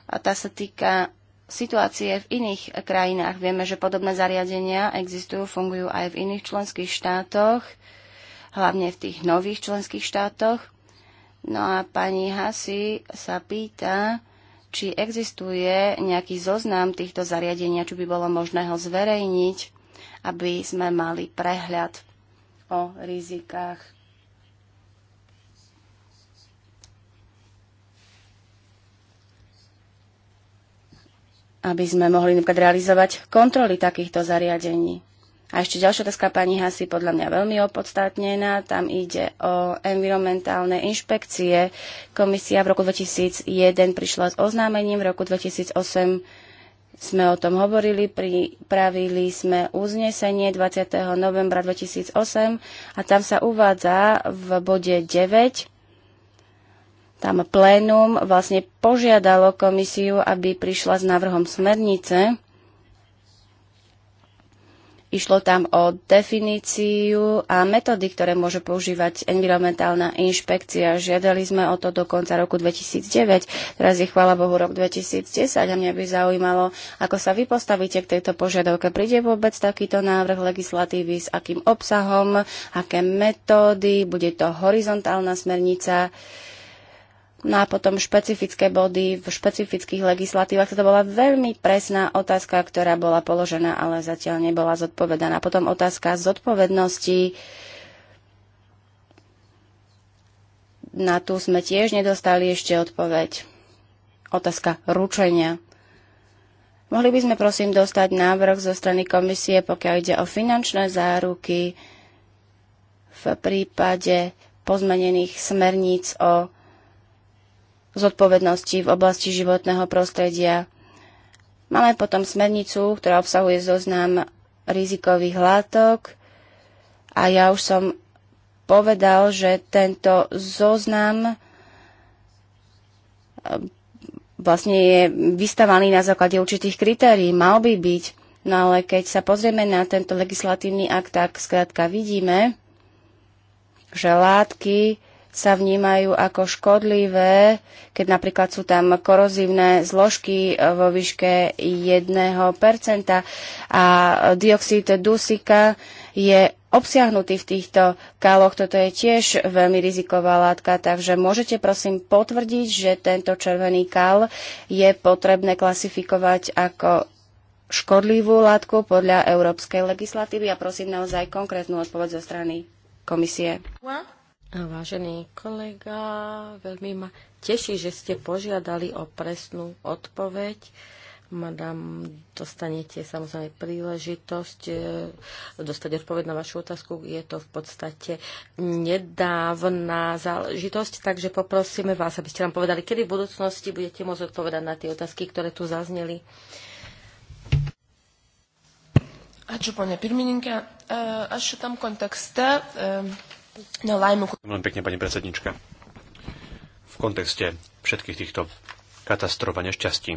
a tá sa týka situácie v iných krajinách. Vieme, že podobné zariadenia existujú, fungujú aj v iných členských štátoch, hlavne v tých nových členských štátoch. No a pani Hasi sa pýta, či existuje nejaký zoznam týchto zariadenia, či by bolo možné ho zverejniť, aby sme mali prehľad o rizikách aby sme mohli napríklad realizovať kontroly takýchto zariadení. A ešte ďalšia otázka pani Hasi, podľa mňa veľmi opodstatnená. Tam ide o environmentálne inšpekcie. Komisia v roku 2001 prišla s oznámením, v roku 2008 sme o tom hovorili, pripravili sme uznesenie 20. novembra 2008 a tam sa uvádza v bode 9, tam plénum vlastne požiadalo komisiu, aby prišla s návrhom smernice. Išlo tam o definíciu a metódy, ktoré môže používať environmentálna inšpekcia. Žiadali sme o to do konca roku 2009. Teraz je chvála Bohu rok 2010 a mňa by zaujímalo, ako sa vy postavíte k tejto požiadavke. Príde vôbec takýto návrh legislatívy, s akým obsahom, aké metódy, bude to horizontálna smernica. No a potom špecifické body v špecifických legislatívach. to bola veľmi presná otázka, ktorá bola položená, ale zatiaľ nebola zodpovedaná. Potom otázka zodpovednosti. Na tú sme tiež nedostali ešte odpoveď. Otázka ručenia. Mohli by sme prosím dostať návrh zo strany komisie, pokiaľ ide o finančné záruky v prípade pozmenených smerníc o zodpovednosti v oblasti životného prostredia. Máme potom smernicu, ktorá obsahuje zoznam rizikových látok a ja už som povedal, že tento zoznam eh, vlastne je vystavaný na základe určitých kritérií, mal by byť. No ale keď sa pozrieme na tento legislatívny akt, tak skrátka vidíme, že látky, sa vnímajú ako škodlivé, keď napríklad sú tam korozívne zložky e, vo výške 1% a dioxid dusika je obsiahnutý v týchto kaloch, Toto je tiež veľmi riziková látka, takže môžete prosím potvrdiť, že tento červený kal je potrebné klasifikovať ako škodlivú látku podľa európskej legislatívy a prosím naozaj konkrétnu odpoveď zo strany komisie. What? Vážený kolega, veľmi ma teší, že ste požiadali o presnú odpoveď. Madam, dostanete samozrejme príležitosť e, dostať odpoveď na vašu otázku. Je to v podstate nedávna záležitosť, takže poprosíme vás, aby ste nám povedali, kedy v budúcnosti budete môcť odpovedať na tie otázky, ktoré tu zazneli. Ačiū, ponia pirmininkė. E, aš šitam kontekste e, No, lajmu. Len pekne, pani predsednička. V kontexte všetkých týchto katastrof a nešťastí,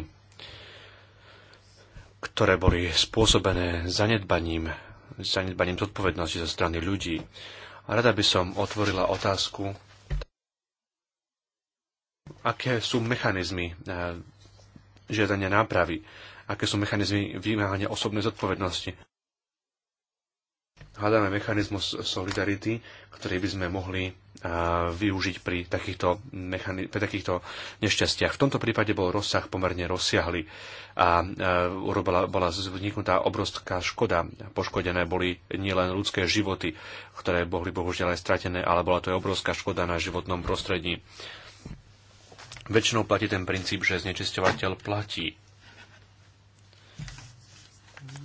ktoré boli spôsobené zanedbaním, zanedbaním zodpovednosti zo strany ľudí, rada by som otvorila otázku, aké sú mechanizmy eh, žiadania nápravy, aké sú mechanizmy vymáhania osobnej zodpovednosti hľadáme mechanizmus solidarity, ktorý by sme mohli využiť pri takýchto, mechani- pri takýchto nešťastiach. V tomto prípade bol rozsah pomerne rozsiahly a urobila, bola vzniknutá obrovská škoda. Poškodené boli nielen ľudské životy, ktoré boli bohužiaľ aj stratené, ale bola to aj obrovská škoda na životnom prostredí. Väčšinou platí ten princíp, že znečisťovateľ platí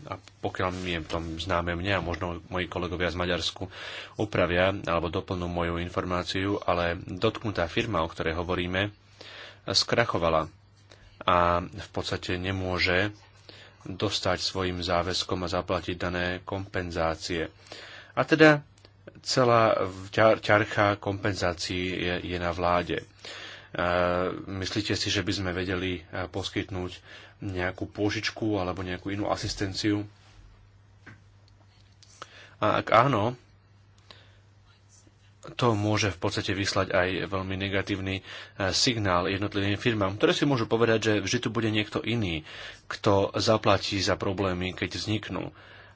a pokiaľ mi je tom známe mne a možno moji kolegovia z Maďarsku upravia alebo doplnú moju informáciu, ale dotknutá firma, o ktorej hovoríme, skrachovala a v podstate nemôže dostať svojim záväzkom a zaplatiť dané kompenzácie. A teda celá ťarcha kompenzácií je, je na vláde. Myslíte si, že by sme vedeli poskytnúť nejakú pôžičku alebo nejakú inú asistenciu? A ak áno, to môže v podstate vyslať aj veľmi negatívny signál jednotlivým firmám, ktoré si môžu povedať, že vždy tu bude niekto iný, kto zaplatí za problémy, keď vzniknú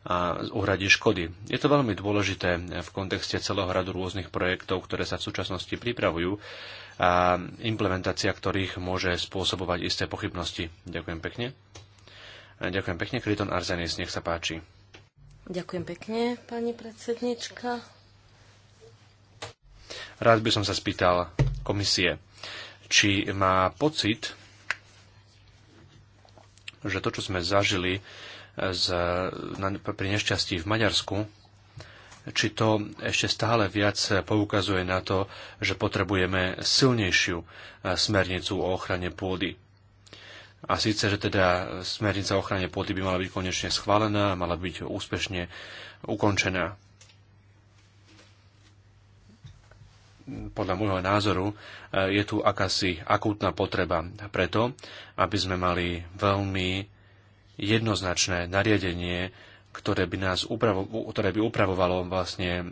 a uhradí škody. Je to veľmi dôležité v kontexte celého radu rôznych projektov, ktoré sa v súčasnosti pripravujú implementácia ktorých môže spôsobovať isté pochybnosti. Ďakujem pekne. Ďakujem pekne. Kriton Arzenis, nech sa páči. Ďakujem pekne, pani predsednička. Rád by som sa spýtal komisie, či má pocit, že to, čo sme zažili z, na, pri nešťastí v Maďarsku, či to ešte stále viac poukazuje na to, že potrebujeme silnejšiu e, smernicu o ochrane pôdy. A síce, že teda smernica o ochrane pôdy by mala byť konečne schválená a mala byť úspešne ukončená. podľa môjho názoru e, je tu akási akútna potreba preto, aby sme mali veľmi jednoznačné nariadenie ktoré by, nás upravo, ktoré by upravovalo vlastne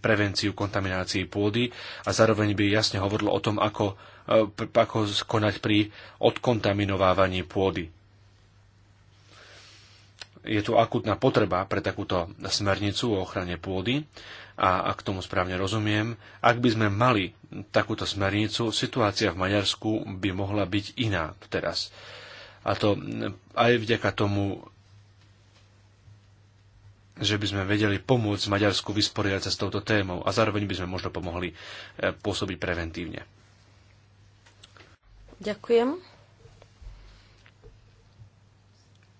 prevenciu kontaminácií pôdy a zároveň by jasne hovorilo o tom, ako, e, ako skonať pri odkontaminovávaní pôdy. Je tu akutná potreba pre takúto smernicu o ochrane pôdy a ak tomu správne rozumiem, ak by sme mali takúto smernicu, situácia v Maďarsku by mohla byť iná teraz. A to aj vďaka tomu, že by sme vedeli pomôcť Maďarsku vysporiadať sa s touto témou a zároveň by sme možno pomohli e, pôsobiť preventívne. Ďakujem.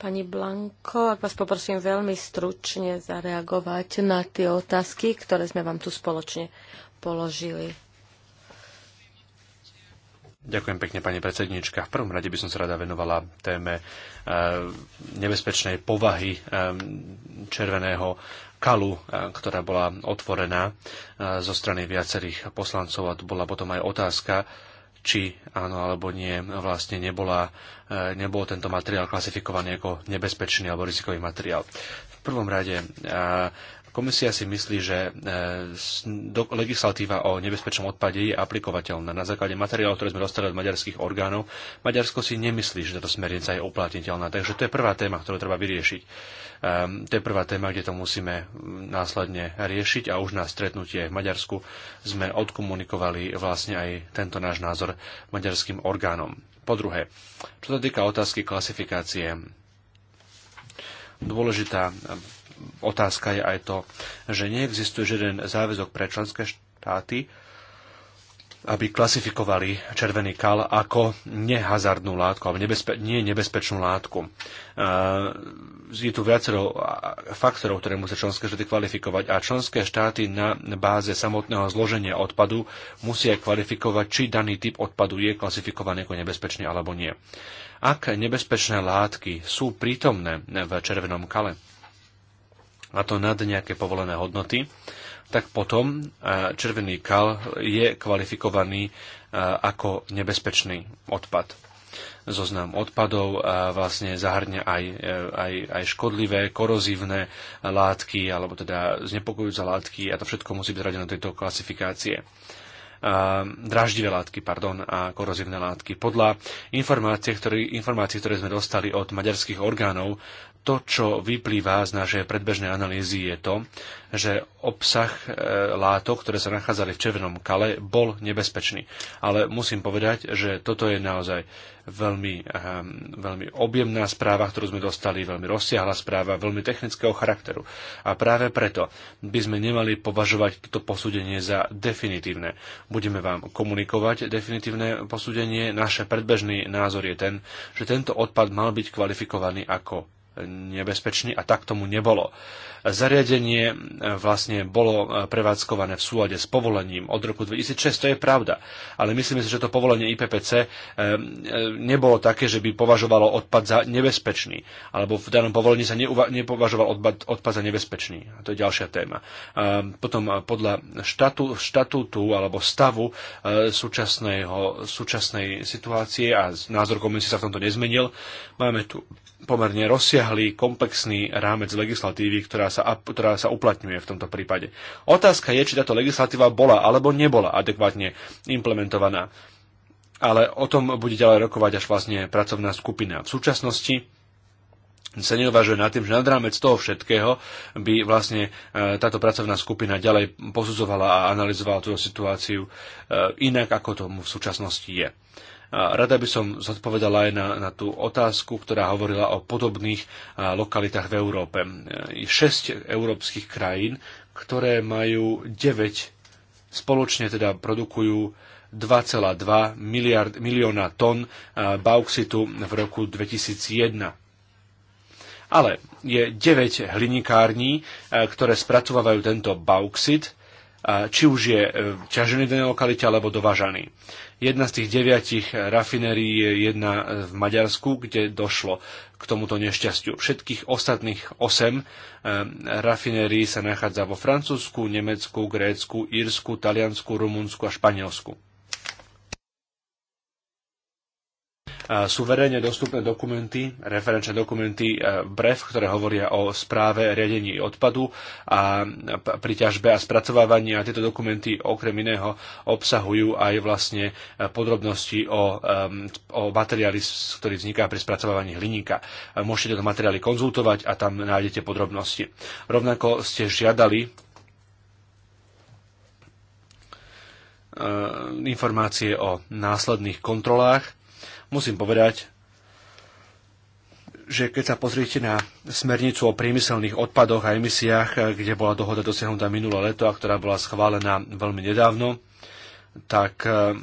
Pani Blanko, ak vás poprosím veľmi stručne zareagovať na tie otázky, ktoré sme vám tu spoločne položili. Ďakujem pekne, pani predsednička. V prvom rade by som sa rada venovala téme eh, nebezpečnej povahy eh, červeného kalu, eh, ktorá bola otvorená zo strany viacerých poslancov a tu bola potom aj otázka, či áno alebo nie vlastne nebola, nebol tento materiál klasifikovaný ako nebezpečný alebo rizikový materiál. V prvom rade Komisia si myslí, že e, legislatíva o nebezpečnom odpade je aplikovateľná. Na základe materiálov, ktoré sme dostali od maďarských orgánov, Maďarsko si nemyslí, že táto smernica je uplatniteľná. Takže to je prvá téma, ktorú treba vyriešiť. Ehm, to je prvá téma, kde to musíme mm, následne riešiť a už na stretnutie v Maďarsku sme odkomunikovali vlastne aj tento náš názor maďarským orgánom. Po druhé, čo sa týka otázky klasifikácie, dôležitá otázka je aj to, že neexistuje žiaden záväzok pre členské štáty, aby klasifikovali červený kal ako nehazardnú látku, alebo nebezpe- nie nebezpečnú látku. E, je tu viacero faktorov, ktoré musia členské štáty kvalifikovať a členské štáty na báze samotného zloženia odpadu musia kvalifikovať, či daný typ odpadu je klasifikovaný ako nebezpečný alebo nie. Ak nebezpečné látky sú prítomné v červenom kale, a to nad nejaké povolené hodnoty, tak potom e, červený kal je kvalifikovaný e, ako nebezpečný odpad. Zoznam odpadov e, vlastne zahrňa aj, aj, aj škodlivé, korozívne látky alebo teda znepokojujúce látky a to všetko musí byť zradené do tejto klasifikácie draždivé látky pardon, a korozívne látky. Podľa informácie, ktoré, informácií, ktoré sme dostali od maďarských orgánov, to, čo vyplýva z našej predbežnej analýzy, je to, že obsah e, látok, ktoré sa nachádzali v Červenom kale, bol nebezpečný. Ale musím povedať, že toto je naozaj veľmi, ehm, veľmi objemná správa, ktorú sme dostali, veľmi rozsiahla správa, veľmi technického charakteru. A práve preto by sme nemali považovať toto posúdenie za definitívne. Budeme vám komunikovať definitívne posúdenie. Naše predbežný názor je ten, že tento odpad mal byť kvalifikovaný ako nebezpečný a tak tomu nebolo zariadenie e, vlastne bolo e, prevádzkované v súlade s povolením od roku 2006. To je pravda. Ale myslím si, že to povolenie IPPC e, nebolo také, že by považovalo odpad za nebezpečný. Alebo v danom povolení sa nepovažoval odpad, odpad za nebezpečný. A to je ďalšia téma. Potom podľa štatu, štatútu alebo stavu súčasnej situácie a názor komisie sa v tomto nezmenil, máme tu pomerne rozsiahlý, komplexný rámec legislatívy, ktorá sa, ktorá sa uplatňuje v tomto prípade. Otázka je, či táto legislatíva bola alebo nebola adekvátne implementovaná. Ale o tom bude ďalej rokovať až vlastne pracovná skupina. V súčasnosti sa neuvažuje nad tým, že nad rámec toho všetkého by vlastne e, táto pracovná skupina ďalej posudzovala a analyzovala túto situáciu e, inak, ako tomu v súčasnosti je. Rada by som zodpovedala aj na, na tú otázku, ktorá hovorila o podobných lokalitách v Európe. 6 európskych krajín, ktoré majú 9, spoločne teda produkujú 2,2 miliard, milióna tón bauxitu v roku 2001. Ale je 9 hlinikární, ktoré spracovávajú tento bauxit, či už je e, ťažený v danej lokalite alebo dovážaný. Jedna z tých deviatich rafinérií je jedna e, v Maďarsku, kde došlo k tomuto nešťastiu. Všetkých ostatných osem e, rafinérií sa nachádza vo Francúzsku, Nemecku, Grécku, Írsku, Taliansku, Rumunsku a Španielsku. sú verejne dostupné dokumenty, referenčné dokumenty e, BREF, ktoré hovoria o správe riadení odpadu a pri ťažbe a spracovávaní a tieto dokumenty okrem iného obsahujú aj vlastne e, podrobnosti o, o materiáli, ktorý vzniká pri spracovávaní hliníka. E, môžete tieto materiály konzultovať a tam nájdete podrobnosti. Rovnako ste žiadali informácie o následných kontrolách musím povedať, že keď sa pozriete na smernicu o priemyselných odpadoch a emisiách, kde bola dohoda dosiahnutá minulé leto a ktorá bola schválená veľmi nedávno, tak e,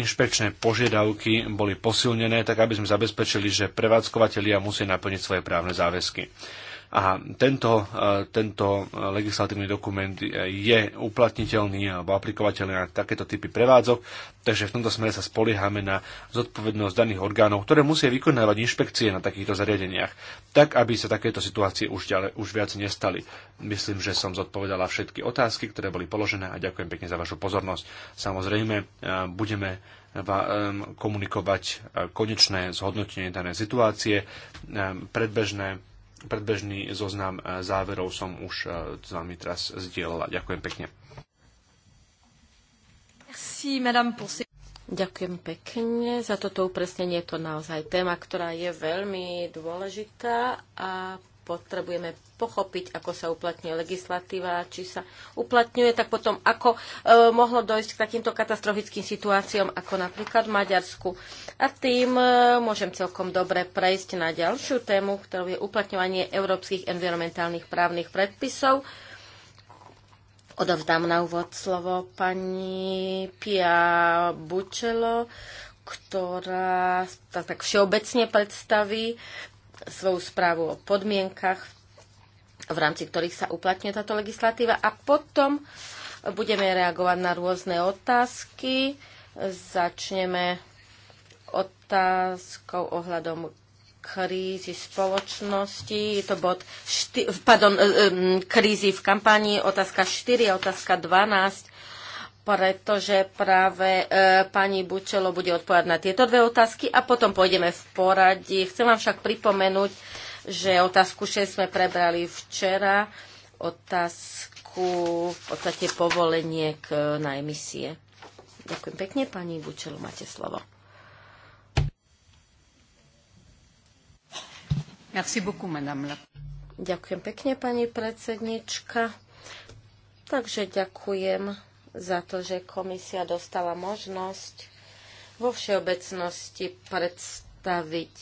inšpekčné požiadavky boli posilnené, tak aby sme zabezpečili, že prevádzkovateľia musia naplniť svoje právne záväzky. A tento, e, tento legislatívny dokument je uplatniteľný alebo aplikovateľný na takéto typy prevádzok, takže v tomto smere sa spoliehame na zodpovednosť daných orgánov, ktoré musia vykonávať inšpekcie na takýchto zariadeniach, tak aby sa takéto situácie už, ďalej, už viac nestali. Myslím, že som zodpovedala všetky otázky, ktoré boli položené a ďakujem pekne za vašu pozornosť. Samozrejme, e, budeme e, komunikovať konečné zhodnotenie danej situácie, predbežné predbežný zoznam eh, záverov som už eh, s vami teraz zdieľala. Ďakujem pekne. Ďakujem pekne za toto upresnenie. Je to naozaj téma, ktorá je veľmi dôležitá a potrebujeme pochopiť, ako sa uplatňuje legislatíva, či sa uplatňuje, tak potom ako e, mohlo dojsť k takýmto katastrofickým situáciám, ako napríklad v Maďarsku. A tým e, môžem celkom dobre prejsť na ďalšiu tému, ktorou je uplatňovanie európskych environmentálnych právnych predpisov. Odovzdám na úvod slovo pani Pia Bučelo, ktorá tak, tak všeobecne predstaví svoju správu o podmienkach, v rámci ktorých sa uplatňuje táto legislatíva a potom budeme reagovať na rôzne otázky. Začneme otázkou ohľadom krízy spoločnosti. Je to bod šty, pardon, e, e, krízy v kampanii, otázka 4 a otázka 12 pretože práve e, pani Bučelo bude odpovedať na tieto dve otázky a potom pôjdeme v poradí. Chcem vám však pripomenúť, že otázku 6 sme prebrali včera, otázku v podstate povolenie k, e, na emisie. Ďakujem pekne, pani Bučelo, máte slovo. Merci beaucoup, madame. Ďakujem pekne, pani predsednička. Takže ďakujem za to, že komisia dostala možnosť vo všeobecnosti predstaviť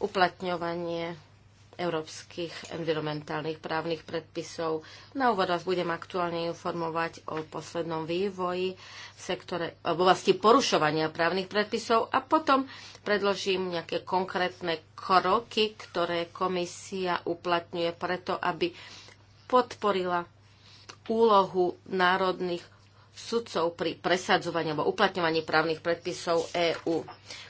uplatňovanie európskych environmentálnych právnych predpisov. Na úvod vás budem aktuálne informovať o poslednom vývoji v sektore v oblasti porušovania právnych predpisov a potom predložím nejaké konkrétne kroky, ktoré komisia uplatňuje preto, aby podporila úlohu národných sudcov pri presadzovaní alebo uplatňovaní právnych predpisov EÚ.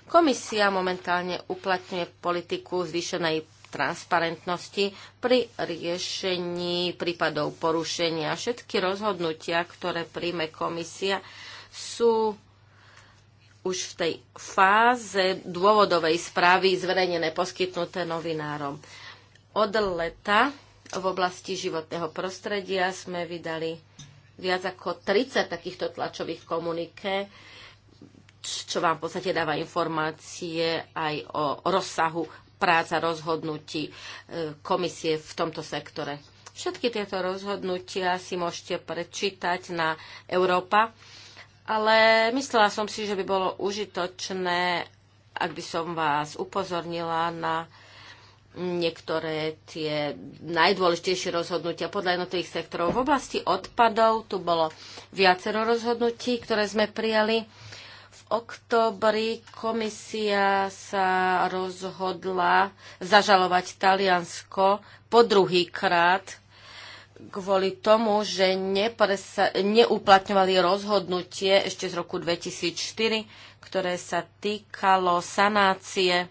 Komisia momentálne uplatňuje politiku zvýšenej transparentnosti pri riešení prípadov porušenia. Všetky rozhodnutia, ktoré príjme komisia, sú už v tej fáze dôvodovej správy zverejnené, poskytnuté novinárom. Od leta v oblasti životného prostredia sme vydali viac ako 30 takýchto tlačových komuniké, čo vám v podstate dáva informácie aj o rozsahu práca rozhodnutí e, komisie v tomto sektore. Všetky tieto rozhodnutia si môžete prečítať na Európa, ale myslela som si, že by bolo užitočné, ak by som vás upozornila na niektoré tie najdôležitejšie rozhodnutia podľa jednotlivých sektorov. V oblasti odpadov tu bolo viacero rozhodnutí, ktoré sme prijali. V októbri komisia sa rozhodla zažalovať Taliansko po druhý krát kvôli tomu, že nepresa- neuplatňovali rozhodnutie ešte z roku 2004, ktoré sa týkalo sanácie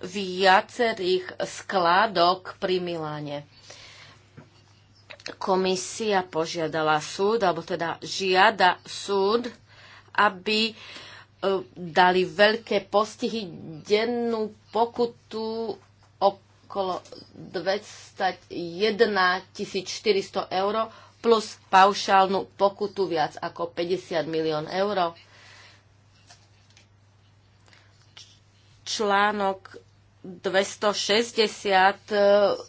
viacerých skládok pri Miláne. Komisia požiadala súd, alebo teda žiada súd, aby e, dali veľké postihy dennú pokutu okolo 201 400 eur plus paušálnu pokutu viac ako 50 milión eur. Článok 260, e,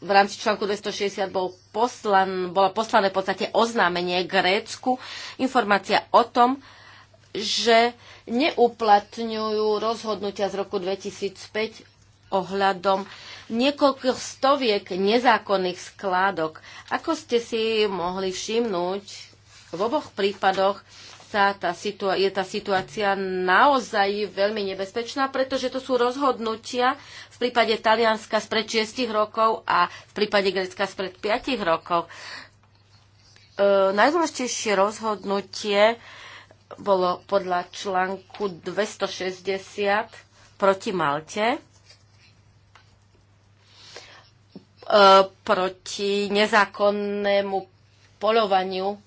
v rámci článku 260 bol poslan, bolo poslané v podstate oznámenie Grécku, informácia o tom, že neuplatňujú rozhodnutia z roku 2005 ohľadom niekoľko stoviek nezákonných skládok. Ako ste si mohli všimnúť, v oboch prípadoch sa tá situa- je tá situácia naozaj veľmi nebezpečná, pretože to sú rozhodnutia v prípade Talianska spred 6 rokov a v prípade Grecka spred 5 rokov. E, najdôležitejšie rozhodnutie bolo podľa článku 260 proti Malte, e, proti nezákonnému polovaniu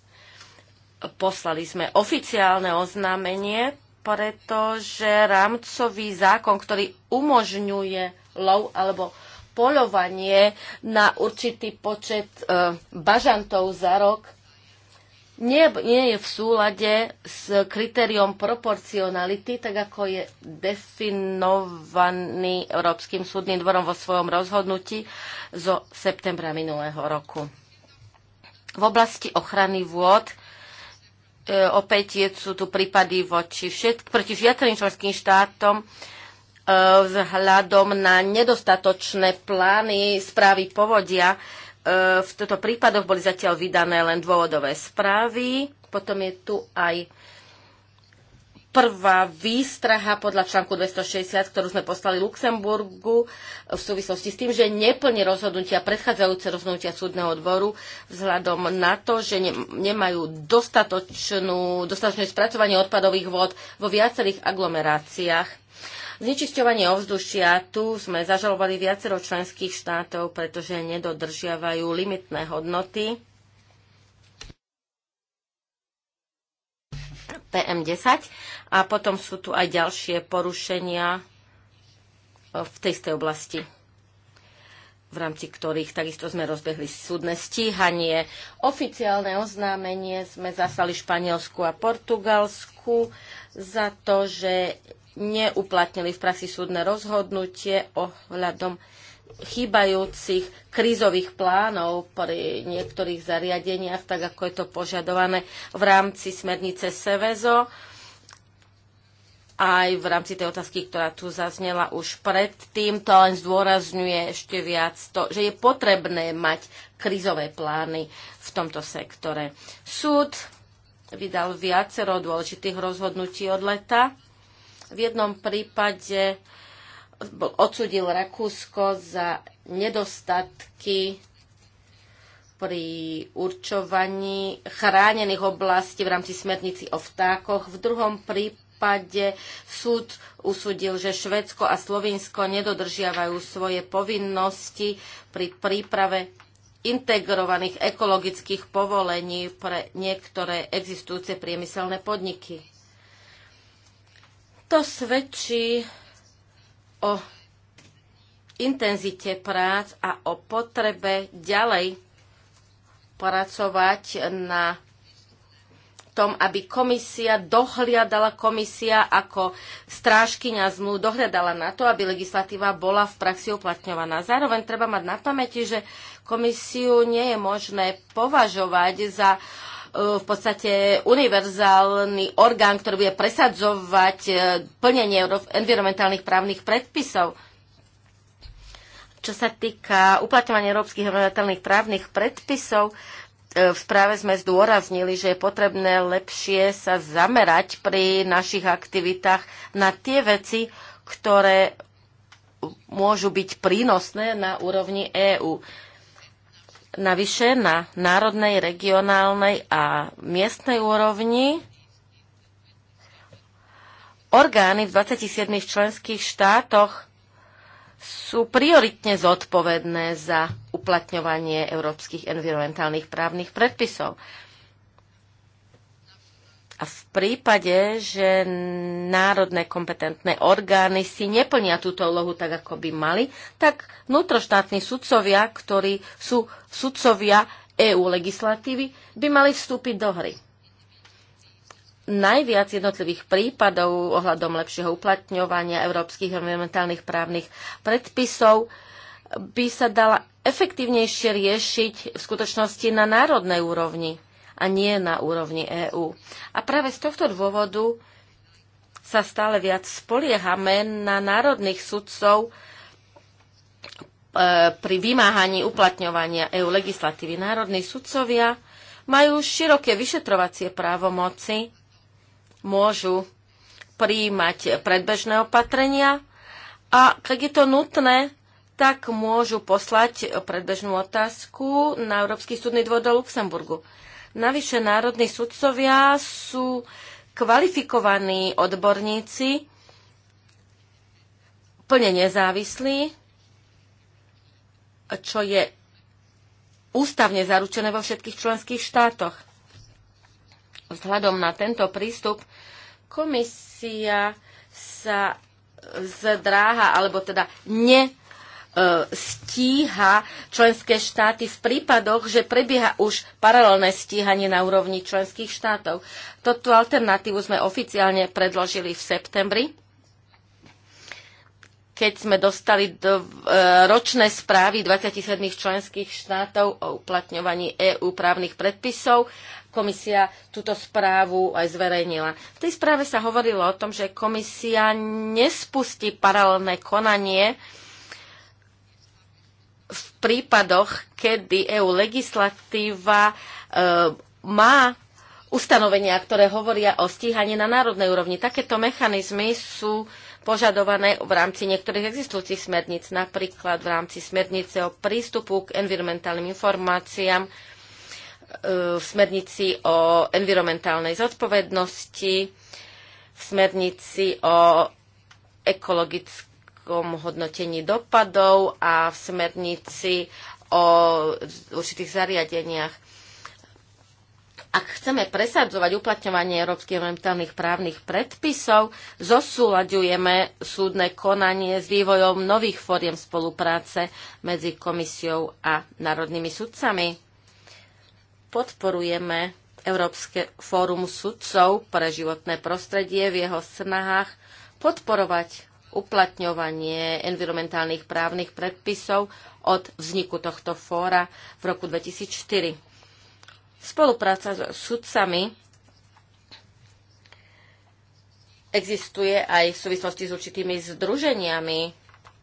Poslali sme oficiálne oznámenie, pretože rámcový zákon, ktorý umožňuje lov alebo poľovanie na určitý počet e, bažantov za rok, nie, nie je v súlade s kritériom proporcionality, tak ako je definovaný Európskym súdnym dvorom vo svojom rozhodnutí zo septembra minulého roku. V oblasti ochrany vôd E, opäť je, sú tu prípady voči všetk, proti viacerým členským štátom e, vzhľadom na nedostatočné plány správy povodia. E, v tomto prípadoch boli zatiaľ vydané len dôvodové správy. Potom je tu aj prvá výstraha podľa článku 260, ktorú sme poslali Luxemburgu v súvislosti s tým, že neplne rozhodnutia predchádzajúce rozhodnutia súdneho odboru vzhľadom na to, že nemajú dostatočnú, dostatočné spracovanie odpadových vod vo viacerých aglomeráciách. Znečisťovanie ovzdušia, tu sme zažalovali viacero členských štátov, pretože nedodržiavajú limitné hodnoty PM10 a potom sú tu aj ďalšie porušenia e, v tej istej oblasti v rámci ktorých takisto sme rozbehli súdne stíhanie. Oficiálne oznámenie sme zaslali Španielsku a Portugalsku za to, že neuplatnili v praxi súdne rozhodnutie ohľadom chýbajúcich krízových plánov pri niektorých zariadeniach, tak ako je to požadované v rámci smernice Sevezo aj v rámci tej otázky, ktorá tu zaznela už predtým. To len zdôrazňuje ešte viac to, že je potrebné mať krizové plány v tomto sektore. Súd vydal viacero dôležitých rozhodnutí od leta. V jednom prípade odsudil Rakúsko za nedostatky pri určovaní chránených oblastí v rámci smernici o vtákoch. V druhom prípade prípade súd usúdil, že Švedsko a Slovinsko nedodržiavajú svoje povinnosti pri príprave integrovaných ekologických povolení pre niektoré existujúce priemyselné podniky. To svedčí o intenzite prác a o potrebe ďalej pracovať na tom, aby komisia dohliadala, komisia ako strážkyňa zmluv dohliadala na to, aby legislatíva bola v praxi uplatňovaná. Zároveň treba mať na pamäti, že komisiu nie je možné považovať za e, v podstate univerzálny orgán, ktorý bude presadzovať e, plnenie environmentálnych právnych predpisov. Čo sa týka uplatňovania európskych environmentálnych právnych predpisov, E, v správe sme zdôraznili, že je potrebné lepšie sa zamerať pri našich aktivitách na tie veci, ktoré môžu byť prínosné na úrovni EÚ. Navyše na národnej, regionálnej a miestnej úrovni orgány v 27 členských štátoch sú prioritne zodpovedné za uplatňovanie európskych environmentálnych právnych predpisov. A v prípade, že národné kompetentné orgány si neplnia túto úlohu tak, ako by mali, tak vnútroštátni sudcovia, ktorí sú sudcovia EU legislatívy, by mali vstúpiť do hry. Najviac jednotlivých prípadov ohľadom lepšieho uplatňovania európskych environmentálnych právnych predpisov by sa dala efektívnejšie riešiť v skutočnosti na národnej úrovni a nie na úrovni EÚ. A práve z tohto dôvodu sa stále viac spoliehame na národných sudcov e, pri vymáhaní uplatňovania EÚ legislatívy. Národní sudcovia majú široké vyšetrovacie právomoci, môžu príjmať predbežné opatrenia a keď je to nutné, tak môžu poslať predbežnú otázku na Európsky súdny dvor do Luxemburgu. Navyše národní sudcovia sú kvalifikovaní odborníci, plne nezávislí, čo je ústavne zaručené vo všetkých členských štátoch. Vzhľadom na tento prístup komisia sa zdráha, alebo teda ne E, stíha členské štáty v prípadoch, že prebieha už paralelné stíhanie na úrovni členských štátov. Toto alternatívu sme oficiálne predložili v septembri keď sme dostali do, e, ročné správy 27 členských štátov o uplatňovaní EÚ právnych predpisov. Komisia túto správu aj zverejnila. V tej správe sa hovorilo o tom, že komisia nespustí paralelné konanie v prípadoch, kedy EU legislatíva e, má ustanovenia, ktoré hovoria o stíhaní na národnej úrovni. Takéto mechanizmy sú požadované v rámci niektorých existujúcich smerníc, napríklad v rámci smernice o prístupu k environmentálnym informáciám, e, v smernici o environmentálnej zodpovednosti, v smernici o ekologickej nejakom hodnotení dopadov a v smernici o určitých zariadeniach. Ak chceme presadzovať uplatňovanie európskych environmentálnych právnych predpisov, zosúľadujeme súdne konanie s vývojom nových fóriem spolupráce medzi komisiou a národnými sudcami. Podporujeme Európske fórum sudcov pre životné prostredie v jeho snahách podporovať uplatňovanie environmentálnych právnych predpisov od vzniku tohto fóra v roku 2004. Spolupráca s sudcami existuje aj v súvislosti s určitými združeniami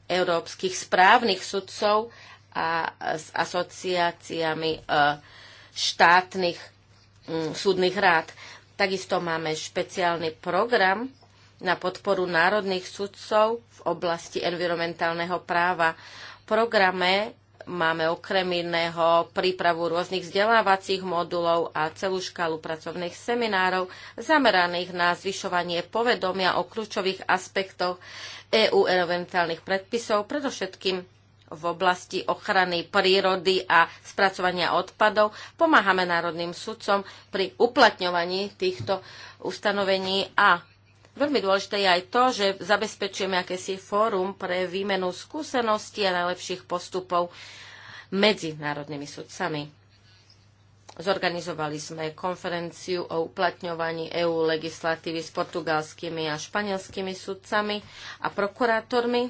európskych správnych sudcov a s asociáciami e, štátnych súdnych rád. Takisto máme špeciálny program na podporu národných sudcov v oblasti environmentálneho práva. V programe máme okrem iného prípravu rôznych vzdelávacích modulov a celú škálu pracovných seminárov zameraných na zvyšovanie povedomia o kľúčových aspektoch EU environmentálnych predpisov, predovšetkým v oblasti ochrany prírody a spracovania odpadov. Pomáhame národným sudcom pri uplatňovaní týchto ustanovení a Veľmi dôležité je aj to, že zabezpečujeme akési fórum pre výmenu skúseností a najlepších postupov medzi národnými sudcami. Zorganizovali sme konferenciu o uplatňovaní EÚ legislatívy s portugalskými a španielskými sudcami a prokurátormi.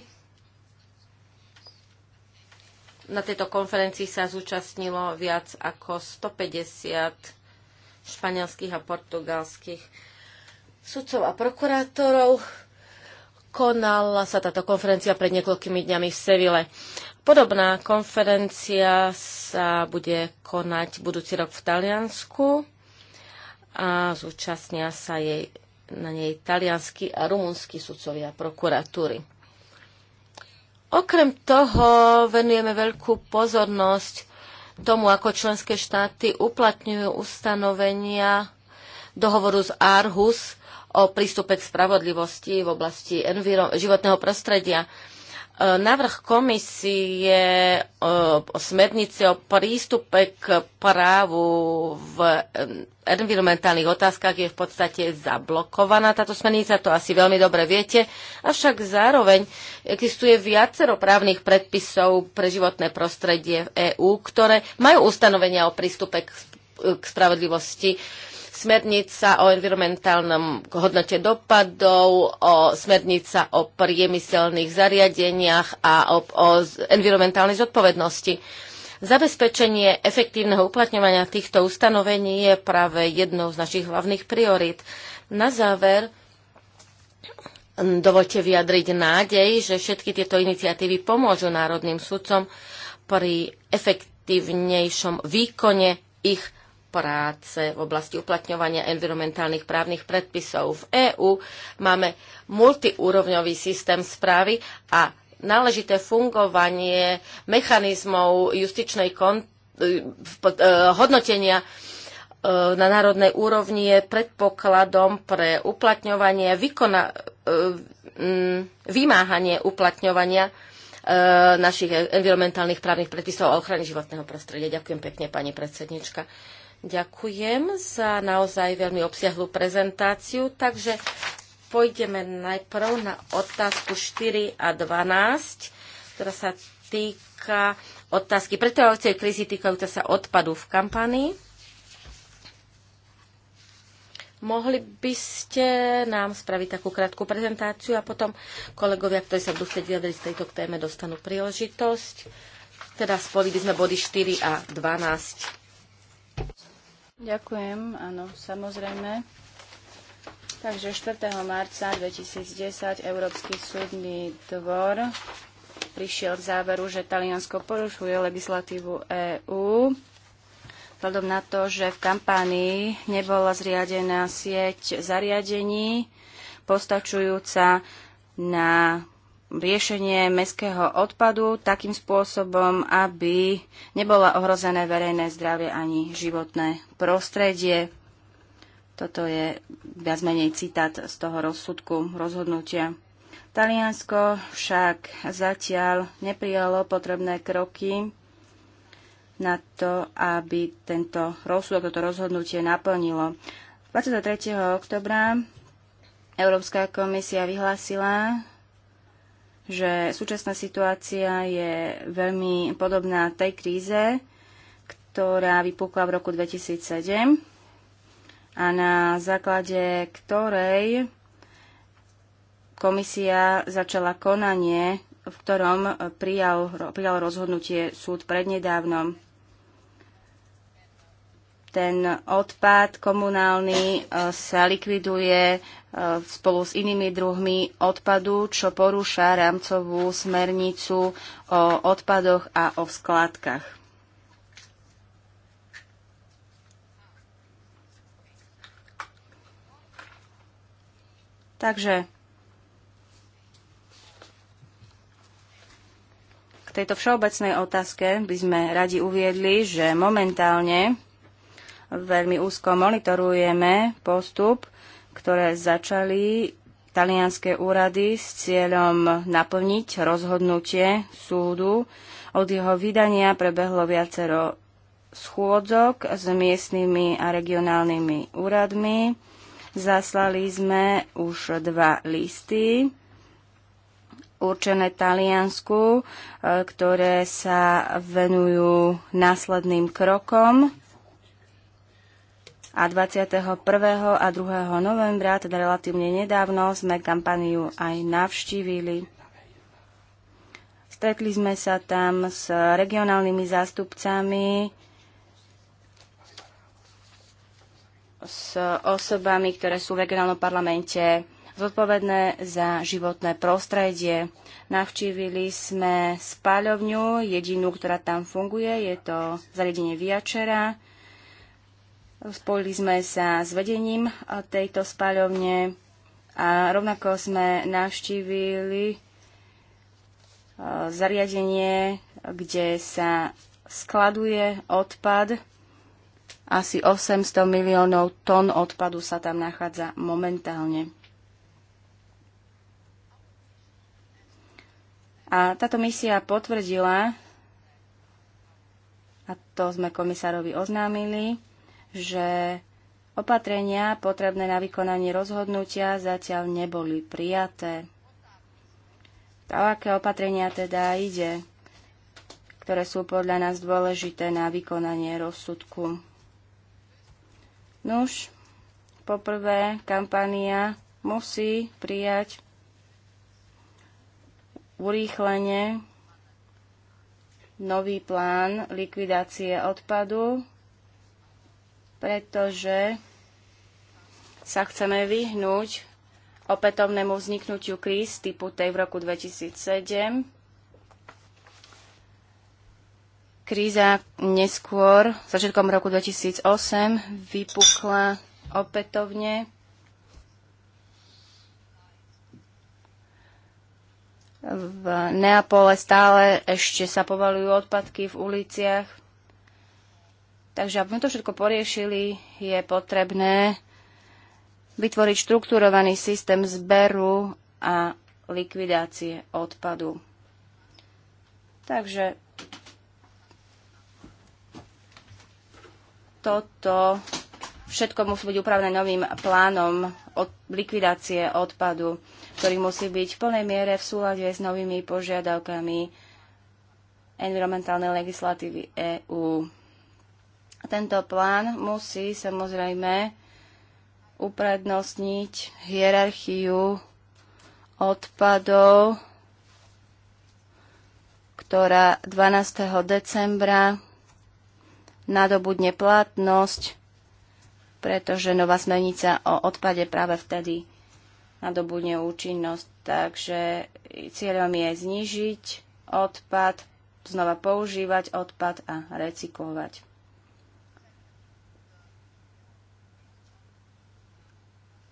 Na tejto konferencii sa zúčastnilo viac ako 150 španielských a portugalských sudcov a prokurátorov. Konala sa táto konferencia pred niekoľkými dňami v Sevile. Podobná konferencia sa bude konať budúci rok v Taliansku a zúčastnia sa jej, na nej talianskí a rumunskí sudcovia prokuratúry. Okrem toho venujeme veľkú pozornosť tomu, ako členské štáty uplatňujú ustanovenia dohovoru z Arhus o prístupe k spravodlivosti v oblasti životného prostredia. E, návrh komisie e, o smernici o prístupe k právu v environmentálnych otázkach je v podstate zablokovaná táto smernica, to asi veľmi dobre viete, avšak zároveň existuje viacero právnych predpisov pre životné prostredie v EÚ, ktoré majú ustanovenia o prístupe k spravodlivosti smernica o environmentálnom hodnote dopadov, o smernica o priemyselných zariadeniach a o, o environmentálnej zodpovednosti. Zabezpečenie efektívneho uplatňovania týchto ustanovení je práve jednou z našich hlavných priorit. Na záver dovolte vyjadriť nádej, že všetky tieto iniciatívy pomôžu národným sudcom pri efektívnejšom výkone ich práce v oblasti uplatňovania environmentálnych právnych predpisov. V EÚ máme multiúrovňový systém správy a náležité fungovanie mechanizmov justičnej e, hodnotenia e, na národnej úrovni je predpokladom pre uplatňovanie, vykona, e, vymáhanie uplatňovania našich environmentálnych právnych predpisov a ochrany životného prostredia. Ďakujem pekne, pani predsednička. Ďakujem za naozaj veľmi obsiahlu prezentáciu, takže pôjdeme najprv na otázku 4 a 12, ktorá sa týka otázky pretrvávajúcej krízy týkajúca sa odpadu v kampanii. Mohli by ste nám spraviť takú krátku prezentáciu a potom kolegovia, ktorí sa budú chcieť vyjadriť z tejto téme, dostanú príležitosť. Teda spolili by sme body 4 a 12. Ďakujem, áno, samozrejme. Takže 4. marca 2010 Európsky súdny dvor prišiel k záveru, že Taliansko porušuje legislatívu EÚ vzhľadom na to, že v kampánii nebola zriadená sieť zariadení postačujúca na riešenie mestského odpadu takým spôsobom, aby nebola ohrozené verejné zdravie ani životné prostredie. Toto je viac menej citát z toho rozsudku rozhodnutia. Taliansko však zatiaľ neprijalo potrebné kroky na to, aby tento rozsudok, toto rozhodnutie naplnilo. 23. oktobra Európska komisia vyhlásila, že súčasná situácia je veľmi podobná tej kríze, ktorá vypukla v roku 2007 a na základe ktorej komisia začala konanie, v ktorom prijal, prijal rozhodnutie súd prednedávnom. Ten odpad komunálny eh, sa likviduje E, spolu s inými druhmi odpadu, čo porúša rámcovú smernicu o odpadoch a o skládkach. Takže k tejto všeobecnej otázke by sme radi uviedli, že momentálne veľmi úzko monitorujeme postup ktoré začali talianské úrady s cieľom naplniť rozhodnutie súdu. Od jeho vydania prebehlo viacero schôdzok s miestnymi a regionálnymi úradmi. Zaslali sme už dva listy určené Taliansku, e, ktoré sa venujú následným krokom a 21. a 2. novembra, teda relatívne nedávno, sme kampaniu aj navštívili. Stretli sme sa tam s regionálnymi zástupcami, s osobami, ktoré sú v regionálnom parlamente zodpovedné za životné prostredie. Navštívili sme spáľovňu, jedinú, ktorá tam funguje, je to zariadenie Viačera. Spojili sme sa s vedením tejto spáľovne a rovnako sme navštívili e, zariadenie, kde sa skladuje odpad. Asi 800 miliónov tón odpadu sa tam nachádza momentálne. A táto misia potvrdila, a to sme komisárovi oznámili, že opatrenia potrebné na vykonanie rozhodnutia zatiaľ neboli prijaté. A o aké opatrenia teda ide, ktoré sú podľa nás dôležité na vykonanie rozsudku? Nuž, poprvé, kampania musí prijať urýchlenie nový plán likvidácie odpadu pretože sa chceme vyhnúť opätovnému vzniknutiu kríz typu tej v roku 2007. Kríza neskôr, začiatkom roku 2008, vypukla opätovne. V Neapole stále ešte sa povalujú odpadky v uliciach. Takže aby sme to všetko poriešili, je potrebné vytvoriť štrukturovaný systém zberu a likvidácie odpadu. Takže toto všetko musí byť upravené novým plánom od likvidácie odpadu, ktorý musí byť v plnej miere v súlade s novými požiadavkami environmentálnej legislatívy EÚ. Tento plán musí samozrejme uprednostniť hierarchiu odpadov, ktorá 12. decembra nadobudne platnosť, pretože nová smernica o odpade práve vtedy nadobudne účinnosť. Takže cieľom je znižiť odpad, znova používať odpad a recyklovať.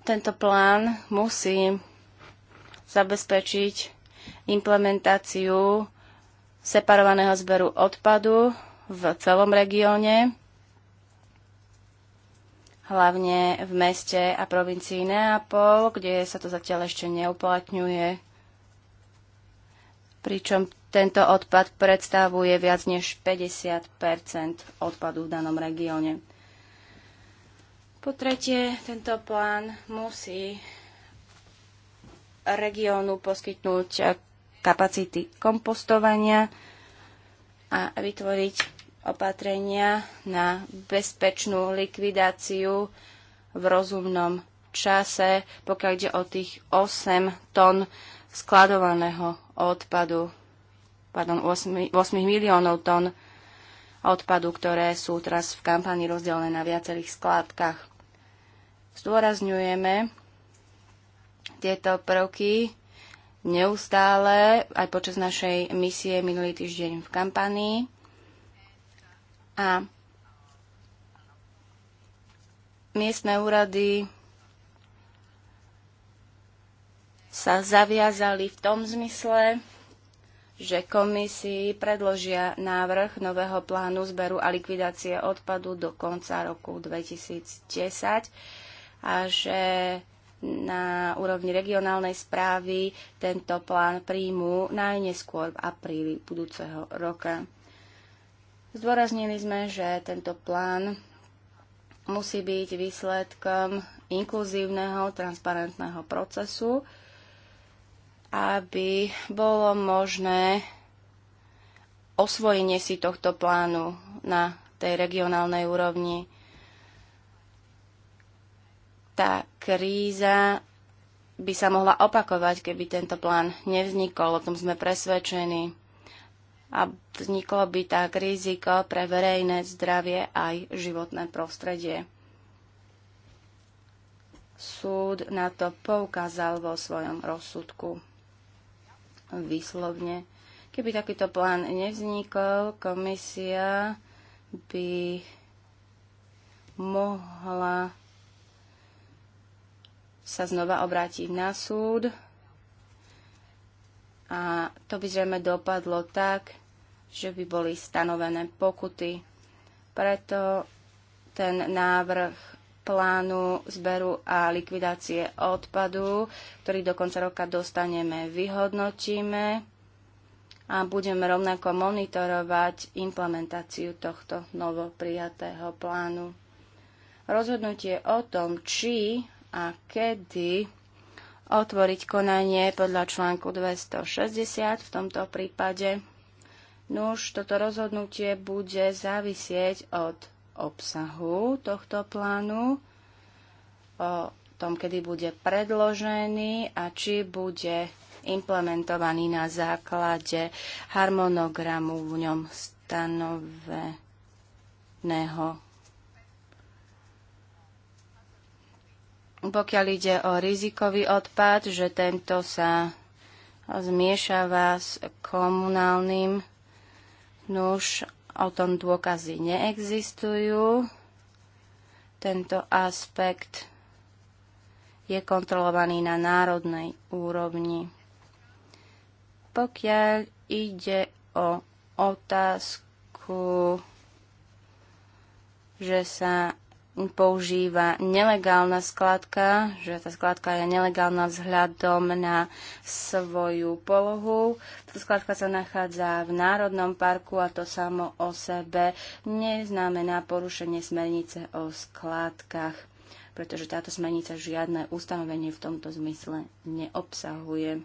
Tento plán musí zabezpečiť implementáciu separovaného zberu odpadu v celom regióne, hlavne v meste a provincii Neapol, kde sa to zatiaľ ešte neuplatňuje. Pričom tento odpad predstavuje viac než 50 odpadu v danom regióne. Po tretie, tento plán musí regiónu poskytnúť kapacity kompostovania a vytvoriť opatrenia na bezpečnú likvidáciu v rozumnom čase, pokiaľ ide o tých 8 tón skladovaného odpadu, pardon, 8, 8 miliónov tón odpadu, ktoré sú teraz v kampani rozdelené na viacerých skládkach. Zdôrazňujeme tieto prvky neustále, aj počas našej misie minulý týždeň v kampanii. A miestne úrady sa zaviazali v tom zmysle, že komisii predložia návrh nového plánu zberu a likvidácie odpadu do konca roku 2010 a že na úrovni regionálnej správy tento plán príjmu najneskôr v apríli budúceho roka. Zdôraznili sme, že tento plán musí byť výsledkom inkluzívneho, transparentného procesu, aby bolo možné osvojenie si tohto plánu na tej regionálnej úrovni. Tá kríza by sa mohla opakovať, keby tento plán nevznikol. O tom sme presvedčení. A vzniklo by tak riziko pre verejné zdravie aj životné prostredie. Súd na to poukázal vo svojom rozsudku výslovne. Keby takýto plán nevznikol, komisia by mohla sa znova obrátiť na súd a to by zrejme dopadlo tak, že by boli stanovené pokuty. Preto ten návrh plánu zberu a likvidácie odpadu, ktorý do konca roka dostaneme, vyhodnotíme a budeme rovnako monitorovať implementáciu tohto novoprijatého plánu. Rozhodnutie o tom, či a kedy otvoriť konanie podľa článku 260 v tomto prípade. Nuž, toto rozhodnutie bude závisieť od obsahu tohto plánu, o tom, kedy bude predložený a či bude implementovaný na základe harmonogramu v ňom stanoveného. Pokiaľ ide o rizikový odpad, že tento sa zmiešava s komunálnym, nuž O tom dôkazy neexistujú. Tento aspekt je kontrolovaný na národnej úrovni. Pokiaľ ide o otázku, že sa používa nelegálna skladka. že tá skladka je nelegálna vzhľadom na svoju polohu. Tá skladka sa nachádza v Národnom parku a to samo o sebe neznamená porušenie smernice o skladkách, pretože táto smernica žiadne ustanovenie v tomto zmysle neobsahuje.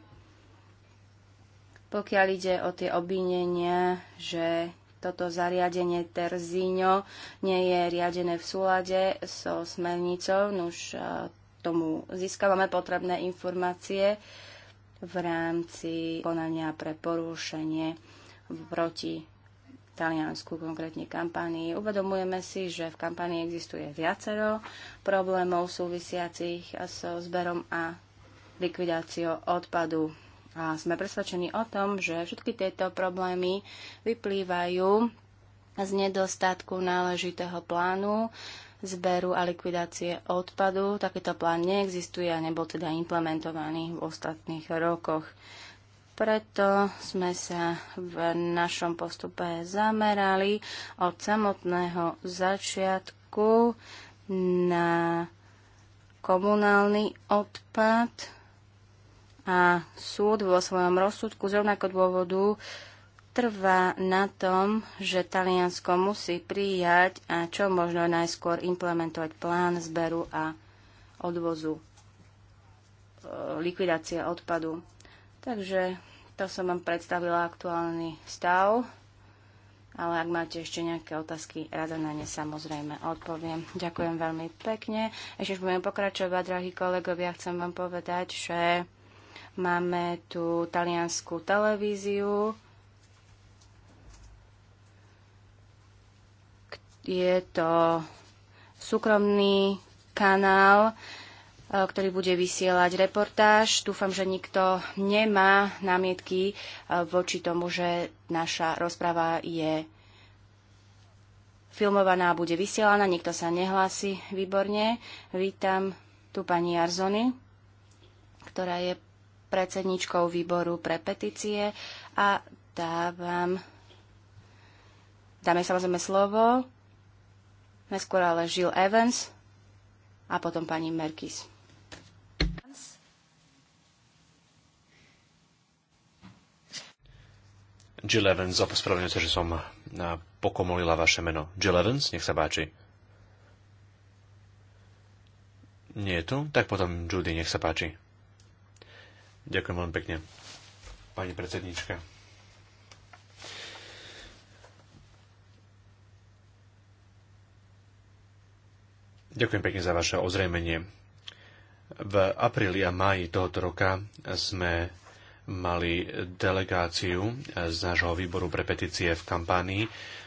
Pokiaľ ide o tie obvinenia, že toto zariadenie Terzíňo nie je riadené v súlade so smernicou, už e, tomu získavame potrebné informácie v rámci konania pre porušenie proti Taliansku, konkrétne kampanii. Uvedomujeme si, že v kampanii existuje viacero problémov súvisiacich so zberom a likvidáciou odpadu. A sme presvedčení o tom, že všetky tieto problémy vyplývajú z nedostatku náležitého plánu zberu a likvidácie odpadu. Takýto plán neexistuje a nebol teda implementovaný v ostatných rokoch. Preto sme sa v našom postupe zamerali od samotného začiatku na komunálny odpad, a súd vo svojom rozsudku z rovnako dôvodu trvá na tom, že Taliansko musí prijať a čo možno najskôr implementovať plán zberu a odvozu e, likvidácie odpadu. Takže to som vám predstavila aktuálny stav, ale ak máte ešte nejaké otázky, rada na ne samozrejme odpoviem. Ďakujem veľmi pekne. Ešte budeme pokračovať, drahí kolegovia, chcem vám povedať, že Máme tu talianskú televíziu. Je to súkromný kanál, e, ktorý bude vysielať reportáž. Dúfam, že nikto nemá námietky e, voči tomu, že naša rozprava je filmovaná a bude vysielaná. Nikto sa nehlási. Výborne. Vítam tu pani Arzony, ktorá je predsedničkou výboru pre petície a dávam, dáme samozrejme slovo, Neskôr ale Jill Evans a potom pani Merkis. Jill Evans, opospravedlňujem sa, že som pokomolila vaše meno. Jill Evans, nech sa páči. Nie je tu? Tak potom Judy, nech sa páči. Ďakujem veľmi pekne, pani predsednička. Ďakujem pekne za vaše ozrejmenie. V apríli a máji tohoto roka sme mali delegáciu z nášho výboru pre petície v kampánii,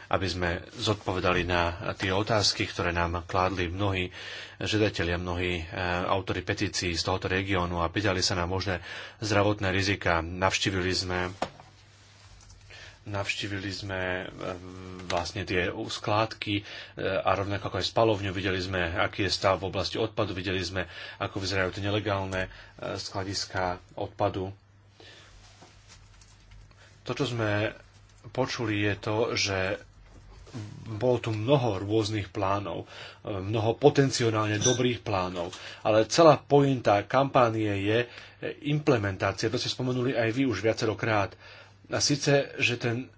aby sme zodpovedali na tie otázky, ktoré nám kládli mnohí žiadatelia, mnohí e, autory petícií z tohoto regiónu a pýtali sa na možné zdravotné rizika. Navštívili sme navštívili sme e, vlastne tie skládky e, a rovnako ako aj spalovňu, videli sme, aký je stav v oblasti odpadu, videli sme, ako vyzerajú tie nelegálne skladiska odpadu to, čo sme počuli, je to, že bolo tu mnoho rôznych plánov, mnoho potenciálne dobrých plánov, ale celá pointa kampánie je implementácia, to ste spomenuli aj vy už viacerokrát. A síce, že ten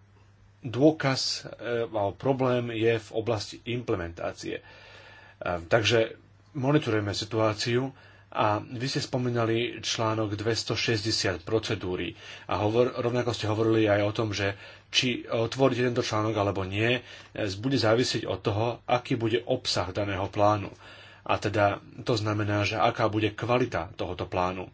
dôkaz eh, alebo problém je v oblasti implementácie. Eh, takže monitorujeme situáciu, a vy ste spomínali článok 260 procedúry a hovor, rovnako ste hovorili aj o tom, že či otvoríte tento článok alebo nie, bude závisieť od toho, aký bude obsah daného plánu. A teda to znamená, že aká bude kvalita tohoto plánu.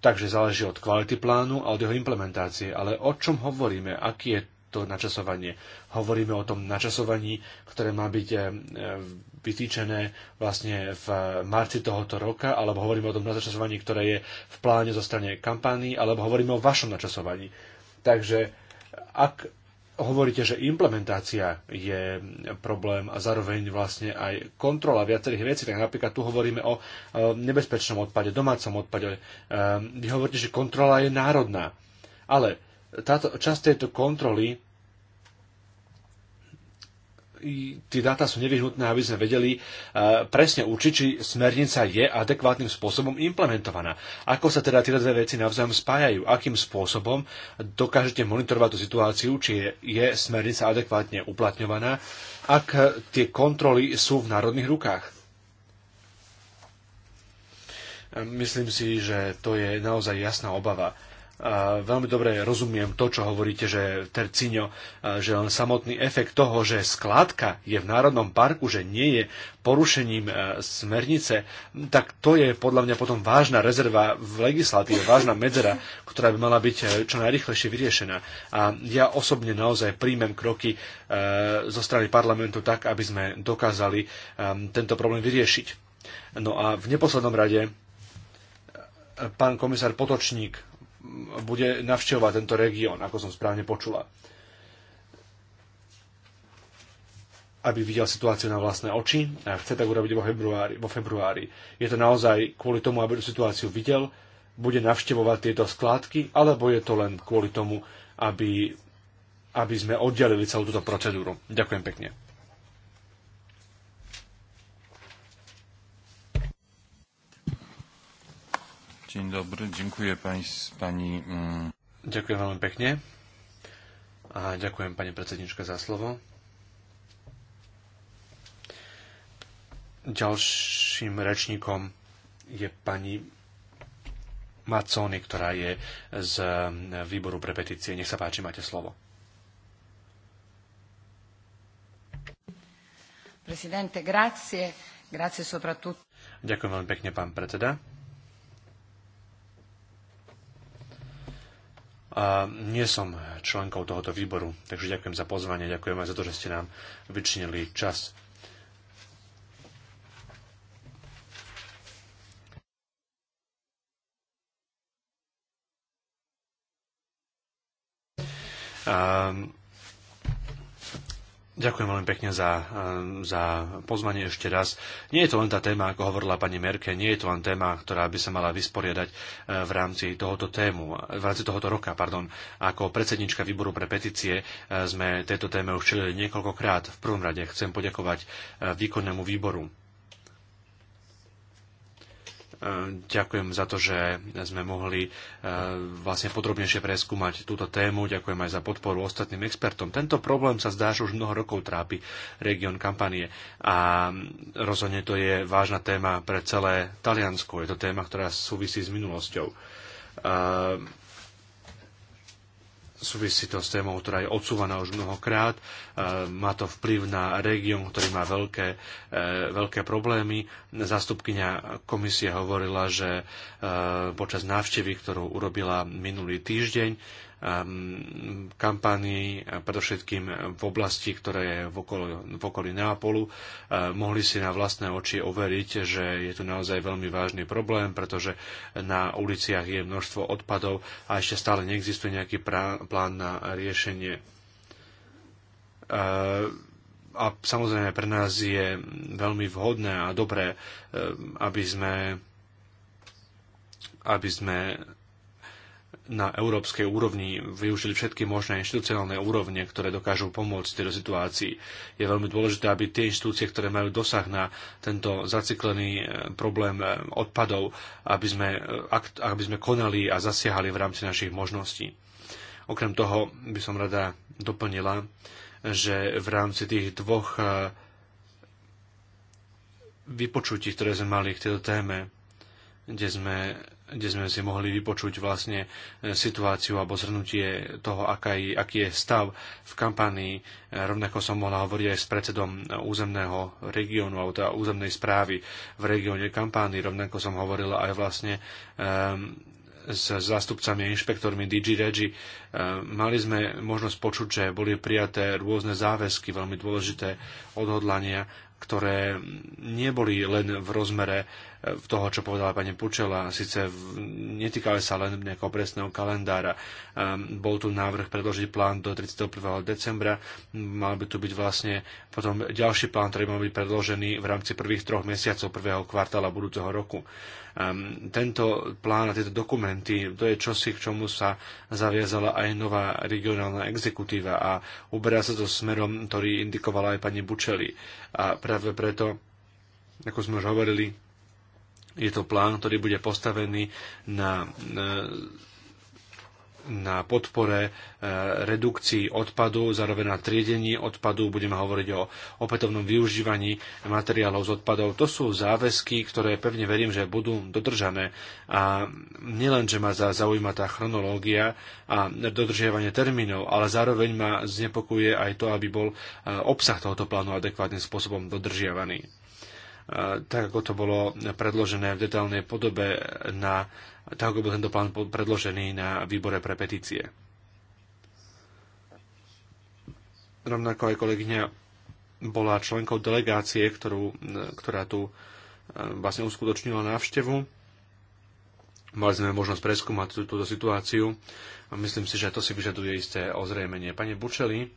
Takže záleží od kvality plánu a od jeho implementácie. Ale o čom hovoríme? Aký je to načasovanie. Hovoríme o tom načasovaní, ktoré má byť eh, vytýčené vlastne v marci tohoto roka, alebo hovoríme o tom načasovaní, ktoré je v pláne zo strany kampány, alebo hovoríme o vašom načasovaní. Takže ak hovoríte, že implementácia je problém a zároveň vlastne aj kontrola viacerých vecí, tak napríklad tu hovoríme o eh, nebezpečnom odpade, domácom odpade. Eh, vy hovoríte, že kontrola je národná. Ale táto, časť tejto kontroly tie dáta sú nevyhnutné, aby sme vedeli e, presne určiť, či smernica je adekvátnym spôsobom implementovaná. Ako sa teda tieto dve veci navzájom spájajú? Akým spôsobom dokážete monitorovať tú situáciu, či je, je smernica adekvátne uplatňovaná, ak tie kontroly sú v národných rukách? Myslím si, že to je naozaj jasná obava veľmi dobre rozumiem to, čo hovoríte, že Terciňo, že len samotný efekt toho, že skládka je v Národnom parku, že nie je porušením e, smernice, tak to je podľa mňa potom vážna rezerva v legislatíve, vážna medzera, ktorá by mala byť e, čo najrychlejšie vyriešená. A ja osobne naozaj príjmem kroky e, zo strany parlamentu tak, aby sme dokázali tento problém vyriešiť. No a v neposlednom rade pán komisár Potočník bude navštevovať tento región, ako som správne počula. aby videl situáciu na vlastné oči a chce tak urobiť vo februári, vo februári. Je to naozaj kvôli tomu, aby tú situáciu videl, bude navštevovať tieto skládky, alebo je to len kvôli tomu, aby, aby sme oddelili celú túto procedúru. Ďakujem pekne. Dzień dobry, dziękuję pani, pani... Mm. Ďakujem veľmi pekne a ďakujem pani predsedničke za slovo. Ďalším rečníkom je pani Macony, ktorá je z výboru pre petície. Nech sa páči, máte slovo. Presidente, grazie. Grazie soprattutto. Ďakujem veľmi pekne, pán predseda. nie som členkou tohoto výboru, takže ďakujem za pozvanie, ďakujem aj za to, že ste nám vyčinili čas. Um, Ďakujem veľmi pekne za, eh, za pozvanie ešte raz. Nie je to len tá téma, ako hovorila pani Merke, nie je to len téma, ktorá by sa mala vysporiadať eh, v rámci tohoto tému, v rámci tohoto roka, pardon. Ako predsednička výboru pre petície eh, sme tejto téme už čelili niekoľkokrát. V prvom rade chcem poďakovať výkonnému výboru Ďakujem za to, že sme mohli e, vlastne podrobnejšie preskúmať túto tému. Ďakujem aj za podporu ostatným expertom. Tento problém sa zdá, že už mnoho rokov trápi región kampanie a rozhodne to je vážna téma pre celé Taliansko. Je to téma, ktorá súvisí s minulosťou. E, súvisí to s témou, ktorá je odsúvaná už mnohokrát. E, má to vplyv na región, ktorý má veľké, e, veľké problémy. Zastupkynia komisie hovorila, že e, počas návštevy, ktorú urobila minulý týždeň, Ehm, kampanii, predovšetkým v oblasti, ktoré je v okolí, v okolí Neapolu, ehm, mohli si na vlastné oči overiť, že je tu naozaj veľmi vážny problém, pretože na uliciach je množstvo odpadov a ešte stále neexistuje nejaký plán na riešenie ehm, a samozrejme pre nás je veľmi vhodné a dobré, aby sme aby sme na európskej úrovni využili všetky možné inštitucionálne úrovne, ktoré dokážu pomôcť tejto situácii. Je veľmi dôležité, aby tie inštitúcie, ktoré majú dosah na tento zaciklený e, problém e, odpadov, aby sme, e, aby sme konali a zasiahali v rámci našich možností. Okrem toho by som rada doplnila, že v rámci tých dvoch vypočutí, ktoré sme mali k tejto téme, kde sme kde sme si mohli vypočuť vlastne e, situáciu alebo zhrnutie toho, aký je stav v kampanii. E, rovnako som mohla hovoriť aj s predsedom územného regiónu alebo teda územnej správy v regióne kampány. Rovnako som hovorila aj vlastne um, s zástupcami a inšpektormi DG Regi. Ehm, mali sme možnosť počuť, že boli prijaté rôzne záväzky, veľmi dôležité odhodlania, ktoré neboli len v rozmere toho, čo povedala pani Pučela. Sice netýkali sa len nejakého presného kalendára. Ehm, bol tu návrh predložiť plán do 31. decembra. Mal by tu byť vlastne potom ďalší plán, ktorý mal byť predložený v rámci prvých troch mesiacov prvého kvartála budúceho roku. Ehm, tento plán a tieto dokumenty, to je čosi, k čomu sa zaviazala aj nová regionálna exekutíva a uberá sa to smerom, ktorý indikovala aj pani Bučeli. A práve preto, ako sme už hovorili, je to plán, ktorý bude postavený na, e, na podpore e, redukcii odpadu, zároveň na triedení odpadu, budeme hovoriť o opätovnom využívaní materiálov z odpadov. To sú záväzky, ktoré pevne verím, že budú dodržané. A nielen, že ma zaujíma tá chronológia a dodržiavanie termínov, ale zároveň ma znepokuje aj to, aby bol e, obsah tohoto plánu adekvátnym spôsobom dodržiavaný tak ako to bolo predložené v detailnej podobe na, tak ako bol tento plán predložený na výbore pre petície. Rovnako aj kolegyňa bola členkou delegácie, ktorú, ktorá tu e, vlastne uskutočnila návštevu. Mali sme možnosť preskúmať tú, túto situáciu a myslím si, že to si vyžaduje isté ozrejmenie. Pani Bučeli,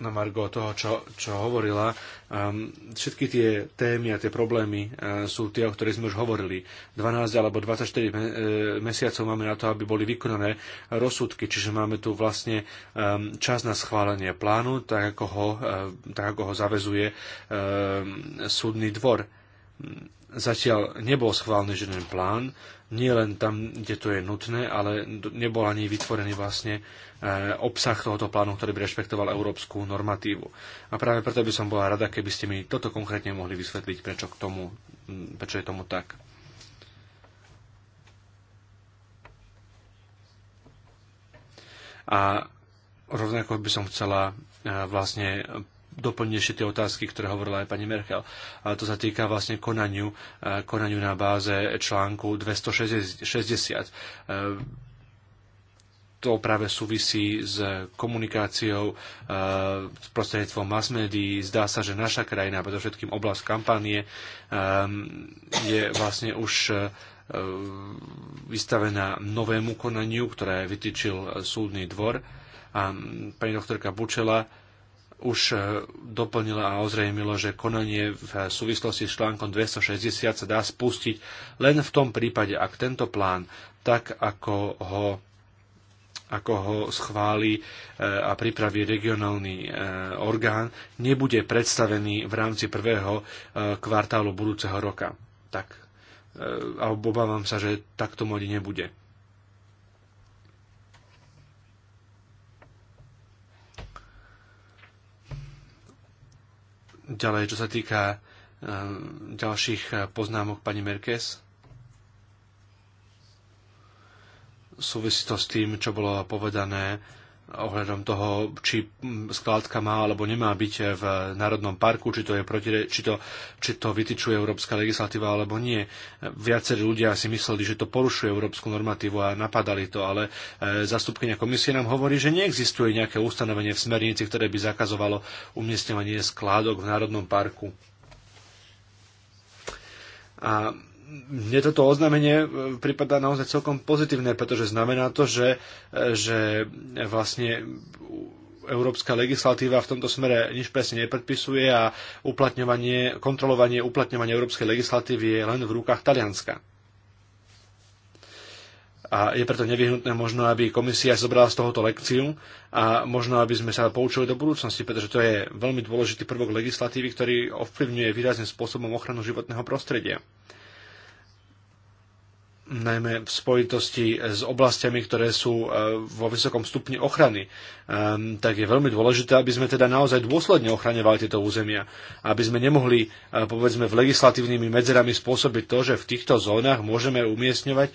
na Margo toho, čo, čo hovorila. Um, všetky tie témy a tie problémy uh, sú tie, o ktorých sme už hovorili. 12 alebo 24 me- e, mesiacov máme na to, aby boli vykonané rozsudky, čiže máme tu vlastne um, čas na schválenie plánu, tak ako ho, uh, tak ako ho zavezuje uh, súdny dvor. Zatiaľ nebol schválený žiaden plán, nie len tam, kde to je nutné, ale nebol ani vytvorený vlastne e, obsah tohoto plánu, ktorý by rešpektoval európsku normatívu. A práve preto by som bola rada, keby ste mi toto konkrétne mohli vysvetliť, prečo, k tomu, prečo je tomu tak. A rovnako by som chcela e, vlastne doplniť ešte tie otázky, ktoré hovorila aj pani Merkel. A to sa týka vlastne konaniu, e, konaniu na báze článku 260 e, to práve súvisí s komunikáciou, e, s prostredníctvom mass médií. Zdá sa, že naša krajina, všetkým oblasť kampanie, je vlastne už vystavená novému konaniu, ktoré vytýčil súdny dvor. A pani doktorka Bučela už e, doplnila a ozrejmilo, že konanie v súvislosti s článkom 260 sa dá spustiť len v tom prípade, ak tento plán, tak ako ho ako ho schváli e, a pripraví regionálny e, orgán, nebude predstavený v rámci prvého kvartálu budúceho roka. Tak, a obávam sa, že takto tomu ani nebude. Ďalej, čo sa týka eh, ďalších eh, poznámok pani Merkes. Súvisí to s tým, čo bolo povedané ohľadom toho, či skládka má alebo nemá byť v Národnom parku, či to, je proti, či to, či to vytyčuje európska legislatíva alebo nie. Viacerí ľudia si mysleli, že to porušuje európsku normatívu a napadali to, ale e, zastupkynia komisie nám hovorí, že neexistuje nejaké ustanovenie v smernici, ktoré by zakazovalo umiestňovanie skládok v Národnom parku. A mne toto oznámenie e, pripadá naozaj celkom pozitívne, pretože znamená to, že, e, že vlastne európska legislatíva v tomto smere nič presne nepredpisuje a uplatňovanie, kontrolovanie, uplatňovanie európskej legislatívy je len v rukách Talianska. A je preto nevyhnutné možno, aby komisia zobrala z tohoto lekciu a možno, aby sme sa poučili do budúcnosti, pretože to je veľmi dôležitý prvok legislatívy, ktorý ovplyvňuje výrazným spôsobom ochranu životného prostredia najmä v spojitosti s oblastiami, ktoré sú e, vo vysokom stupni ochrany, e, tak je veľmi dôležité, aby sme teda naozaj dôsledne ochraňovali tieto územia, aby sme nemohli, e, povedzme, v legislatívnymi medzerami spôsobiť to, že v týchto zónach môžeme umiestňovať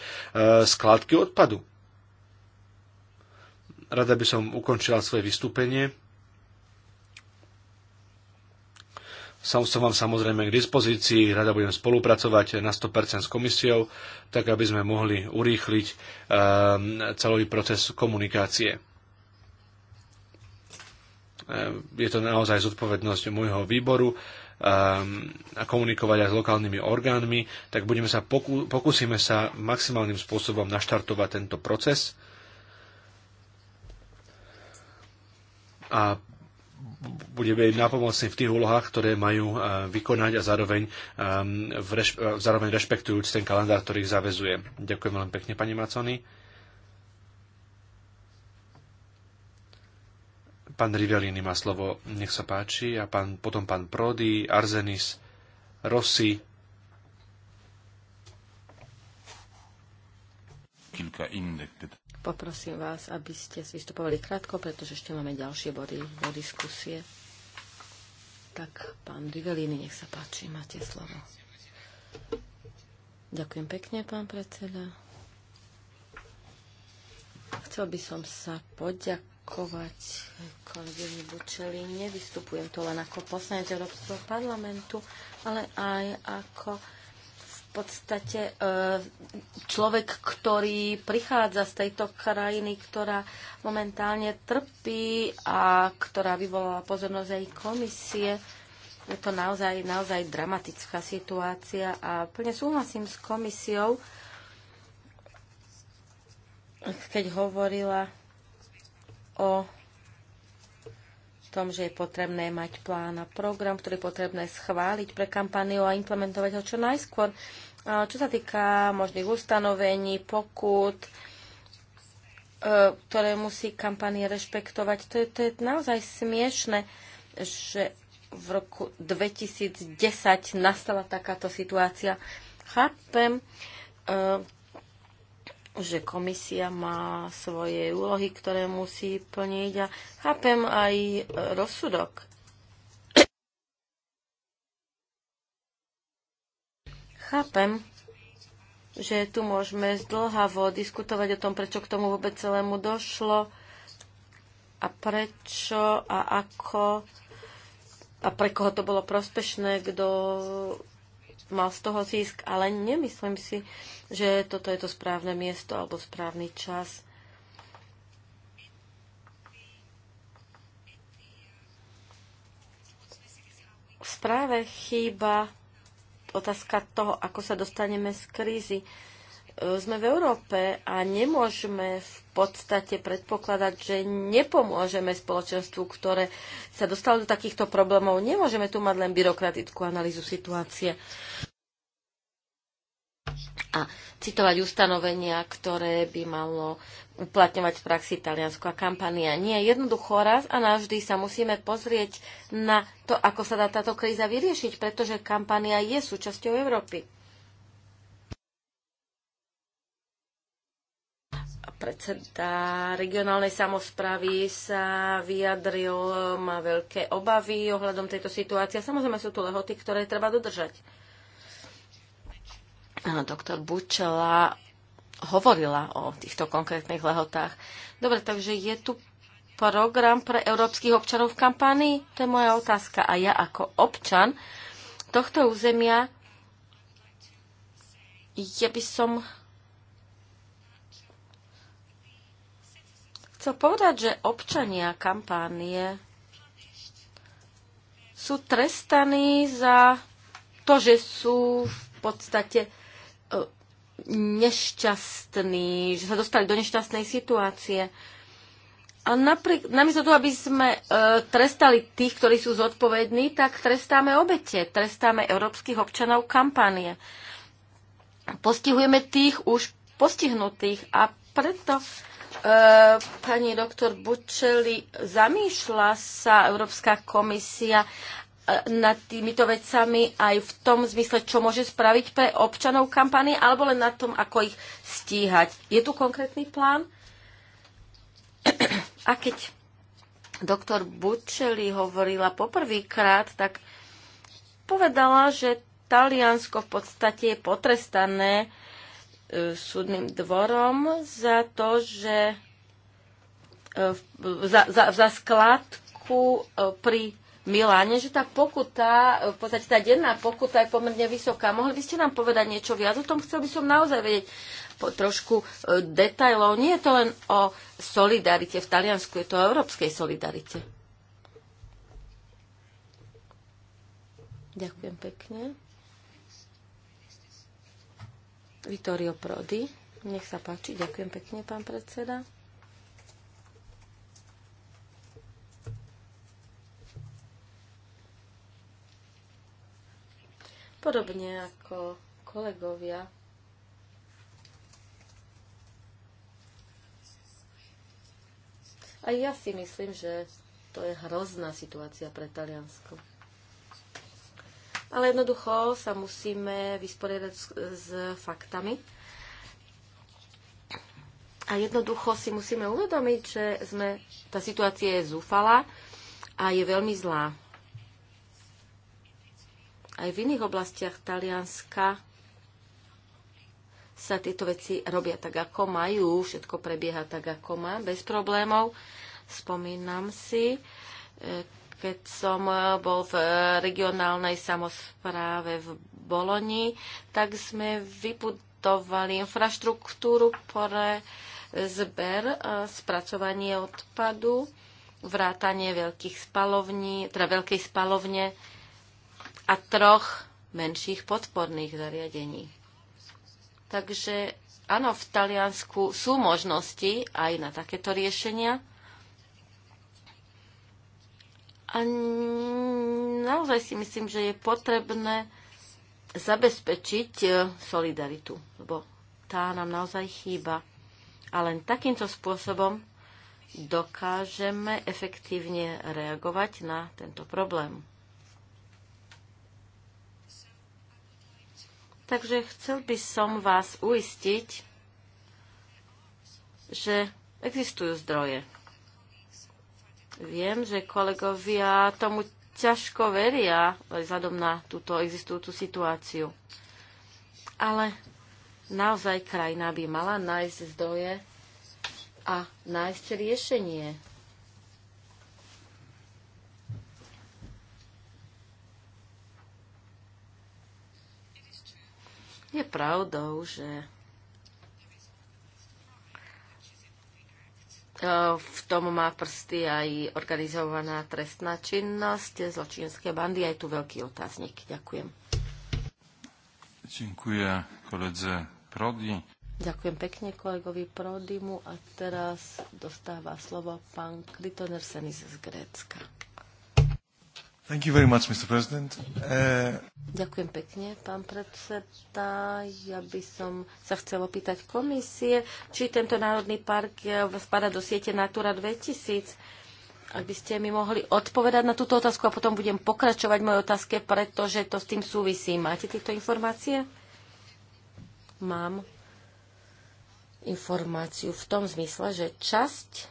skladky odpadu. Rada by som ukončila svoje vystúpenie Som, som vám samozrejme k dispozícii, rada budem spolupracovať na 100% s komisiou, tak aby sme mohli urýchliť um, celý proces komunikácie. Ehm, je to naozaj zodpovednosť môjho výboru ehm, a komunikovať aj s lokálnymi orgánmi, tak budeme sa poku- pokúsime sa maximálnym spôsobom naštartovať tento proces a budeme im napomocní v tých úlohách, ktoré majú eh, vykonať a zároveň, ehm, eh, zároveň rešpektujúc ten kalendár, ktorý ich zavezuje. Ďakujem veľmi pekne, pani Macony. Pán Rivelini má slovo, nech sa páči, a pán, potom pán Prody, Arzenis, Rossi. Kilka innych. Poprosím vás, aby ste vystupovali krátko, pretože ešte máme ďalšie body do diskusie. Tak, pán Rivelini, nech sa páči, máte slovo. Ďakujem pekne, pán predseda. Chcel by som sa poďakovať kolegovi Bučeli. Nevystupujem to len ako poslanec Európskeho parlamentu, ale aj ako podstate e, človek, ktorý prichádza z tejto krajiny, ktorá momentálne trpí a ktorá vyvolala pozornosť aj komisie. Je to naozaj, naozaj dramatická situácia a plne súhlasím s komisiou, keď hovorila o tom, že je potrebné mať plán a program, ktorý je potrebné schváliť pre kampaniu a implementovať ho čo najskôr. Čo sa týka možných ustanovení, pokut, e, ktoré musí kampanie rešpektovať, to je, to je naozaj smiešne, že v roku 2010 nastala takáto situácia. Chápem e, že komisia má svoje úlohy, ktoré musí plniť a chápem aj e, rozsudok. Chápem, že tu môžeme zdlhavo diskutovať o tom, prečo k tomu vôbec celému došlo a prečo a ako a pre koho to bolo prospešné, kto mal z toho zisk, ale nemyslím si, že toto je to správne miesto alebo správny čas. V správe chýba otázka toho, ako sa dostaneme z krízy sme v Európe a nemôžeme v podstate predpokladať, že nepomôžeme spoločenstvu, ktoré sa dostalo do takýchto problémov. Nemôžeme tu mať len byrokratickú analýzu situácie a citovať ustanovenia, ktoré by malo uplatňovať v praxi Taliansko a kampania. Nie, jednoducho raz a navždy sa musíme pozrieť na to, ako sa dá táto kríza vyriešiť, pretože kampania je súčasťou Európy. predseda regionálnej samozprávy sa vyjadril, má veľké obavy ohľadom tejto situácie. Samozrejme sú tu lehoty, ktoré treba dodržať. Áno, doktor Bučela hovorila o týchto konkrétnych lehotách. Dobre, takže je tu program pre európskych občanov v kampanii? To je moja otázka. A ja ako občan tohto územia, ja by som chcel povedať, že občania kampánie sú trestaní za to, že sú v podstate e, nešťastní, že sa dostali do nešťastnej situácie. A napriek, namiesto toho, aby sme e, trestali tých, ktorí sú zodpovední, tak trestáme obete, trestáme európskych občanov kampanie. Postihujeme tých už postihnutých a preto Eh, pani doktor Bučeli, zamýšľa sa Európska komisia eh, nad týmito vecami aj v tom zmysle, čo môže spraviť pre občanov kampany, alebo len na tom, ako ich stíhať. Je tu konkrétny plán? A keď doktor Bučeli hovorila poprvýkrát, tak povedala, že Taliansko v podstate je potrestané súdnym dvorom za to, že e, za, za, za skladku e, pri Miláne, že tá pokuta, e, v podstate tá denná pokuta je pomerne vysoká. Mohli by ste nám povedať niečo viac o tom? Chcel by som naozaj vedieť po trošku detajlov. Nie je to len o solidarite v Taliansku, je to o európskej solidarite. Ďakujem pekne. Vittorio Prodi. Nech sa páči. Ďakujem pekne, pán predseda. Podobne ako kolegovia, aj ja si myslím, že to je hrozná situácia pre Taliansko ale jednoducho sa musíme vysporiadať s, s faktami. A jednoducho si musíme uvedomiť, že sme, tá situácia je zúfala a je veľmi zlá. Aj v iných oblastiach Talianska sa tieto veci robia tak, ako majú, všetko prebieha tak, ako má, bez problémov. Spomínam si, e, keď som eh, bol v eh, regionálnej samozpráve v Boloni, tak sme vybudovali infraštruktúru pre eh, zber a spracovanie odpadu, vrátanie veľkých spalovní, teda veľkej spalovne a troch menších podporných zariadení. Takže áno, v Taliansku sú možnosti aj na takéto riešenia a naozaj si myslím, že je potrebné zabezpečiť e, solidaritu, lebo tá nám naozaj chýba. A len takýmto spôsobom dokážeme efektívne reagovať na tento problém. Takže chcel by som vás uistiť, že existujú zdroje Viem, že kolegovia tomu ťažko veria vzhľadom na túto existujúcu situáciu. Ale naozaj krajina by mala nájsť zdroje a nájsť riešenie. Je pravdou, že E, v tom má prsty aj organizovaná trestná činnosť, zločinské bandy, aj tu veľký otáznik. Ďakujem. Ďakujem koledze Ďakujem pekne kolegovi Prodimu a teraz dostáva slovo pán Senis z Grécka. Thank you very much, Mr. President. Uh, Ďakujem pekne, pán predseda. Ja by som sa chcela opýtať komisie, či tento národný park eh, spada do siete Natura 2000. Ak by ste mi mohli odpovedať na túto otázku a potom budem pokračovať moje otázke, pretože to s tým súvisí. Máte tieto informácie? Mám informáciu v tom zmysle, že časť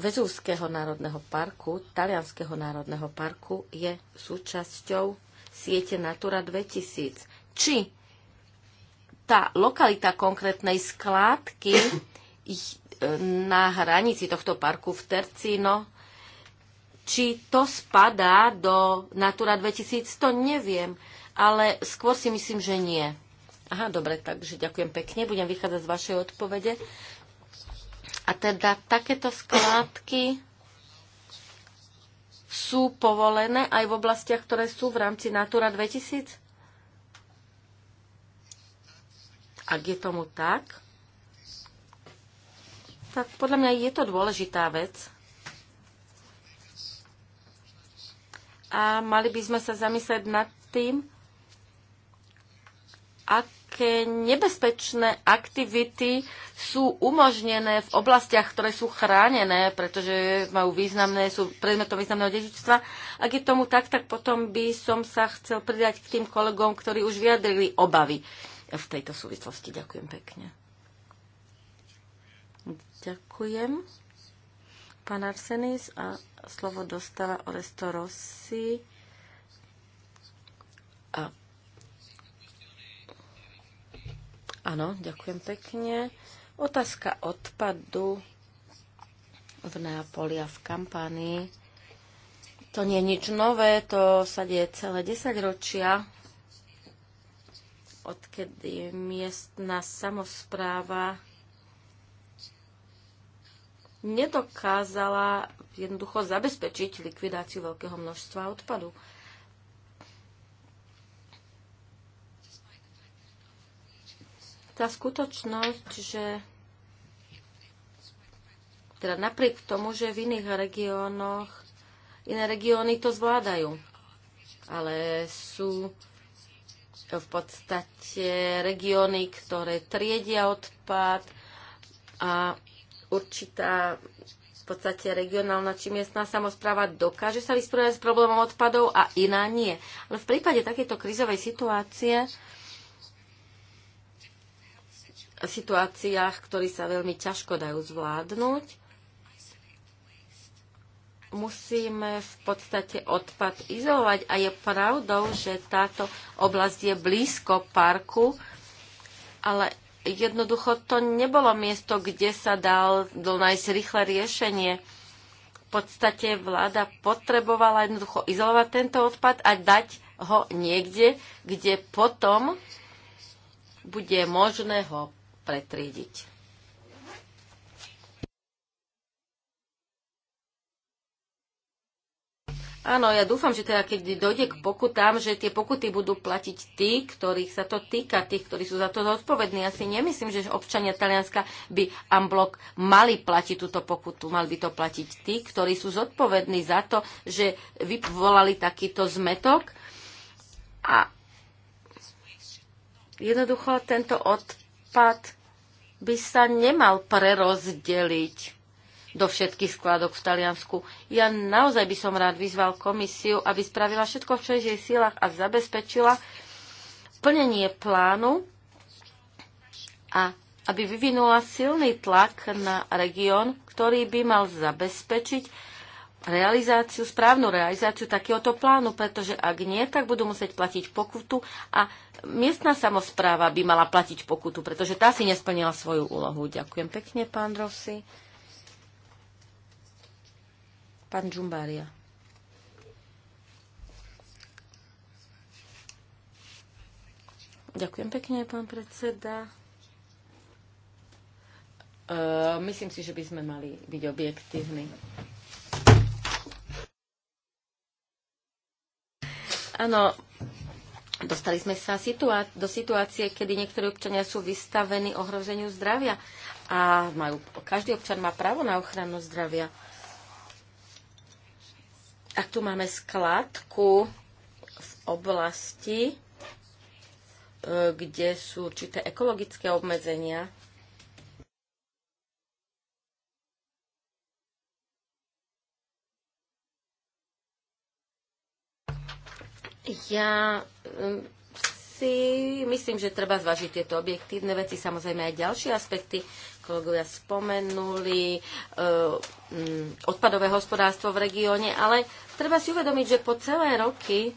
Vezúvského národného parku, Talianského národného parku, je súčasťou siete Natura 2000. Či tá lokalita konkrétnej skládky e, na hranici tohto parku v Tercino, či to spadá do Natura 2000, to neviem, ale skôr si myslím, že nie. Aha, dobre, takže ďakujem pekne. Budem vychádzať z vašej odpovede. A teda takéto skládky sú povolené aj v oblastiach, ktoré sú v rámci Natura 2000? Ak je tomu tak, tak podľa mňa je to dôležitá vec. A mali by sme sa zamyslieť nad tým, ak aké nebezpečné aktivity sú umožnené v oblastiach, ktoré sú chránené, pretože majú významné, sú predmetom významného dedičstva. Ak je tomu tak, tak potom by som sa chcel pridať k tým kolegom, ktorí už vyjadrili obavy v tejto súvislosti. Ďakujem pekne. Ďakujem. Pán Arsenis a slovo dostáva Oresto Rossi. A Áno, ďakujem pekne. Otázka odpadu v Neapoli a v Kampánii. To nie je nič nové, to sa deje celé 10 ročia, odkedy miestna samozpráva nedokázala jednoducho zabezpečiť likvidáciu veľkého množstva odpadu. tá skutočnosť, že teda napriek tomu, že v iných regiónoch iné regióny to zvládajú, ale sú v podstate regióny, ktoré triedia odpad a určitá v podstate regionálna či miestná samozpráva dokáže sa vysporiadať s problémom odpadov a iná nie. Ale v prípade takéto krizovej situácie situáciách, ktoré sa veľmi ťažko dajú zvládnuť. Musíme v podstate odpad izolovať a je pravdou, že táto oblasť je blízko parku, ale jednoducho to nebolo miesto, kde sa dal nájsť rýchle riešenie. V podstate vláda potrebovala jednoducho izolovať tento odpad a dať ho niekde, kde potom bude možné ho pretriediť. Áno, ja dúfam, že teda keď dojde k pokutám, že tie pokuty budú platiť tí, ktorých sa to týka, tých, ktorí sú za to zodpovední. Ja si nemyslím, že občania Talianska by Amblok mali platiť túto pokutu. Mali by to platiť tí, ktorí sú zodpovední za to, že vyvolali takýto zmetok. A jednoducho tento odpad by sa nemal prerozdeliť do všetkých skladok v Taliansku. Ja naozaj by som rád vyzval komisiu, aby spravila všetko, čo je v jej sílach a zabezpečila plnenie plánu a aby vyvinula silný tlak na región, ktorý by mal zabezpečiť realizáciu, správnu realizáciu takéhoto plánu, pretože ak nie, tak budú musieť platiť pokutu a miestna samozpráva by mala platiť pokutu, pretože tá si nesplnila svoju úlohu. Ďakujem pekne, pán Rossi. Pán Džumbária. Ďakujem pekne, pán predseda. E, myslím si, že by sme mali byť objektívni Áno, dostali sme sa situá- do situácie, kedy niektorí občania sú vystavení ohrozeniu zdravia a majú, každý občan má právo na ochranu zdravia. A tu máme skladku v oblasti, e, kde sú určité ekologické obmedzenia Ja hm, si myslím, že treba zvažiť tieto objektívne veci, samozrejme aj ďalšie aspekty, kolegovia spomenuli, eh, hm, odpadové hospodárstvo v regióne, ale treba si uvedomiť, že po celé roky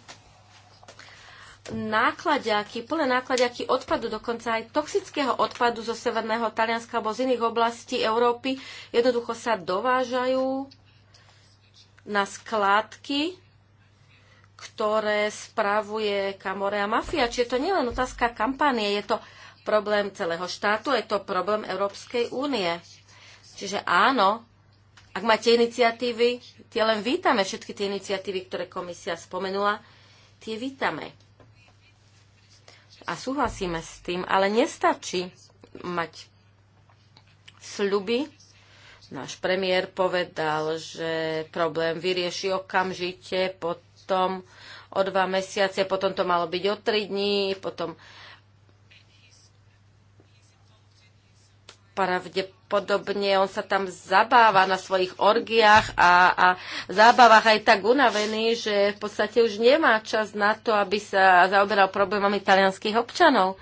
nákladiaky, plné nákladiaky odpadu, dokonca aj toxického odpadu zo severného Talianska alebo z iných oblastí Európy, jednoducho sa dovážajú na skládky ktoré spravuje Kamore a mafia. Čiže to nie je len otázka kampanie, je to problém celého štátu, je to problém Európskej únie. Čiže áno, ak máte iniciatívy, tie len vítame, všetky tie iniciatívy, ktoré komisia spomenula, tie vítame. A súhlasíme s tým, ale nestačí mať sľuby. Náš premiér povedal, že problém vyrieši okamžite pod potom o dva mesiace, potom to malo byť o tri dní, potom pravdepodobne on sa tam zabáva na svojich orgiách a, a zábavách aj tak unavený, že v podstate už nemá čas na to, aby sa zaoberal problémami talianských občanov.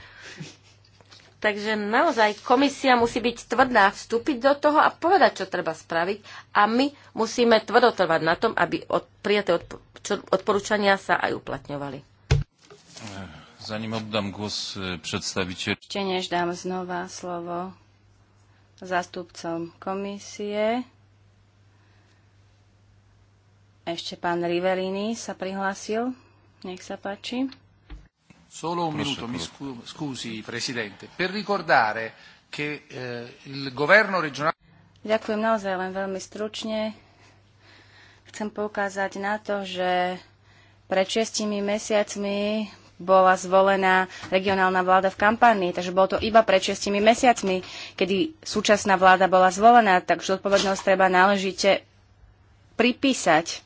Takže naozaj komisia musí byť tvrdá, vstúpiť do toho a povedať, čo treba spraviť. A my musíme tvrdotrvať na tom, aby od, prijaté odp- odporúčania sa aj uplatňovali. Zanim oddám głos e, predstaviteľ... Ešte než dám znova slovo zástupcom komisie. Ešte pán Rivelini sa prihlásil. Nech sa páči. Solo un minuto, mi scu- scusi Presidente, per ricordare che eh, il governo regionale... Ďakujem naozaj len veľmi stručne. Chcem poukázať na to, že pred šiestimi mesiacmi bola zvolená regionálna vláda v kampanii, takže bolo to iba pred šestimi mesiacmi, kedy súčasná vláda bola zvolená, takže odpovednosť treba náležite pripísať.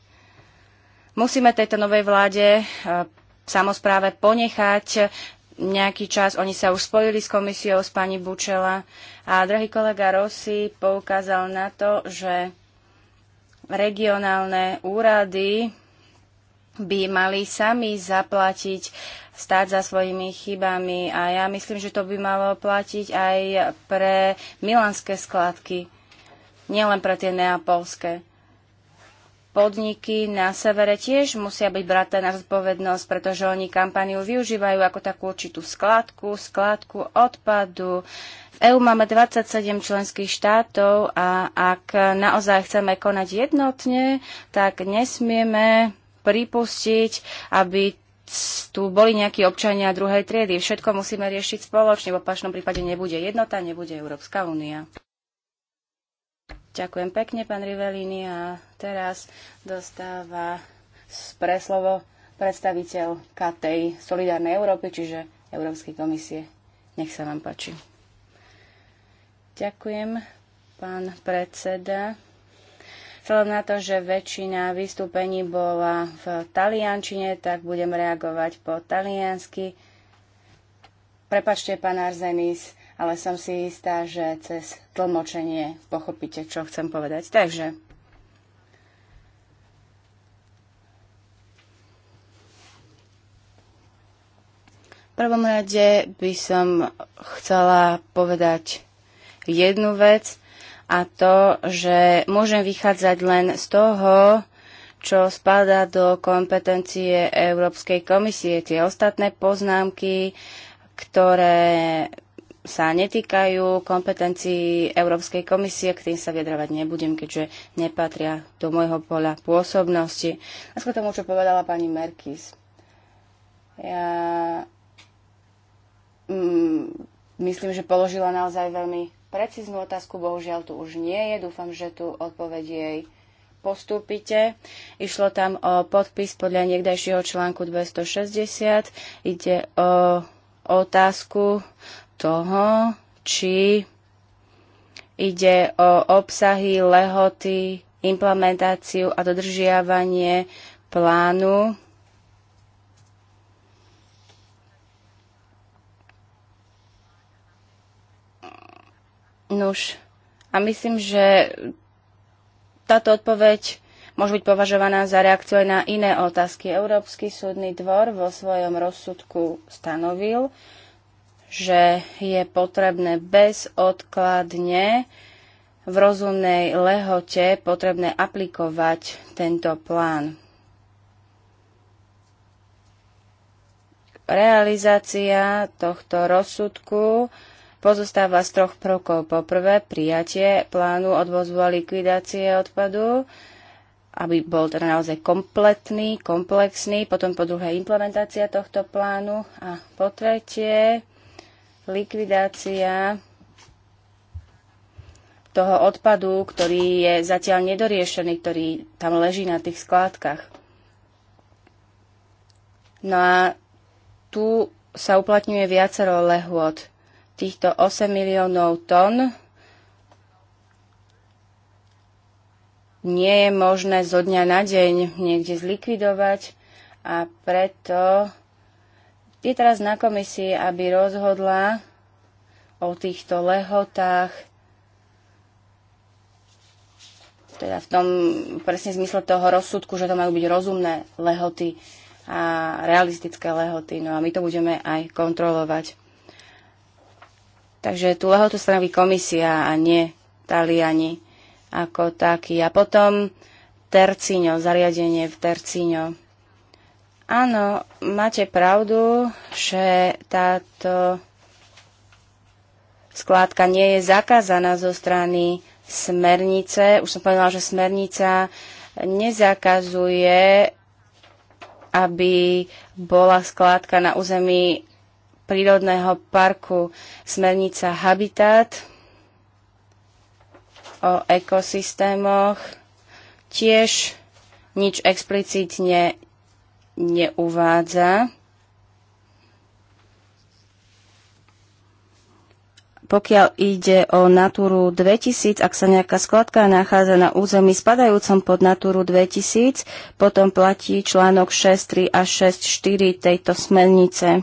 Musíme tejto novej vláde eh, samozpráve ponechať nejaký čas. Oni sa už spojili s komisiou, s pani Bučela. A drahý kolega Rossi poukázal na to, že regionálne úrady by mali sami zaplatiť, stáť za svojimi chybami. A ja myslím, že to by malo platiť aj pre milanské skladky, nielen pre tie neapolské podniky na severe tiež musia byť braté na zodpovednosť, pretože oni kampaniu využívajú ako takú určitú skladku, skladku odpadu. V EÚ máme 27 členských štátov a ak naozaj chceme konať jednotne, tak nesmieme pripustiť, aby tu boli nejakí občania druhej triedy. Všetko musíme riešiť spoločne, v opačnom prípade nebude jednota, nebude Európska únia. Ďakujem pekne, pán Rivelini. A teraz dostáva preslovo predstaviteľ KTI Solidárnej Európy, čiže Európskej komisie. Nech sa vám páči. Ďakujem, pán predseda. Vzhľadom na to, že väčšina vystúpení bola v taliančine, tak budem reagovať po taliansky. Prepačte, pán Arzenis, ale som si istá, že cez tlmočenie pochopíte, čo chcem povedať. Takže prvom rade by som chcela povedať jednu vec a to, že môžem vychádzať len z toho, čo spadá do kompetencie Európskej komisie. Tie ostatné poznámky, ktoré sa netýkajú kompetencií Európskej komisie, k tým sa vyjadrovať nebudem, keďže nepatria do môjho pola pôsobnosti. A skôr tomu, čo povedala pani Merkis. Ja mm, myslím, že položila naozaj veľmi precíznu otázku, bohužiaľ tu už nie je. Dúfam, že tu odpoveď jej postúpite. Išlo tam o podpis podľa niekdajšieho článku 260. Ide o otázku, toho, či ide o obsahy, lehoty, implementáciu a dodržiavanie plánu. Nuž, a myslím, že táto odpoveď môže byť považovaná za reakciu aj na iné otázky. Európsky súdny dvor vo svojom rozsudku stanovil, že je potrebné bezodkladne v rozumnej lehote potrebné aplikovať tento plán. Realizácia tohto rozsudku pozostáva z troch prvkov. Po prvé, prijatie plánu odvozu a likvidácie odpadu, aby bol teda naozaj kompletný, komplexný. Potom po druhé, implementácia tohto plánu. A po tretie, likvidácia toho odpadu, ktorý je zatiaľ nedoriešený, ktorý tam leží na tých skládkach. No a tu sa uplatňuje viacero lehôd. Týchto 8 miliónov tón nie je možné zo dňa na deň niekde zlikvidovať a preto je teraz na komisii, aby rozhodla o týchto lehotách, teda v tom presne zmysle toho rozsudku, že to majú byť rozumné lehoty a realistické lehoty. No a my to budeme aj kontrolovať. Takže tú lehotu stanoví komisia a nie Taliani ako taký. A potom Tercíňo, zariadenie v Tercíňo. Áno, máte pravdu, že táto skládka nie je zakázaná zo strany smernice. Už som povedala, že smernica nezakazuje, aby bola skládka na území prírodného parku. Smernica Habitat o ekosystémoch tiež nič explicitne neuvádza. Pokiaľ ide o Natúru 2000, ak sa nejaká skladka nachádza na území spadajúcom pod Natúru 2000, potom platí článok 6.3 a 6.4 tejto smernice.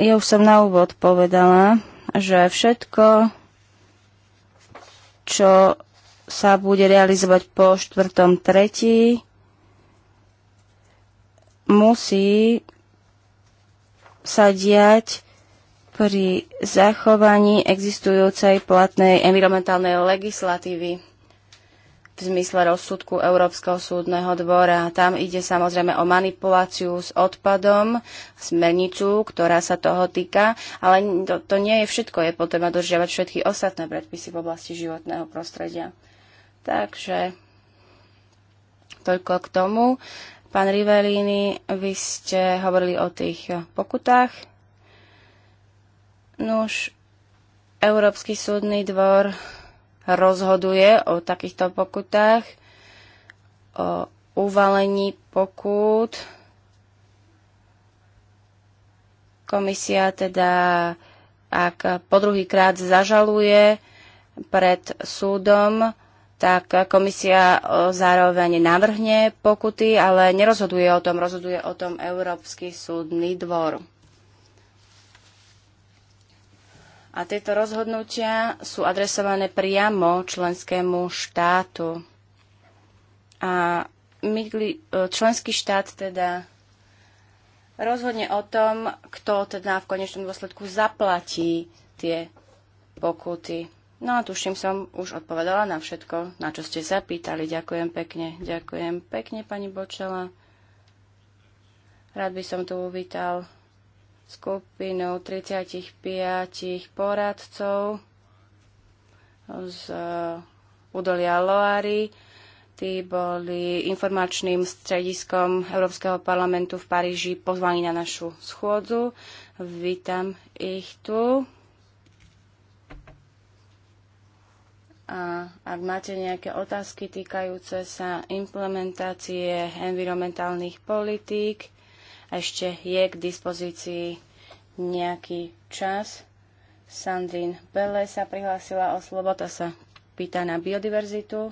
Ja už som na úvod povedala, že všetko, čo sa bude realizovať po 4.3., musí sa diať pri zachovaní existujúcej platnej environmentálnej legislatívy v zmysle rozsudku Európskeho súdneho dvora. Tam ide samozrejme o manipuláciu s odpadom, smernicu, ktorá sa toho týka, ale to, to nie je všetko. Je potrebné dodržiavať všetky ostatné predpisy v oblasti životného prostredia. Takže toľko k tomu. Pán Rivellini, vy ste hovorili o tých pokutách. Nuž, Európsky súdny dvor rozhoduje o takýchto pokutách, o uvalení pokút. Komisia teda, ak po druhýkrát zažaluje pred súdom, tak komisia e, zároveň navrhne pokuty, ale nerozhoduje o tom, rozhoduje o tom Európsky súdny dvor. A tieto rozhodnutia sú adresované priamo členskému štátu. A e, členský štát teda rozhodne o tom, kto teda v konečnom dôsledku zaplatí tie pokuty. No a tuším som už odpovedala na všetko, na čo ste sa pýtali. Ďakujem pekne. Ďakujem pekne, pani Bočela. Rád by som tu uvítal skupinu 35 poradcov z e, údolia Loary. Tí boli informačným strediskom Európskeho parlamentu v Paríži pozvaní na našu schôdzu. Vítam ich tu. A ak máte nejaké otázky týkajúce sa implementácie environmentálnych politík, ešte je k dispozícii nejaký čas. Sandrin Pele sa prihlásila o slovo, to sa pýta na biodiverzitu.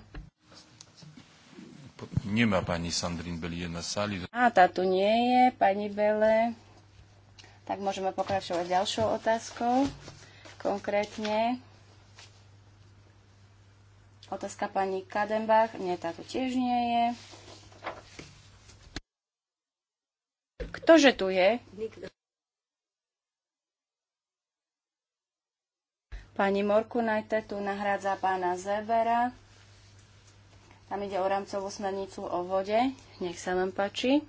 Nemá pani Sandrine Bele na sali. A tá tu nie je, pani Bele. Tak môžeme pokračovať ďalšou otázkou. Konkrétne Otázka pani Kadenbach. Nie, táto tiež nie je. Ktože tu je? Pani Morkunajte tu nahrádza pána Zebera. Tam ide o rámcovú smernicu o vode. Nech sa vám páči.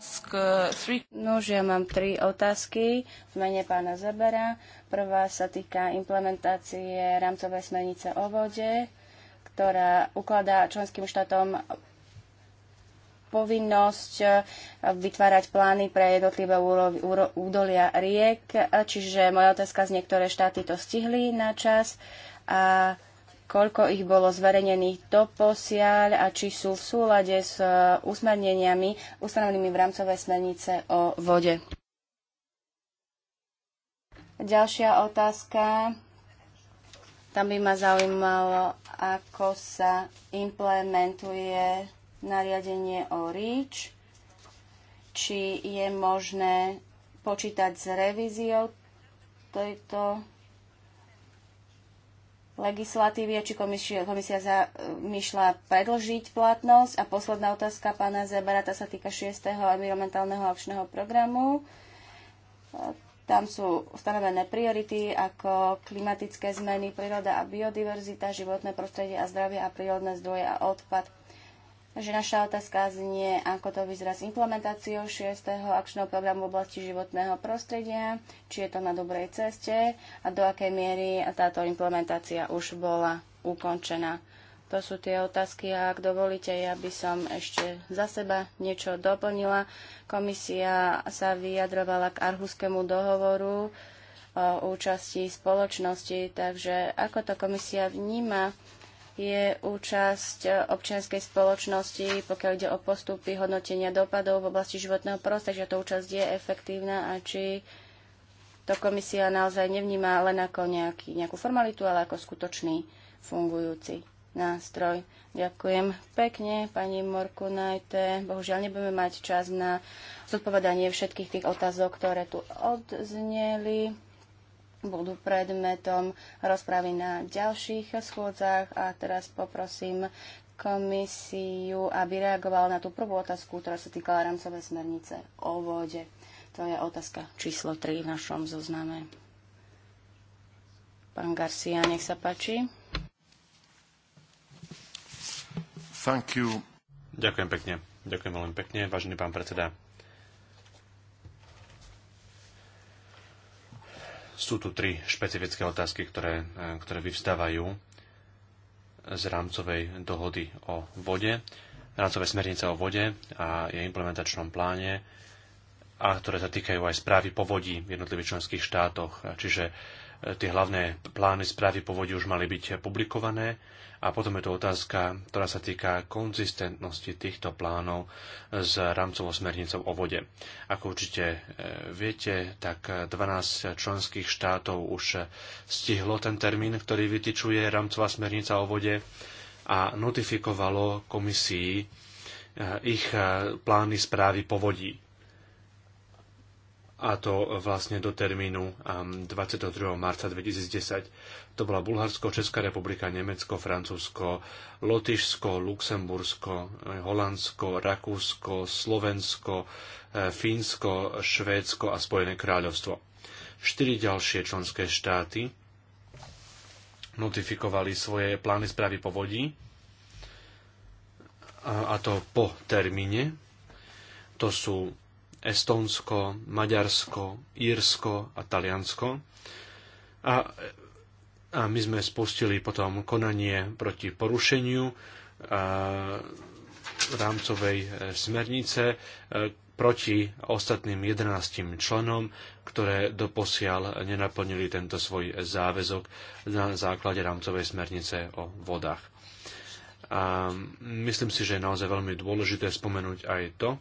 že eh, ja mám tri otázky v mene pána Zebera. Prvá sa týka implementácie rámcovej smernice o vode ktorá ukladá členským štátom povinnosť eh, vytvárať plány pre jednotlivé údolia riek. Čiže moja otázka z niektoré štáty to stihli na čas a koľko ich bolo zverejnených doposiaľ a či sú v súlade s eh, usmerneniami ustanovenými v rámcovej smernice o vode. Ďalšia otázka tam by ma zaujímalo, ako sa implementuje nariadenie o REACH, či je možné počítať s revíziou tejto legislatívy, či komisia, komisia zamýšľa predlžiť platnosť. A posledná otázka pána tá sa týka 6. environmentálneho akčného programu. Tam sú stanovené priority ako klimatické zmeny, príroda a biodiverzita, životné prostredie a zdravie a prírodné zdroje a odpad. Takže naša otázka znie, ako to vyzerá s implementáciou 6. akčného programu v oblasti životného prostredia, či je to na dobrej ceste a do akej miery táto implementácia už bola ukončená. To sú tie otázky a ak dovolíte, ja by som ešte za seba niečo doplnila. Komisia sa vyjadrovala k Arhuskému dohovoru o účasti spoločnosti, takže ako to komisia vníma, je účasť občianskej spoločnosti, pokiaľ ide o postupy hodnotenia dopadov v oblasti životného prostredia, že to účasť je efektívna a či to komisia naozaj nevníma len ako nejaký, nejakú formalitu, ale ako skutočný fungujúci nástroj. Ďakujem pekne, pani morku najte. Bohužiaľ nebudeme mať čas na zodpovedanie všetkých tých otázok, ktoré tu odzneli. Budú predmetom rozpravy na ďalších schôdzach a teraz poprosím komisiu, aby reagovala na tú prvú otázku, ktorá sa týkala rámcovej smernice o vode. To je otázka číslo 3 v našom zozname. Pán Garcia, nech sa páči. Thank you. Ďakujem pekne. Ďakujem veľmi pekne, vážený pán predseda. Sú tu tri špecifické otázky, ktoré, e, ktoré vyvstávajú z rámcovej dohody o vode, rámcovej smernice o vode a jej implementačnom pláne, a ktoré sa týkajú aj správy povodí v jednotlivých členských štátoch. Čiže tie hlavné plány správy povodí už mali byť publikované. A potom je to otázka, ktorá sa týka konzistentnosti týchto plánov s rámcovou smernicou o vode. Ako určite e, viete, tak 12 členských štátov už stihlo ten termín, ktorý vytyčuje rámcová smernica o vode a notifikovalo komisii e, ich e, plány správy povodí a to vlastne do termínu 22. Um, marca 2010. To bola Bulharsko, Česká republika, Nemecko, Francúzsko, Lotyšsko, Luxembursko, eh, Holandsko, Rakúsko, Slovensko, eh, Fínsko, Švédsko a Spojené kráľovstvo. Štyri ďalšie členské štáty notifikovali svoje plány správy povodí, a to po termíne. To sú Estonsko, Maďarsko, Írsko a Taliansko. A, a my sme spustili potom konanie proti porušeniu rámcovej e, smernice e, proti ostatným 11 členom, ktoré doposiaľ nenaplnili tento svoj záväzok na základe rámcovej smernice o vodách. A myslím si, že je naozaj veľmi dôležité spomenúť aj to,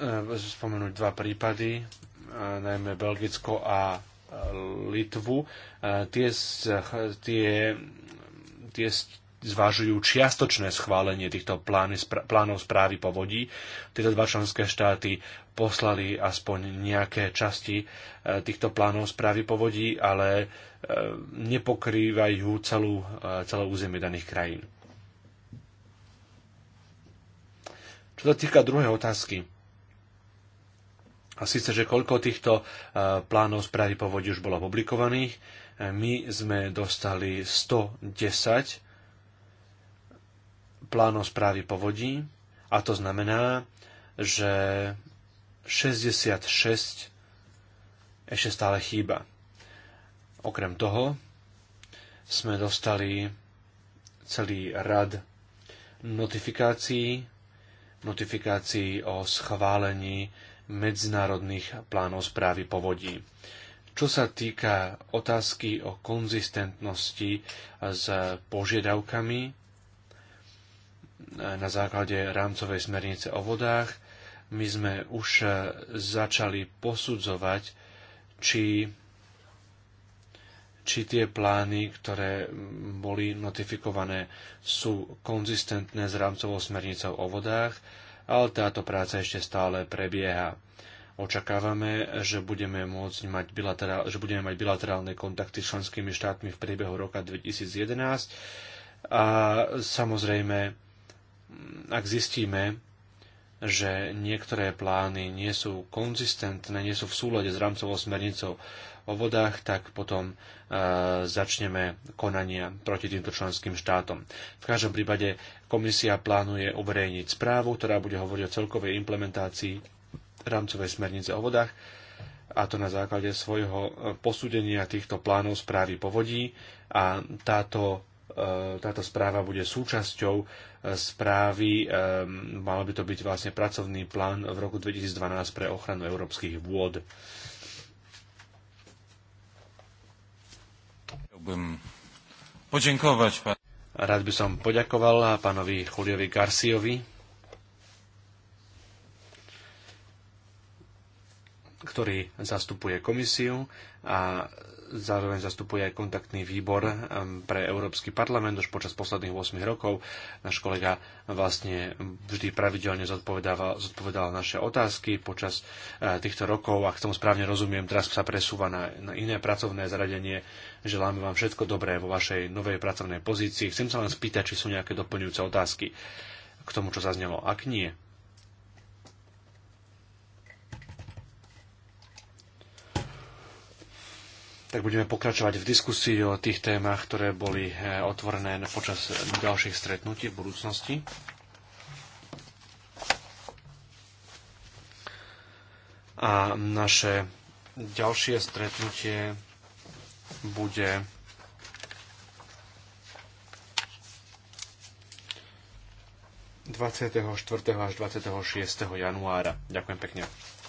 Ehm, spomenúť dva prípady, ehm, najmä Belgicko a e, Litvu. Ehm, tie, tie, tie zvážujú čiastočné schválenie týchto plány, spra- plánov správy povodí. Tieto dva členské štáty poslali aspoň nejaké časti e, týchto plánov správy povodí, ale e, nepokrývajú celú, celé územie daných krajín. Čo sa týka druhej otázky, a síce, že koľko týchto e, plánov správy povodí už bolo publikovaných, e, my sme dostali 110 plánov správy povodí a to znamená, že 66 ešte stále chýba. Okrem toho sme dostali celý rad notifikácií, notifikácií o schválení medzinárodných plánov správy povodí. Čo sa týka otázky o konzistentnosti s požiadavkami na základe rámcovej smernice o vodách, my sme už začali posudzovať, či, či tie plány, ktoré boli notifikované, sú konzistentné s rámcovou smernicou o vodách ale táto práca ešte stále prebieha. Očakávame, že budeme, môcť mať bilaterál, že budeme mať bilaterálne kontakty s členskými štátmi v priebehu roka 2011 a samozrejme, ak zistíme, že niektoré plány nie sú konzistentné, nie sú v súlade s rámcovou smernicou, o vodách, tak potom e, začneme konania proti týmto členským štátom. V každom prípade komisia plánuje uverejniť správu, ktorá bude hovoriť o celkovej implementácii rámcovej smernice o vodách, a to na základe svojho e, posúdenia týchto plánov správy povodí a táto e, táto správa bude súčasťou e, správy, malo by to byť vlastne pracovný plán v roku 2012 pre ochranu európskych vôd. Chciałbym podziękować panu. Rád by som poďakoval pánovi Juliovi Garciovi, ktorý zastupuje komisiu a zároveň zastupuje aj kontaktný výbor pre Európsky parlament už počas posledných 8 rokov. Náš kolega vlastne vždy pravidelne zodpovedal, zodpovedal naše otázky počas e, týchto rokov. Ak tomu správne rozumiem, teraz sa presúva na, na iné pracovné zaradenie. Želáme vám všetko dobré vo vašej novej pracovnej pozícii. Chcem sa vám spýtať, či sú nejaké doplňujúce otázky k tomu, čo zaznelo. Ak nie, tak budeme pokračovať v diskusii o tých témach, ktoré boli eh, otvorené počas ďalších stretnutí v budúcnosti. A naše ďalšie stretnutie bude ...24. až 26. januára. Ďakujem pekne.